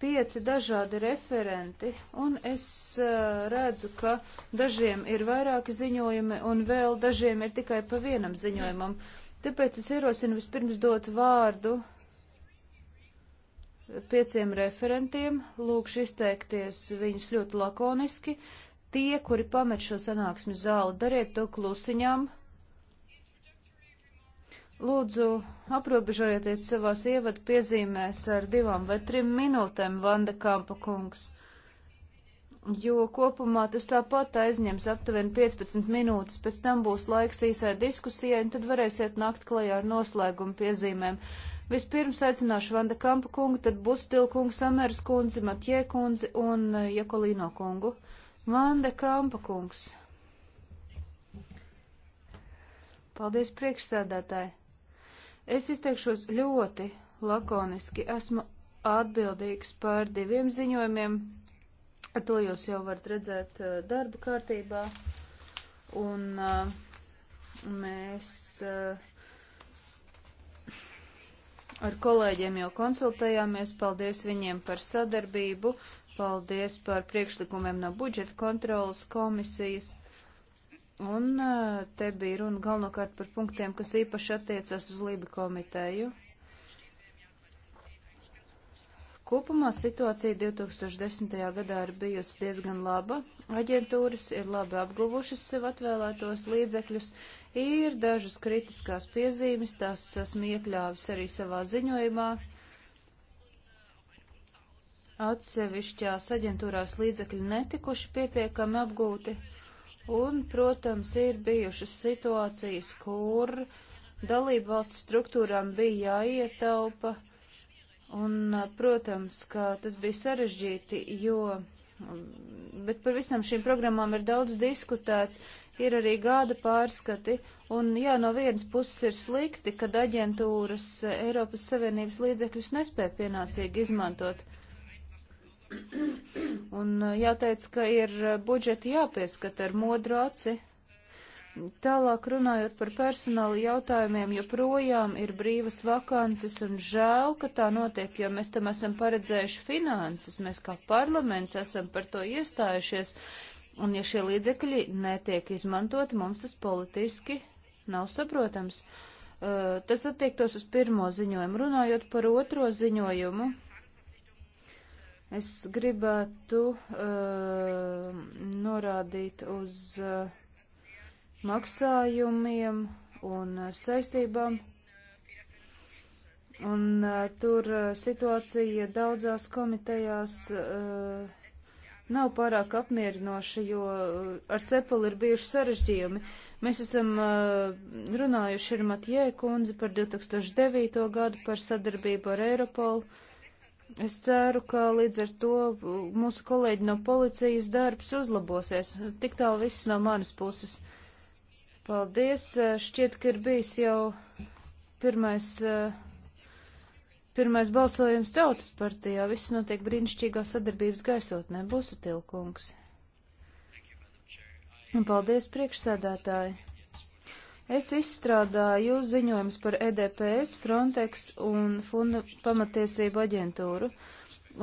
pieci dažādi referenti, un es uh, redzu, ka dažiem ir vairāki ziņojumi, un vēl dažiem ir tikai pa vienam ziņojumam. Tāpēc es ierosinu vispirms dot vārdu pieciem referentiem, lūkšu izteikties viņus ļoti lakoniski. Tie, kuri pamet šo sanāksmi zāli, dariet to klusiņām. Lūdzu, aprobežojieties savās ievadu piezīmēs ar divām vai trim minūtēm, Vanda Kampa kungs, jo kopumā tas tāpat aizņems aptuveni 15 minūtes, pēc tam būs laiks īsai diskusijai, un tad varēsiet nākt klajā ar noslēgumu piezīmēm. Uh, Vispirms aicināšu Vanda Kampa kungu, tad Bustil kungu, Samers kundzi, Matjē kundzi un uh, Jekolino kungu. Vanda Kampa kungs. Paldies priekšsēdētāji. Es izteikšos ļoti lakoniski. Esmu atbildīgs par diviem ziņojumiem. To jūs jau varat redzēt uh, darba kārtībā. Un uh, mēs Ar kolēģiem jau konsultējāmies, paldies viņiem par sadarbību, paldies par priekšlikumiem no budžeta kontrolas komisijas. Un eh, te bija runa galvenokārt par punktiem, kas īpaši attiecas uz Lība komiteju. Kopumā situācija 2010. gadā ir bijusi diezgan laba. Aģentūras ir labi apguvušas sev atvēlētos līdzekļus, Ir dažas kritiskās piezīmes, tās esmu iekļāvis arī savā ziņojumā. Atsevišķās aģentūrās līdzekļi netikuši pietiekami apgūti, un, protams, ir bijušas situācijas, kur dalību valstu struktūrām bija jāietaupa, un, protams, ka tas bija sarežģīti, jo bet par visām šīm programmām ir daudz diskutēts, ir arī gada pārskati, un jā, no vienas puses ir slikti, kad aģentūras eh, Eiropas Savienības līdzekļus nespēja pienācīgi izmantot. Un eh, jāteic, ka ir eh, budžeti jāpieskat ar modru aci. Tālāk runājot par personāla jautājumiem, joprojām ir brīvas vakances un žēl, ka tā notiek, jo mēs tam esam paredzējuši finanses, mēs kā parlaments esam par to iestājušies. Uh, Un ja šie līdzekļi netiek izmantoti, mums tas politiski nav saprotams. Uh, tas attiektos uz pirmo ziņojumu. Runājot par otro ziņojumu, es gribētu uh, norādīt uz uh, maksājumiem un uh, saistībām. Un uh, tur uh, situācija daudzās komitejās. Uh, nav pārāk apmierinoša, jo uh, ar Sepeli ir bijuši sarežģījumi. Mēs esam uh, runājuši ar Matjē kundzi par 2009. gadu, par sadarbību ar Eiropolu. Es ceru, ka līdz ar to uh, mūsu kolēģi no policijas darbs uzlabosies. Tik tālu viss no manas puses. Paldies. Šķiet, ka ir bijis jau pirmais uh, Pirmais balsojums tautas partijā. Viss notiek brīnišķīgā sadarbības gaisotnē. Būsu tilkungs. Un paldies priekšsēdētāji. Es izstrādāju ziņojums par EDPS, Frontex un Funda pamatiesību aģentūru.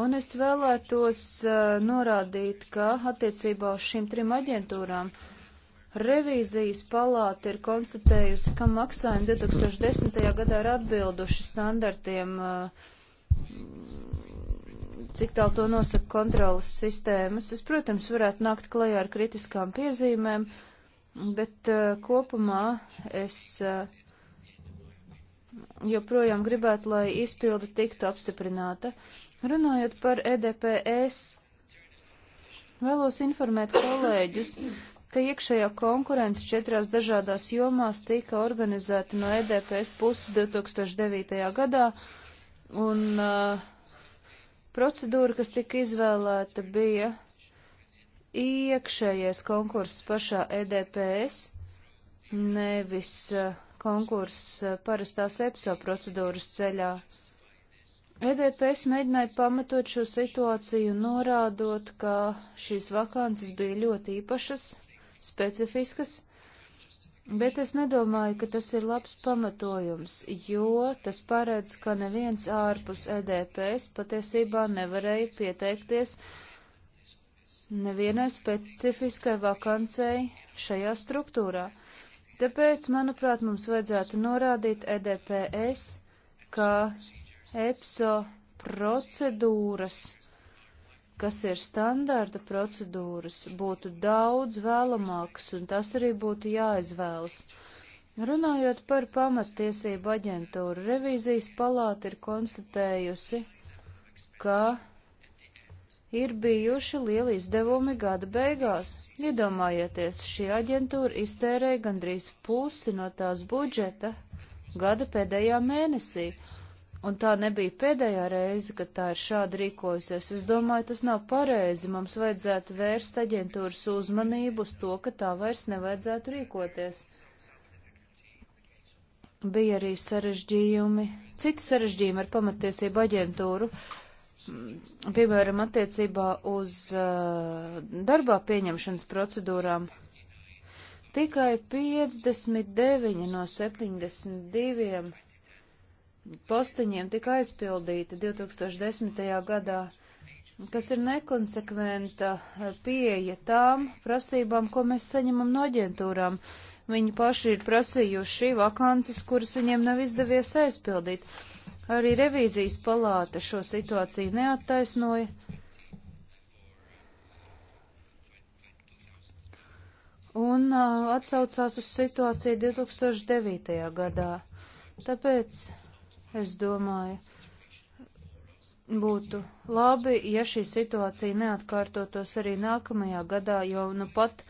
Un es vēlētos uh, norādīt, ka attiecībā uz šīm trim aģentūrām uh, Revīzijas palāta ir konstatējusi, ka maksājumi 2010. gadā ir atbilduši standartiem, eh, cik tālu to nosaka kontrolas sistēmas. Es, protams, varētu nākt klajā ar kritiskām piezīmēm, bet eh, kopumā es eh, joprojām gribētu, lai izpilde tiktu apstiprināta. Runājot par EDPS, vēlos informēt kolēģus, ka iekšējā konkurence četrās dažādās jomās tika organizēta no EDPS puses 2009. gadā, un uh, procedūra, kas tika izvēlēta, bija iekšējais konkurss pašā EDPS, nevis uh, konkurss uh, parastās EPSO procedūras ceļā. EDPS mēģināja pamatot šo situāciju, norādot, ka šīs vakances bija ļoti īpašas specifiskas, bet es nedomāju, ka tas ir labs pamatojums, jo tas paredz, ka neviens ārpus EDPS patiesībā nevarēja pieteikties nevienai specifiskai vakancei šajā struktūrā. Tāpēc, manuprāt, mums vajadzētu norādīt EDPS, ka EPSO procedūras kas ir standarta procedūras, būtu daudz vēlamāks, un tas arī būtu jāizvēlas. Runājot par pamattiesību aģentūru, revīzijas palāta ir konstatējusi, ka ir bijuši lieli izdevumi gada beigās. Iedomājieties, šī aģentūra iztērēja gandrīz pusi no tās budžeta gada pēdējā mēnesī, Un tā nebija pēdējā reize, kad tā ir šādi rīkojusies. Es domāju, tas nav pareizi. Mums vajadzētu vērst aģentūras uzmanību uz to, ka tā vairs nevajadzētu rīkoties. Bija arī sarežģījumi, citi sarežģījumi ar pamatiesību aģentūru, mm, piemēram, attiecībā uz uh, darbā pieņemšanas procedūrām. Tikai 59 no 72 postiņiem tika aizpildīti 2010. gadā, kas ir nekonsekventa pieeja tām prasībām, ko mēs saņemam no aģentūrām. Viņi paši ir prasījuši vakances, kuras viņiem nav izdevies aizpildīt. Arī revīzijas palāta šo situāciju neattaisnoja. Un uh, atsaucās uz situāciju 2009. gadā. Tāpēc Es domāju, būtu labi, ja šī situācija neatkārtotos arī nākamajā gadā, jo nu pat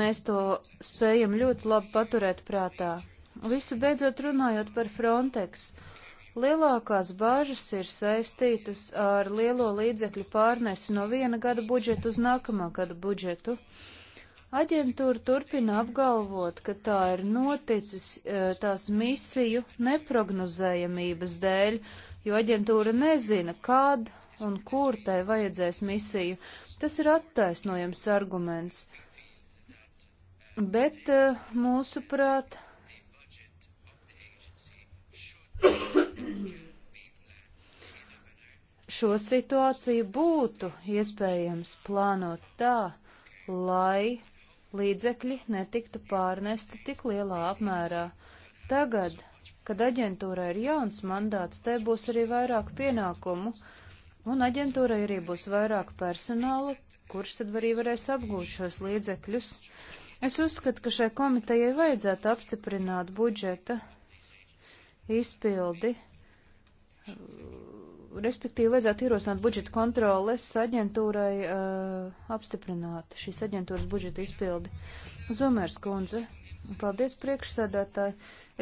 mēs to spējam ļoti labi paturēt prātā. Visu beidzot runājot par Frontex. Lielākās bāžas ir saistītas ar lielo līdzekļu pārnesi no viena gada budžeta uz nākamā gada budžetu. Uh, Aģentūra turpina apgalvot, ka tā ir noticis e, tās misiju neprognozējamības dēļ, jo aģentūra nezina, kad un kur tai vajadzēs misiju. Tas ir attaisnojams arguments. Bet e, mūsuprāt. Šo situāciju būtu iespējams plānot tā, lai līdzekļi netiktu pārnesti tik lielā apmērā. Tagad, kad aģentūrai ir jauns mandāts, tai būs arī vairāk pienākumu, un aģentūrai arī būs vairāk personāla, kurš tad arī varēs apgūt šos līdzekļus. Es uzskatu, ka šai komitejai vajadzētu apstiprināt budžeta izpildi respektīvi vajadzētu ierosināt budžeta kontroles aģentūrai uh, apstiprināt šīs aģentūras budžeta izpildi. Zumērs kundze, paldies priekšsēdētāji.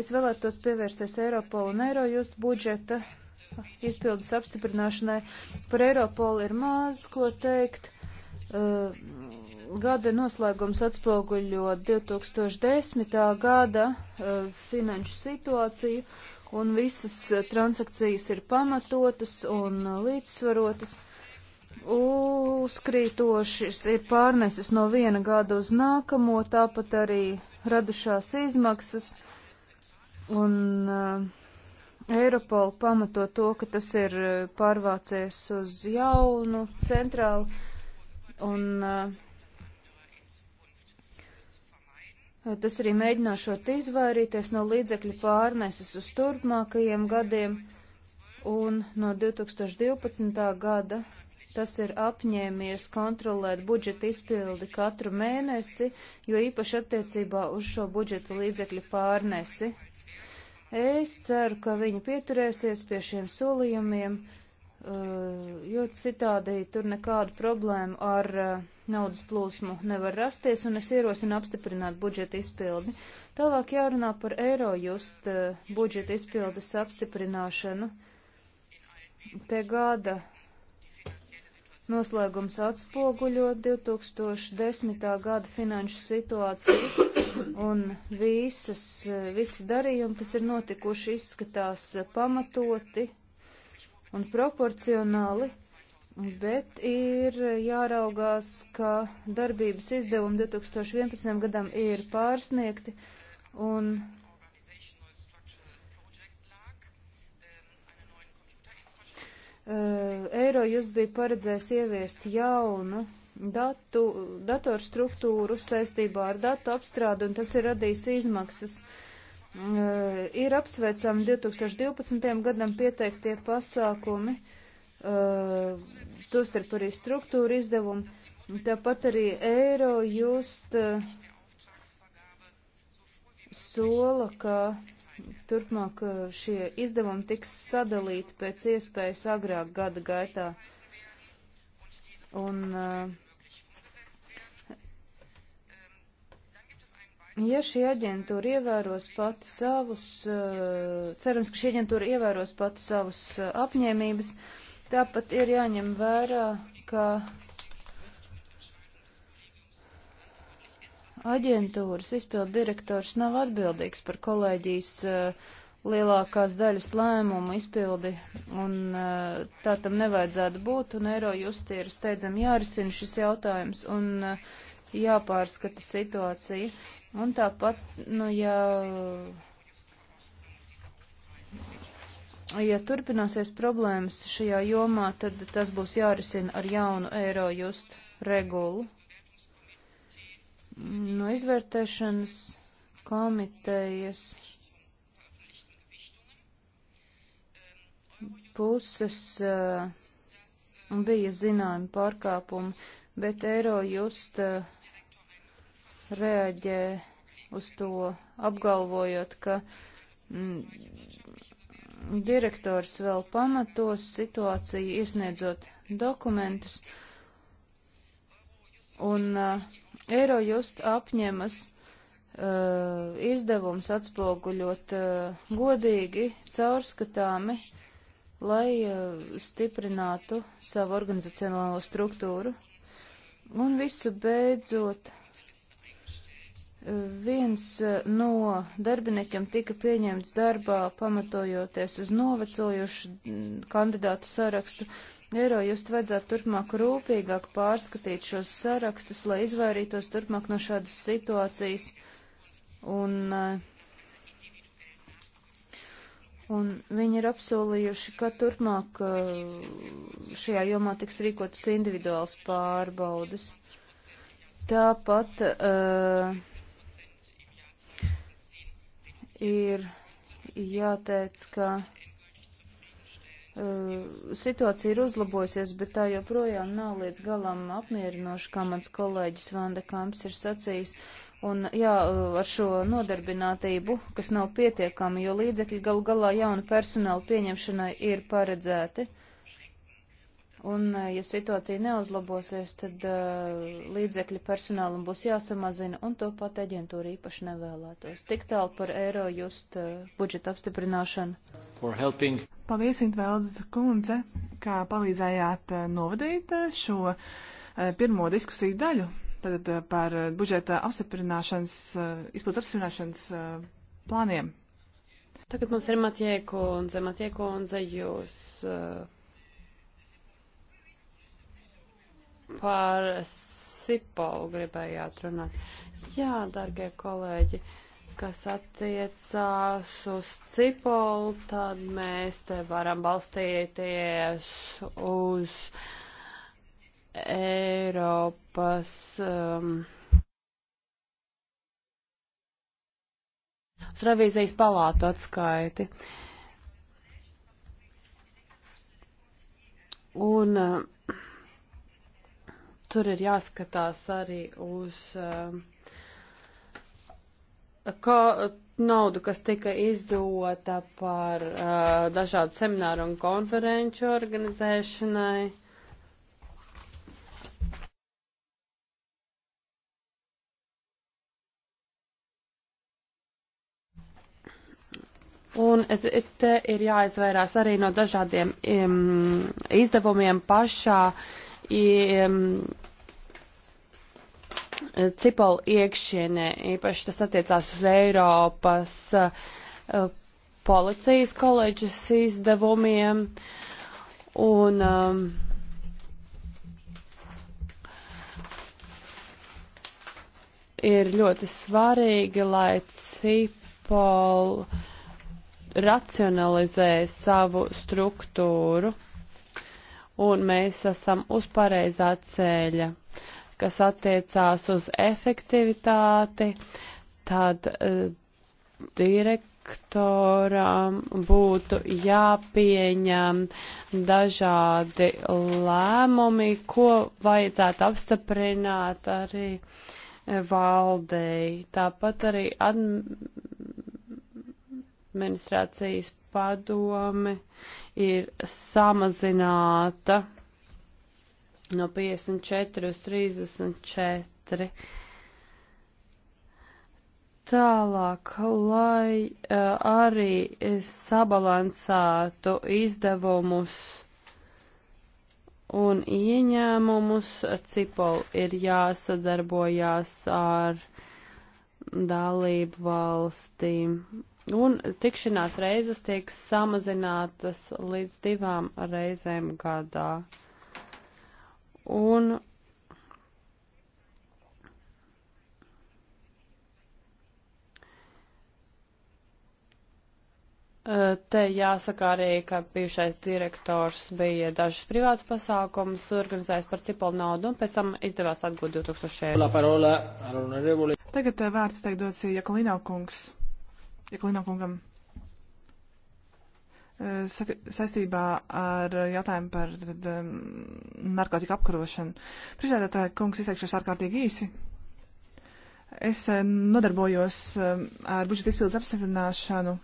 Es vēlētos pievērsties Eiropola un Eirojust budžeta izpildes apstiprināšanai. Par Eiropolu ir maz ko teikt. Uh, gada noslēgums atspoguļo 2010. gada uh, finanšu situāciju. Uh, un visas eh, transakcijas ir pamatotas un eh, līdzsvarotas. Uzkrītošas ir pārneses no viena gada uz nākamo, tāpat arī radušās izmaksas, un uh, eh, Eiropola pamato to, ka tas ir pārvācies uz jaunu centrālu, un uh, Tas arī mēģināšot izvairīties no līdzekļu pārneses uz turpmākajiem gadiem, un no 2012. gada tas ir apņēmies kontrolēt budžeta izpildi katru mēnesi, jo īpaši attiecībā uz šo budžeta līdzekļu pārnesi. Es ceru, ka viņi pieturēsies pie šiem solījumiem Eh, jo citādi tur nekādu problēmu ar eh, naudas plūsmu nevar rasties, un es ierosinu apstiprināt budžeta izpildi. Tālāk jārunā par eiro just eh, budžeta izpildes apstiprināšanu. Te gada noslēgums atspoguļo 2010. gada finanšu situāciju, un visas, visi darījumi, kas ir notikuši, izskatās pamatoti un proporcionāli, bet ir jāraugās, ka darbības izdevumi 2011. gadam ir pārsniegti un eh, Eirojust bija paredzējis ieviest jaunu datu, datorstruktūru saistībā ar datu apstrādi, un tas ir radījis izmaksas. Uh, Eh, ir apsveicami 2012. gadam pieteiktie pasākumi, eh, tostarp arī struktūra izdevumi, tāpat arī eiro just eh, sola, ka turpmāk šie izdevumi tiks sadalīti pēc iespējas agrāk gada gaitā. Un uh, Ja šī aģentūra ievēros pati savus, eh, cerams, ka šī aģentūra ievēros pati savus eh, apņēmības, tāpat ir jāņem vērā, ka aģentūras izpildu direktors nav atbildīgs par kolēģijas eh, lielākās daļas lēmumu izpildi, un tā tam nevajadzētu būt, un Eiro justi ir steidzam jārisina šis jautājums un jāpārskata situācija. Un tāpat, nu, ja, ja turpināsies problēmas šajā jomā, tad tas būs jārisina ar jaunu eiro just regulu. No izvērtēšanas komitejas puses uh, bija zināmi pārkāpumi, bet eiro just uh, reaģē uz to, apgalvojot, ka mm, direktors vēl pamatos situāciju, iesniedzot dokumentus, un uh, Eirojust apņemas uh, izdevums atspoguļot uh, godīgi, caurskatāmi, lai uh, stiprinātu savu organizacionālo struktūru. Un visu beidzot Viens eh, no darbiniekiem tika pieņemts darbā pamatojoties uz novecojušu mm, kandidātu sarakstu. Eiro just vajadzētu turpmāk rūpīgāk pārskatīt šos sarakstus, lai izvairītos turpmāk no šādas situācijas. Un, eh, un viņi ir apsolījuši, ka turpmāk eh, šajā jomā tiks rīkotas individuāls pārbaudas. Tāpat uh, ir jāteic, ka uh, situācija ir uzlabojusies, bet tā joprojām nav līdz galam apmierinoša, kā mans kolēģis Vanda Kamps ir sacījis. Un jā, uh, ar šo nodarbinātību, kas nav pietiekama, jo līdzekļi galu galā jaunu personālu pieņemšanai ir paredzēti. Uh, Un, eh, ja situācija neuzlabosies, tad uh, līdzekļi personālam būs jāsamazina, un to pat aģentūra īpaši nevēlētos. Tik tālu par eiro just uh, eh, budžeta apstiprināšanu. Paldies, Intveldes kundze, kā palīdzējāt uh, novadīt uh, šo uh, pirmo diskusiju daļu tad, uh, par uh, budžeta apstiprināšanas, uh, izpildes apstiprināšanas uh, plāniem. Tagad mums ir Matiekundze. Matiekundze, jūs. Uh, par Sipolu gribējāt runāt. Jā, dargie kolēģi, kas attiecās uz Sipolu, tad mēs te varam balstīties uz Eiropas. Um, uz revīzijas palātu atskaiti. Un uh, Tur ir jāskatās arī uz uh, ko, naudu, kas tika izdota par uh, dažādu semināru un konferenču organizēšanai. Un te ir jāizvairās arī no dažādiem um, izdevumiem pašā uh, cipalu iekšienē, īpaši tas attiecās uz Eiropas eh, policijas koledžas izdevumiem. Un, um, ir ļoti svarīgi, lai cipol racionalizē savu struktūru un mēs esam uz pareizā ceļa, kas attiecās uz efektivitāti, tad eh, direktoram būtu jāpieņem dažādi lēmumi, ko vajadzētu apstiprināt arī eh, valdei. Tāpat arī administrācijas padome ir samazināta no 54 uz 34. Tālāk, lai uh, arī sabalansētu izdevumus un ieņēmumus, Cipol ir jāsadarbojās ar dalību valstīm un tikšanās reizes tiek samazinātas līdz divām reizēm gadā. Un Te jāsaka arī, ka bijušais direktors bija dažus privātus pasākumus organizējis par cipolu naudu un pēc tam izdevās atgūt 2000 eiro. Tagad eh, vērts teikt dots Jakolino kungs. Jeklina kungam e, saistībā ar jautājumu par tad, um, narkotiku apkarošanu. Priekšsēdētāji, kungs, izteikšos ārkārtīgi īsi. Es e, nodarbojos e, ar budžeta izpildes apstiprināšanu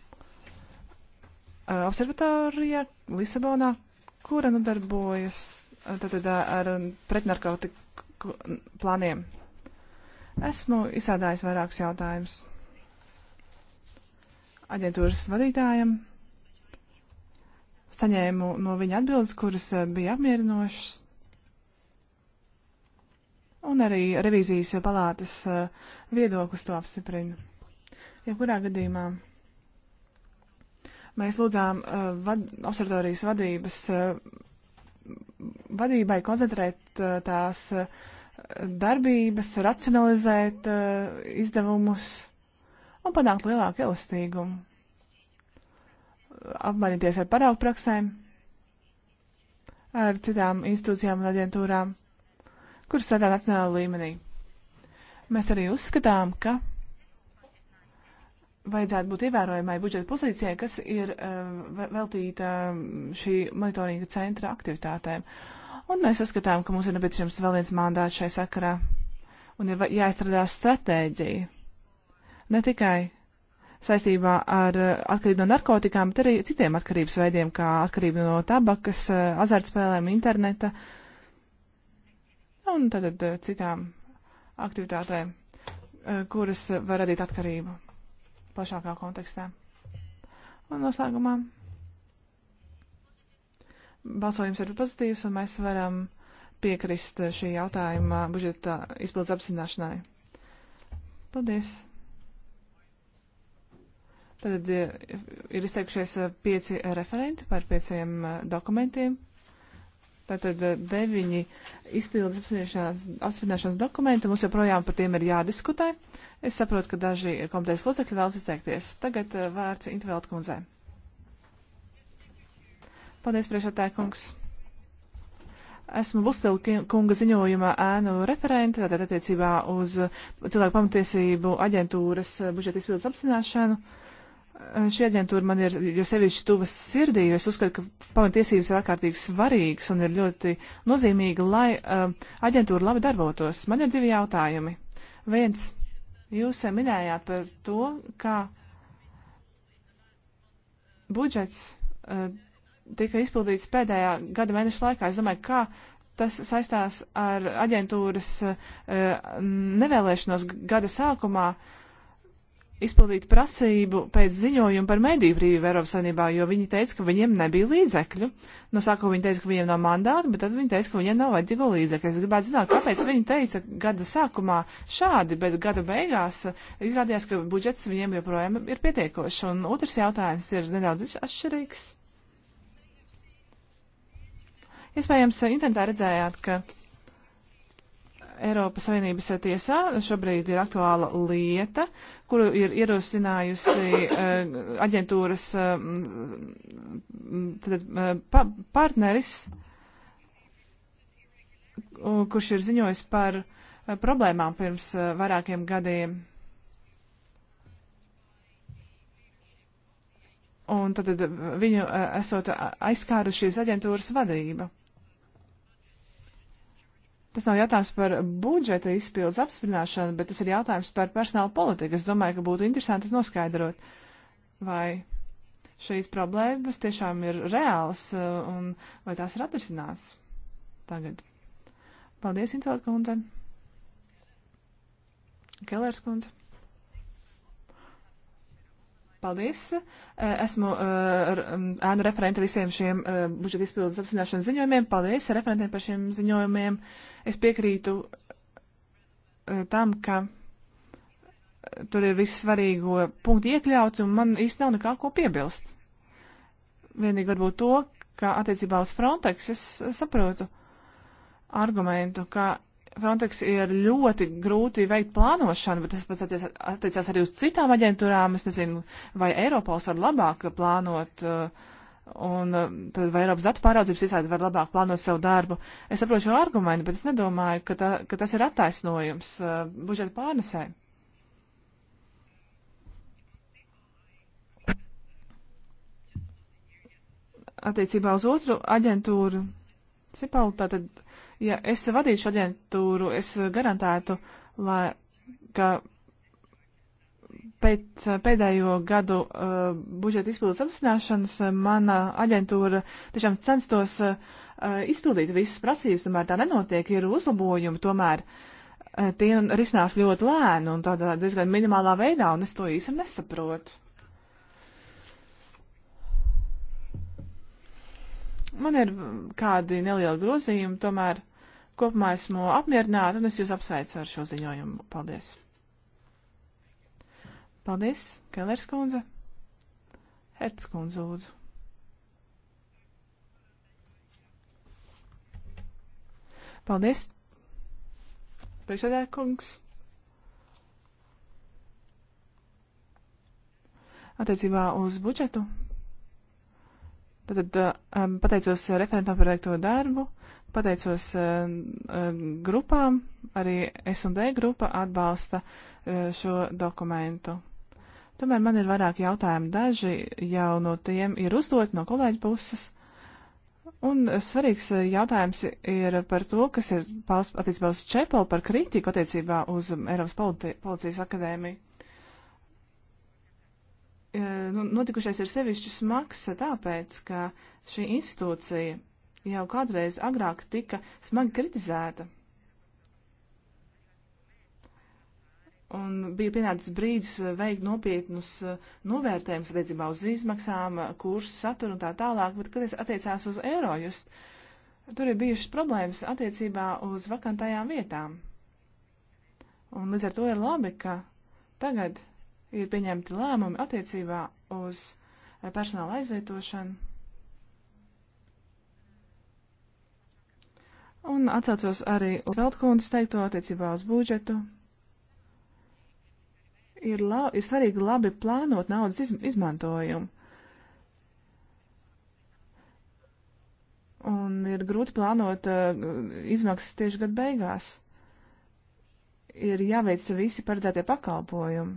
observatorijā Lisabonā, kura nodarbojas tātad, ar pretnarkotiku plāniem. Esmu izsādājis vairākus jautājumus aģentūras vadītājam. Saņēmu no viņa atbildes, kuras eh, bija apmierinošas. Un arī revīzijas palātas eh, viedoklis to apstiprina. Jebkurā ja gadījumā mēs lūdzām uh, vad, observatorijas vadības uh, vadībai koncentrēt uh, tās uh, darbības, racionalizēt uh, izdevumus un panākt lielāku elastīgumu, apmainīties ar paraugu praksēm, ar citām institūcijām un aģentūrām, kuras strādā nacionāla līmenī. Mēs arī uzskatām, ka vajadzētu būt ievērojamai budžeta pozīcijai, kas ir uh, veltīta um, šī monitoringa centra aktivitātēm. Un mēs uzskatām, ka mums ir nepieciešams vēl viens mandāts šai sakarā un ir jāizstrādā stratēģija ne tikai saistībā ar eh, atkarību no narkotikām, bet arī citiem atkarības veidiem, kā atkarība no tabakas, eh, azartspēlēm, interneta un tātad eh, citām aktivitātēm, kuras var radīt atkarību plašākā kontekstā. Un noslēgumā balsojums ir pozitīvs, un mēs varam piekrist šī jautājuma budžeta izpildes apzināšanai. Paldies! Tad ir izteikušies eh, pieci eh, referenti par pieciem eh, dokumentiem. Tātad deviņi izpildes apspriešās, apspriešās dokumenti. Mums joprojām par tiem ir jādiskutē. Es saprotu, ka daži komitejas locekļi vēlas izteikties. Tagad vārds Intvēlta kundzē. Paldies, priekšētāj kungs. Esmu Bustila kunga ziņojumā ēnu referente, tātad attiecībā uz cilvēku pamatiesību aģentūras budžeta izpildes apspriešanu. Uh, Eh, šī aģentūra man ir jo sevišķi tuvas sirdī, jo es uzskatu, ka pamatiesības ir ārkārtīgi svarīgas un ir ļoti nozīmīga, lai uh, aģentūra labi darbotos. Man ir divi jautājumi. Viens, jūs eh, minējāt par to, kā budžets uh, tika izpildīts pēdējā gada mēneša laikā. Es domāju, kā tas saistās ar aģentūras uh, nevēlēšanos gada sākumā uh, izpildīt prasību pēc ziņojuma par mediju brīvību Eiropas Savienībā, jo viņi teica, ka viņiem nebija līdzekļu. No nu, sākuma viņi teica, ka viņiem nav mandāta, bet tad viņi teica, ka viņiem nav vajadzīgo līdzekļu. Es gribētu zināt, kāpēc viņi teica gada sākumā šādi, bet gada beigās izrādījās, ka budžets viņiem joprojām ir pietiekošs. Un otrs jautājums ir nedaudz atšķirīgs. Iespējams, internetā redzējāt, ka Eiropas Savienības tiesā šobrīd ir aktuāla lieta, kuru ir ierosinājusi eh, aģentūras eh, tad, eh, pa, partneris, kurš ir ziņojis par problēmām pirms vairākiem gadiem. Un tad viņu esot aizskārušies aģentūras vadība. Tas nav jautājums par budžeta izpildes apsprināšanu, bet tas ir jautājums par personāla politiku. Es domāju, ka būtu interesanti noskaidrot, vai šīs problēmas tiešām ir reālas uh, un vai tās ir atrisināts tagad. Paldies, Intelda kundze. Kelērs kundze. Paldies! Eh, esmu eh, mm, ēnu referente visiem šiem eh, budžeta izpildes apstiprināšanas ziņojumiem. Paldies referentiem par šiem ziņojumiem. Es piekrītu tam, ka tur ir viss svarīgo punktu iekļauts, un man īsti nav nekā ko piebilst. Vienīgi varbūt to, ka attiecībā uz Frontex es saprotu argumentu, ka Frontex ir ļoti grūti veikt plānošanu, bet tas pats attiecās arī uz citām aģentūrām. Es nezinu, vai Eiropols var labāk plānot, uh, un uh, tad vai Eiropas datu pāraudzības iestādes var labāk plānot savu darbu. Es saprotu šo argumentu, bet es nedomāju, ka, tā, ka tas ir attaisnojums uh, budžeta pārnesē. Attiecībā uz otru aģentūru, Cipal, tātad. Tā Ja es vadīšu aģentūru, es garantētu, lai, ka pēc eh, pēdējo gadu uh, budžeta izpildes apzināšanas eh, mana aģentūra tiešām censtos uh, izpildīt visas prasības, tomēr tā nenotiek, ir uzlabojumi, tomēr uh, tie risinās ļoti lēni un tādā diezgan minimālā veidā, un es to īsti nesaprotu. Man ir kādi nelieli grozījumi, tomēr kopumā esmu apmierināta un es jūs apsveicu ar šo ziņojumu. Paldies! Paldies, Kellers kundze! Hertz kundze, lūdzu! Paldies! Priekšsēdētāj kungs! Attiecībā uz budžetu. Tad um, pateicos referentam par veikto darbu. Pateicos eh, eh, grupām, arī S&D grupa atbalsta eh, šo dokumentu. Tomēr man ir vairāk jautājumu, daži jau no tiem ir uzdot no kolēģa puses. Un svarīgs jautājums ir par to, kas ir paust, attiecībā uz Čepelu par kritiku attiecībā uz Eiropas politi, policijas akadēmiju. Nu, notikušais ir sevišķi smags, tāpēc, ka šī institūcija jau kādreiz agrāk tika smagi kritizēta. Un bija pienācis brīdis veikt nopietnus eh, novērtējumus attiecībā uz izmaksām, kursu saturu un tā tālāk, bet, kad es attiecās uz Eirojust, tur ir bijušas problēmas attiecībā uz vakantajām vietām. Un līdz ar to ir labi, ka tagad ir pieņemti lēmumi attiecībā uz eh, personāla aizvietošanu Un atsaucos arī uz Veltkundas teikto attiecībā uz budžetu. Ir, labi, ir svarīgi labi plānot naudas iz, izmantojumu. Un ir grūti plānot uh, izmaksas tieši gadu beigās. Ir jāveic visi paredzētie pakalpojumi.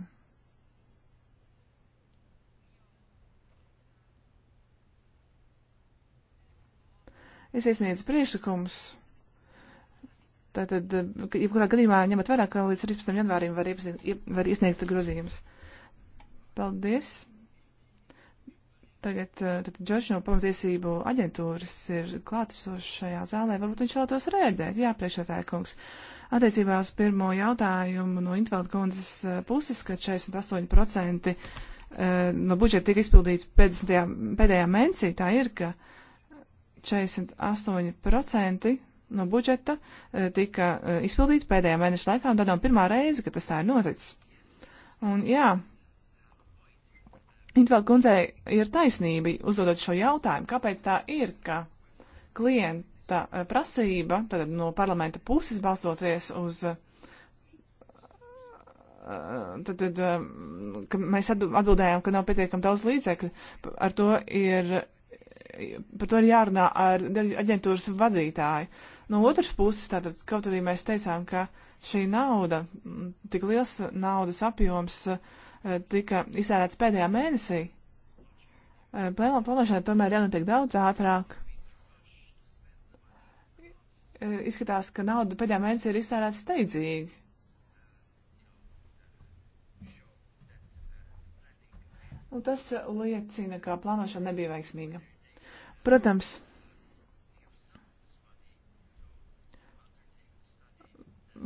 Es iesniedzu priekšlikumus Tātad, jebkurā gadījumā, ņemot vērā, ka līdz 13. janvārim var, iepazīt, var iesniegt grozījumus. Paldies! Tagad tad Džordžs no pamatiesību aģentūras ir klātesošs šajā zālē. Varbūt viņš vēlētos rēģēt. Jā, priekšētāja kungs. Attiecībā uz pirmo jautājumu no Intvalda kundzes puses, ka 48% no budžeta tika izpildīti pēdējā, pēdējā mēnesī, tā ir, ka 48% no budžeta e, tika e, izpildīti pēdējā mēneša laikā, un tad nav pirmā reize, ka tas tā ir noticis. Un jā, Intveld kundzei ir taisnība uzdodot šo jautājumu, kāpēc tā ir, ka klienta e, prasība, tad no parlamenta puses balstoties uz tad, tad ka mēs atbildējām, ka nav pietiekami daudz līdzekļu. Ar to ir par to ir jārunā ar aģentūras vadītāju. No otras puses, tātad, kaut arī mēs teicām, ka šī nauda, tik liels naudas apjoms, eh, tika iztērēts pēdējā mēnesī, eh, plānošanai tomēr jānotiek daudz ātrāk. Eh, izskatās, ka nauda pēdējā mēnesī ir iztērēta steidzīgi. Un nu, tas liecina, ka plānošana nebija veiksmīga. Protams,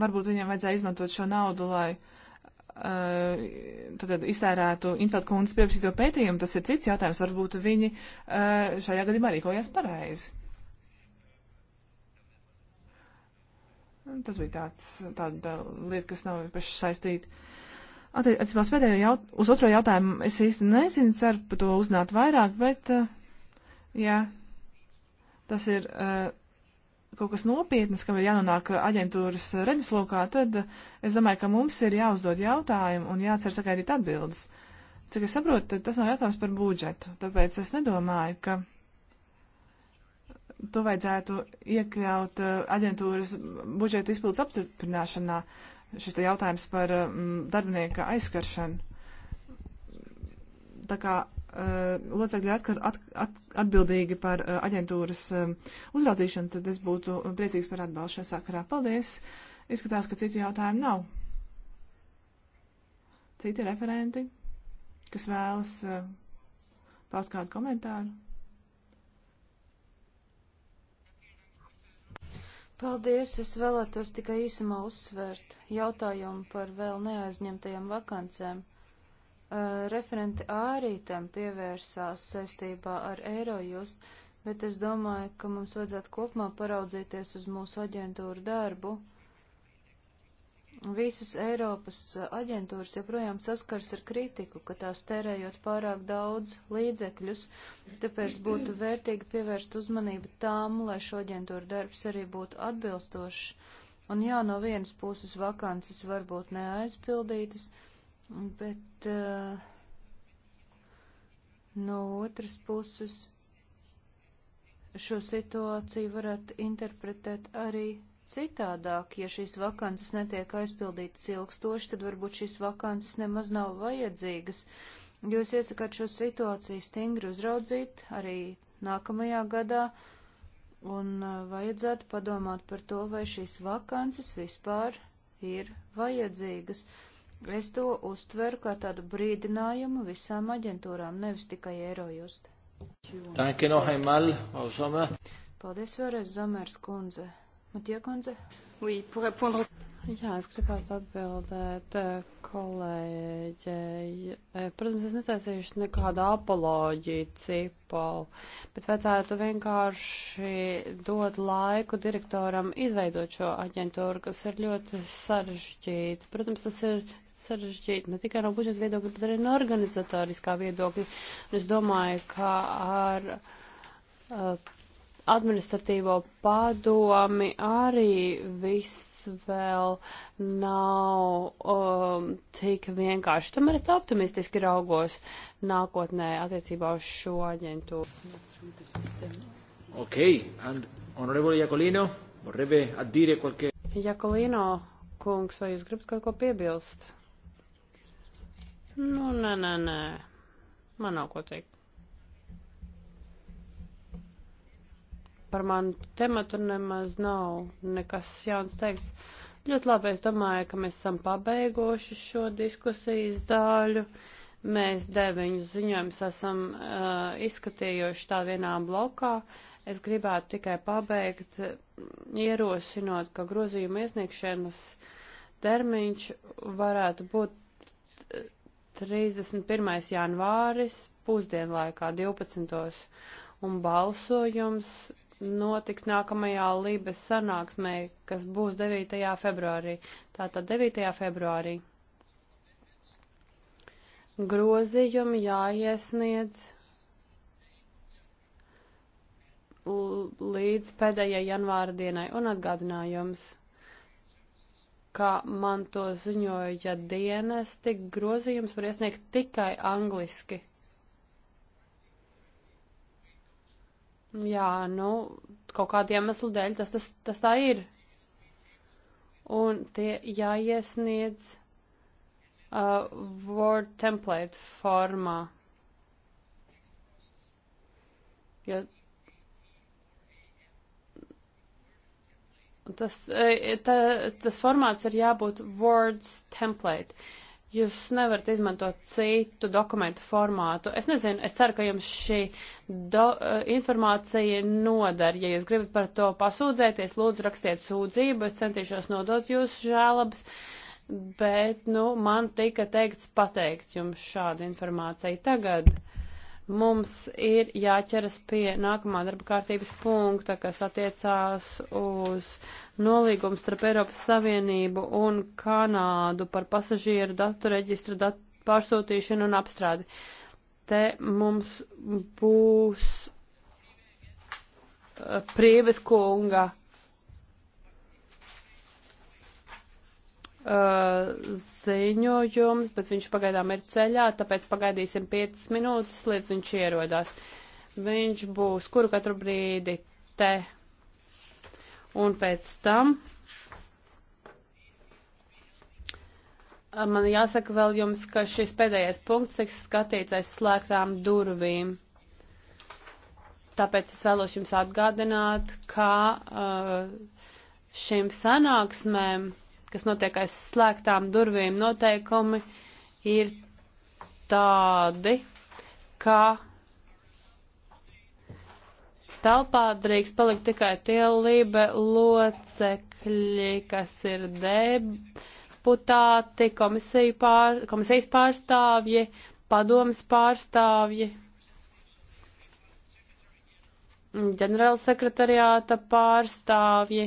varbūt viņam vajadzēja izmantot šo naudu, lai uh, tad iztērētu Infeld kundas pieprasīto pētījumu, tas ir cits jautājums. Varbūt viņi uh, šajā gadījumā rīkojās pareizi. Tas bija tāds, tāda lieta, kas nav īpaši saistīta. Attiecībā uz pēdējo jautājumu, uz otro jautājumu es īsti nezinu, ceru par to uzzināt vairāk, bet uh, ja tas ir uh, kaut kas nopietnas, kam ir jānonāk aģentūras redzeslokā, tad es domāju, ka mums ir jāuzdod jautājumu un jācer sagaidīt atbildes. Cik es saprotu, tas nav jautājums par budžetu, tāpēc es nedomāju, ka to vajadzētu iekļaut uh, aģentūras budžeta izpildes apstiprināšanā, šis jautājums par um, darbinieka aizskaršanu. Tā kā Eh, locekļi atkar, at, at, atbildīgi par eh, aģentūras eh, uzraudzīšanu, tad es būtu priecīgs par atbalstu šajā sakarā. Paldies! Izskatās, ka citu jautājumu nav. Citi referenti, kas vēlas paust kādu komentāru? Paldies! Es vēlētos tikai īsumā uzsvērt jautājumu par vēl neaizņemtajām vakancēm. Eh, referenti arī tam pievērsās saistībā ar Eirojust, bet es domāju, ka mums vajadzētu kopumā paraudzīties uz mūsu aģentūru darbu. Visas Eiropas aģentūras joprojām saskars ar kritiku, ka tās tērējot pārāk daudz līdzekļus, tāpēc būtu vērtīgi pievērst uzmanību tām, lai šo aģentūru darbs arī būtu atbilstošs. Un jā, no vienas puses vakances varbūt neaizpildītas, Bet uh, no otras puses šo situāciju varētu interpretēt arī citādāk. Ja šīs vakances netiek aizpildītas ilgstoši, tad varbūt šīs vakances nemaz nav vajadzīgas. Jūs iesakāt šo situāciju stingri uzraudzīt arī nākamajā gadā, un eh, vajadzētu padomāt par to, vai šīs vakances vispār ir vajadzīgas. Uh, Es to uztveru kā tādu brīdinājumu visām aģentūrām, nevis tikai Eirojust. Paldies vēlreiz, Zamērs kundze. Matija kundze? Oui, pour répondre. Jā, es gribētu atbildēt eh, kolēģei. Eh, protams, es netaisīšu nekādu apoloģiju cipalu, bet vajadzētu vienkārši dot laiku direktoram izveidot šo aģentūru, kas ir ļoti sarežģīta. Protams, tas ir sarežģīti ne tikai no budžeta viedokļa, bet arī no organizatoriskā viedokļa. Un es domāju, ka ar uh, administratīvo padomi arī viss vēl nav um, tik vienkārši. Tomēr es optimistiski raugos nākotnē attiecībā uz šo aģentūru. Ok, and honorable Jakolino, vorrebbe addire qualche... Jakolino, kungs, vai jūs gribat kaut ko piebilst? Nu, nē, nē, nē. Man nav ko teikt. Par manu tematu nemaz nav nekas jauns teiks. Ļoti labi, es domāju, ka mēs esam pabeiguši šo diskusijas daļu. Mēs deviņu ziņojumus esam uh, izskatījuši tā vienā blokā. Es gribētu tikai pabeigt, ierosinot, ka grozījuma iesniegšanas termiņš varētu būt 31. janvāris pusdienlaikā 12. un balsojums notiks nākamajā Lībes sanāksmē, kas būs 9. februārī. Tātad 9. februārī. Grozījumi jāiesniedz līdz pēdējai janvāra dienai un atgādinājums kā man to ziņoja dienesti, grozījums var iesniegt tikai angliski. Jā, nu, kaut kādiem iemeslu dēļ tas, tas, tas tā ir. Un tie jāiesniedz uh, Word template formā. Jo ja Tas, eh, ta, tas formāts ir jābūt Words template. Jūs nevarat izmantot citu dokumentu formātu. Es nezinu, es ceru, ka jums šī do, eh, informācija noder. Ja jūs gribat par to pasūdzēties, lūdzu rakstiet sūdzību, es centīšos nodot jūsu žēlabas. Bet, nu, man tika teikts pateikt jums šādu informāciju tagad. Uh, Mums ir jāķeras pie nākamā darba kārtības punkta, kas attiecās uz nolīgumu starp Eiropas Savienību un Kanādu par pasažieru datu reģistra datu pārsūtīšanu un apstrādi. Te mums būs eh, Prieves kunga Uh, ziņojums, bet viņš pagaidām ir ceļā, tāpēc pagaidīsim 5 minūtes, līdz viņš ierodās. Viņš būs kuru katru brīdi te. Un pēc tam man jāsaka vēl jums, ka šis pēdējais punkts tiks skatīts aiz slēgtām durvīm. Tāpēc es vēlos jums atgādināt, ka uh, šīm sanāksmēm uh, kas notiek aiz slēgtām durvīm, noteikumi ir tādi, ka telpā drīkst palikt tikai tie lībe locekļi, kas ir deputāti, pār, komisijas pārstāvji, padomas pārstāvji, ģenerāla sekretariāta pārstāvji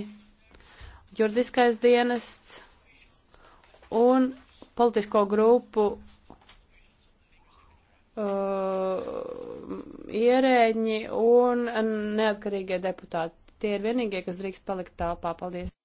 juridiskais dienests un politisko grupu uh, ierēģi un neatkarīgie deputāti. Tie ir vienīgie, kas drīkst palikt tālpā. Paldies!